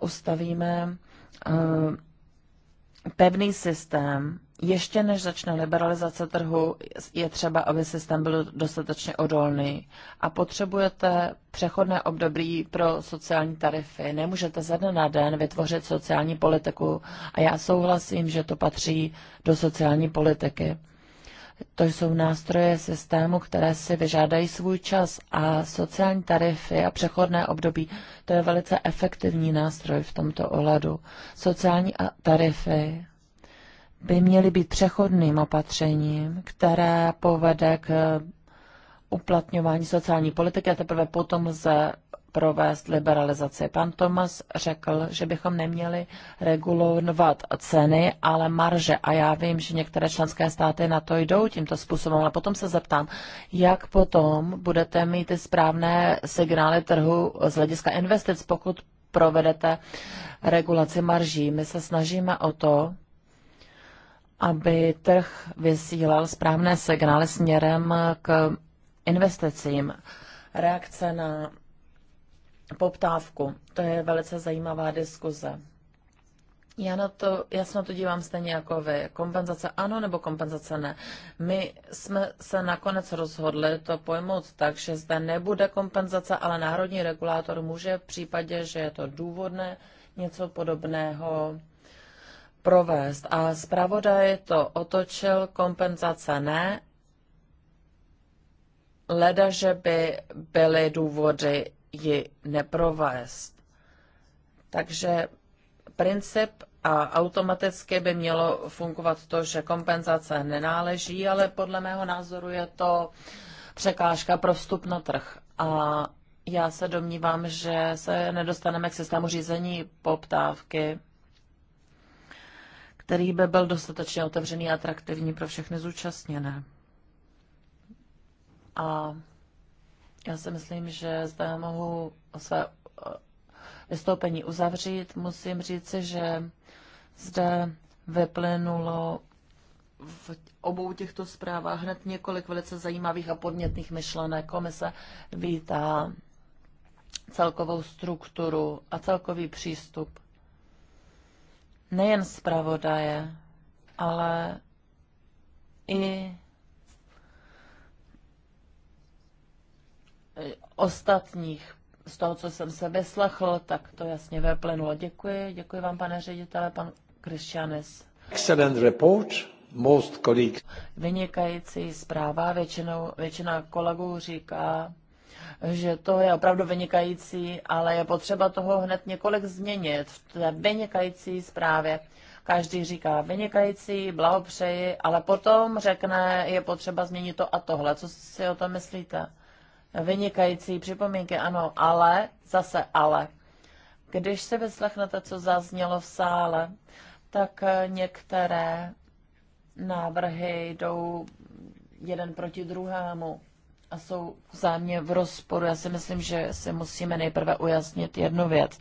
ustavíme uh, pevný systém ještě než začne liberalizace trhu, je třeba, aby systém byl dostatečně odolný. A potřebujete přechodné období pro sociální tarify. Nemůžete ze dne na den vytvořit sociální politiku. A já souhlasím, že to patří do sociální politiky. To jsou nástroje systému, které si vyžádají svůj čas a sociální tarify a přechodné období, to je velice efektivní nástroj v tomto ohledu. Sociální tarify by měly být přechodným opatřením, které povede k uplatňování sociální politiky a teprve potom lze provést liberalizaci. Pan Tomas řekl, že bychom neměli regulovat ceny, ale marže. A já vím, že některé členské státy na to jdou tímto způsobem, ale potom se zeptám, jak potom budete mít ty správné signály trhu z hlediska investic, pokud provedete regulaci marží. My se snažíme o to, aby trh vysílal správné signály směrem k investicím. Reakce na poptávku, to je velice zajímavá diskuze. Já, na to, já se na to dívám stejně jako vy. Kompenzace ano nebo kompenzace ne. My jsme se nakonec rozhodli to pojmout tak, že zde nebude kompenzace, ale národní regulátor může v případě, že je to důvodné, něco podobného provést. A zpravodaj to otočil, kompenzace ne, leda, že by byly důvody ji neprovést. Takže princip a automaticky by mělo fungovat to, že kompenzace nenáleží, ale podle mého názoru je to překážka pro vstup na trh. A já se domnívám, že se nedostaneme k systému řízení poptávky, který by byl dostatečně otevřený a atraktivní pro všechny zúčastněné. A já si myslím, že zde mohu své eh, vystoupení uzavřít. Musím říci, že zde vyplynulo v obou těchto zprávách hned několik velice zajímavých a podnětných myšlenek. Komise vítá celkovou strukturu a celkový přístup nejen zpravodaje, ale i ostatních. Z toho, co jsem se vyslechl, tak to jasně vyplynulo. Děkuji, děkuji vám, pane ředitele, pan Christianis. Excellent report. Most colleagues. Vynikající zpráva. Většinou, většina kolegů říká, že to je opravdu vynikající, ale je potřeba toho hned několik změnit v té vynikající zprávě. Každý říká vynikající, blahopřeji, ale potom řekne, je potřeba změnit to a tohle. Co si o tom myslíte? Vynikající připomínky, ano, ale, zase ale. Když si vyslechnete, co zaznělo v sále, tak eh, některé návrhy jdou jeden proti druhému a jsou vzájemně v rozporu. Já si myslím, že si musíme nejprve ujasnit jednu věc.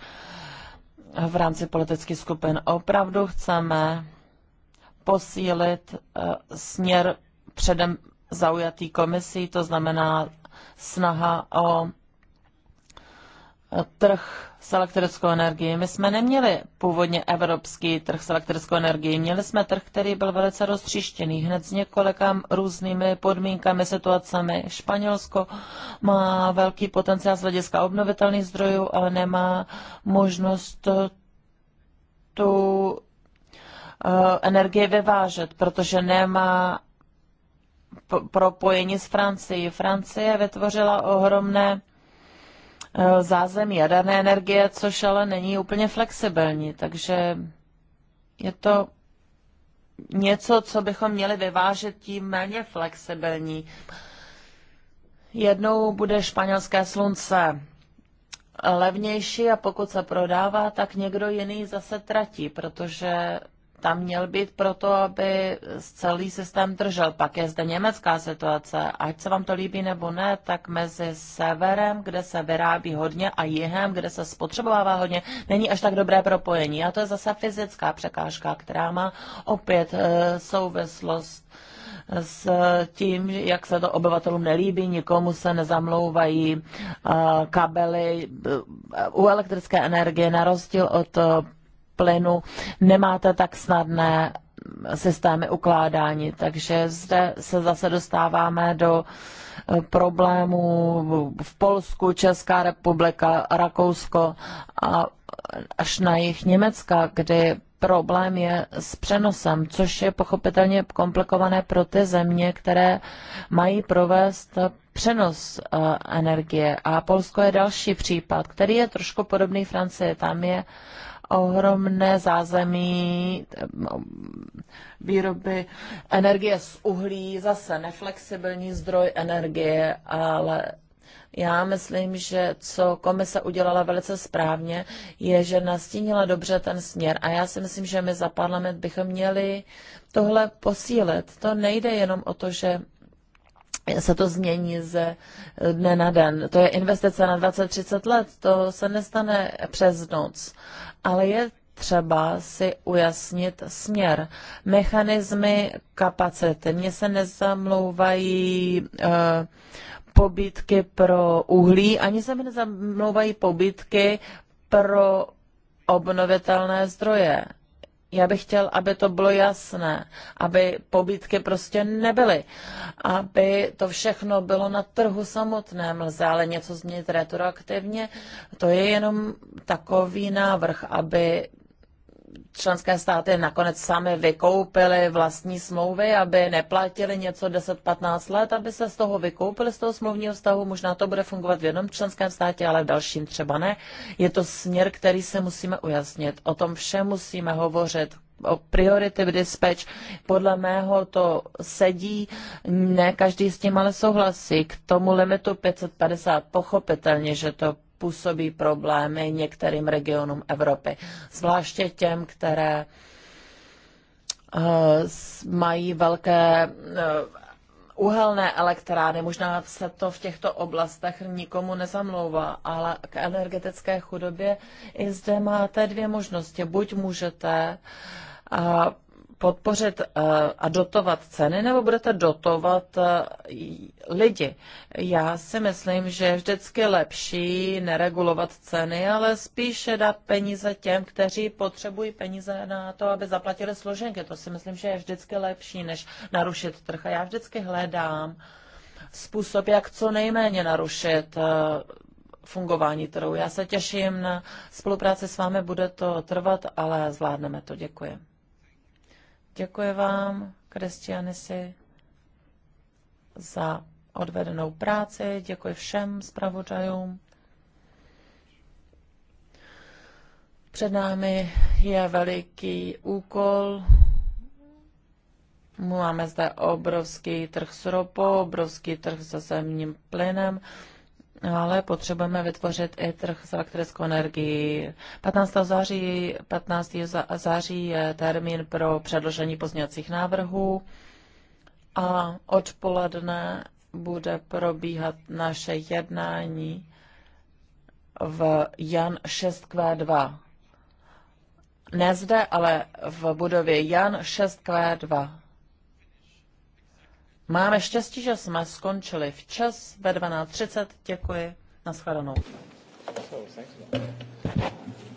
V rámci politických skupin opravdu chceme posílit eh, směr předem zaujatý komisí, to znamená snaha o trh s elektrickou energií. My jsme neměli původně evropský trh s elektrickou energií, měli jsme trh, který byl velice roztříštěný, hned s několika různými podmínkami, situacemi. Španělsko má velký potenciál z hlediska obnovitelných zdrojů, ale nemá možnost tu eh, energii vyvážet, protože nemá propojení s Francií. Francie vytvořila ohromné Eh, zázemí jaderné energie, což ale není úplně flexibilní, takže je to něco, co bychom měli vyvážet tím méně flexibilní. Jednou bude španělské slunce levnější a pokud se prodává, tak někdo jiný zase tratí, protože tam měl být proto, aby celý systém držel. Pak je zde německá situace. Ať se vám to líbí nebo ne, tak mezi severem, kde se vyrábí hodně, a jihem, kde se spotřebovává hodně, není až tak dobré propojení. A to je zase fyzická překážka, která má opět eh, souvislost s tím, jak se to obyvatelům nelíbí, nikomu se nezamlouvají eh, kabely eh, u elektrické energie na rozdíl od plynu, nemáte tak snadné systémy ukládání. Takže zde se zase dostáváme do eh, problémů v Polsku, Česká republika, Rakousko a až na jich Německa, kdy problém je s přenosem, což je pochopitelně komplikované pro ty země, které mají provést přenos eh, energie. A Polsko je další případ, který je trošku podobný Francii. Tam je ohromné zázemí výroby energie z uhlí, zase neflexibilní zdroj energie, ale já myslím, že co komise udělala velice správně, je, že nastínila dobře ten směr. A já si myslím, že my za parlament bychom měli tohle posílit. To nejde jenom o to, že se to změní ze dne na den. To je investice na 20-30 let, to se nestane přes noc. Ale je třeba si ujasnit směr. Mechanismy kapacity. Mně se nezamlouvají e, eh, pobytky pro uhlí, ani se mi nezamlouvají pobytky pro obnovitelné zdroje. Já bych chtěl, aby to bylo jasné, aby pobytky prostě nebyly, aby to všechno bylo na trhu samotném. Lze ale něco změnit retroaktivně, to je jenom takový návrh, aby členské státy nakonec sami vykoupily vlastní smlouvy, aby neplatili něco 10-15 let, aby se z toho vykoupili, z toho smlouvního vztahu. Možná to bude fungovat v jednom členském státě, ale v dalším třeba ne. Je to směr, který se musíme ujasnit. O tom vše musíme hovořit o priority v dispatch. Podle mého to sedí, ne každý s tím ale souhlasí. K tomu limitu 550 pochopitelně, že to působí problémy některým regionům Evropy, zvláště těm, které eh, mají velké eh, uhelné elektrárny. Možná se to v těchto oblastech nikomu nezamlouvá, ale k energetické chudobě i zde máte dvě možnosti. Buď můžete eh, podpořit eh, a dotovat ceny, nebo budete dotovat eh, lidi? Já si myslím, že je vždycky lepší neregulovat ceny, ale spíše dát peníze těm, kteří potřebují peníze na to, aby zaplatili složenky. To si myslím, že je vždycky lepší, než narušit trh. A já vždycky hledám způsob, jak co nejméně narušit eh, fungování trhu. Já se těším na spolupráci s vámi, bude to trvat, ale zvládneme to. Děkuji. Děkuji vám, Kristianisi, za odvedenou práci, děkuji všem zpravodajům. Před námi je veliký úkol. Máme zde obrovský trh s ropou, obrovský trh se zemním plynem ale potřebujeme vytvořit i trh s elektrickou energií. 15. září, 15. září je termín pro předložení pozměňovacích návrhů a odpoledne bude probíhat naše jednání v Jan 6Q2. Ne zde, ale v budově Jan 6Q2. Máme štěstí, že jsme skončili včas ve 12.30. Děkuji. Naschledanou. So, thanks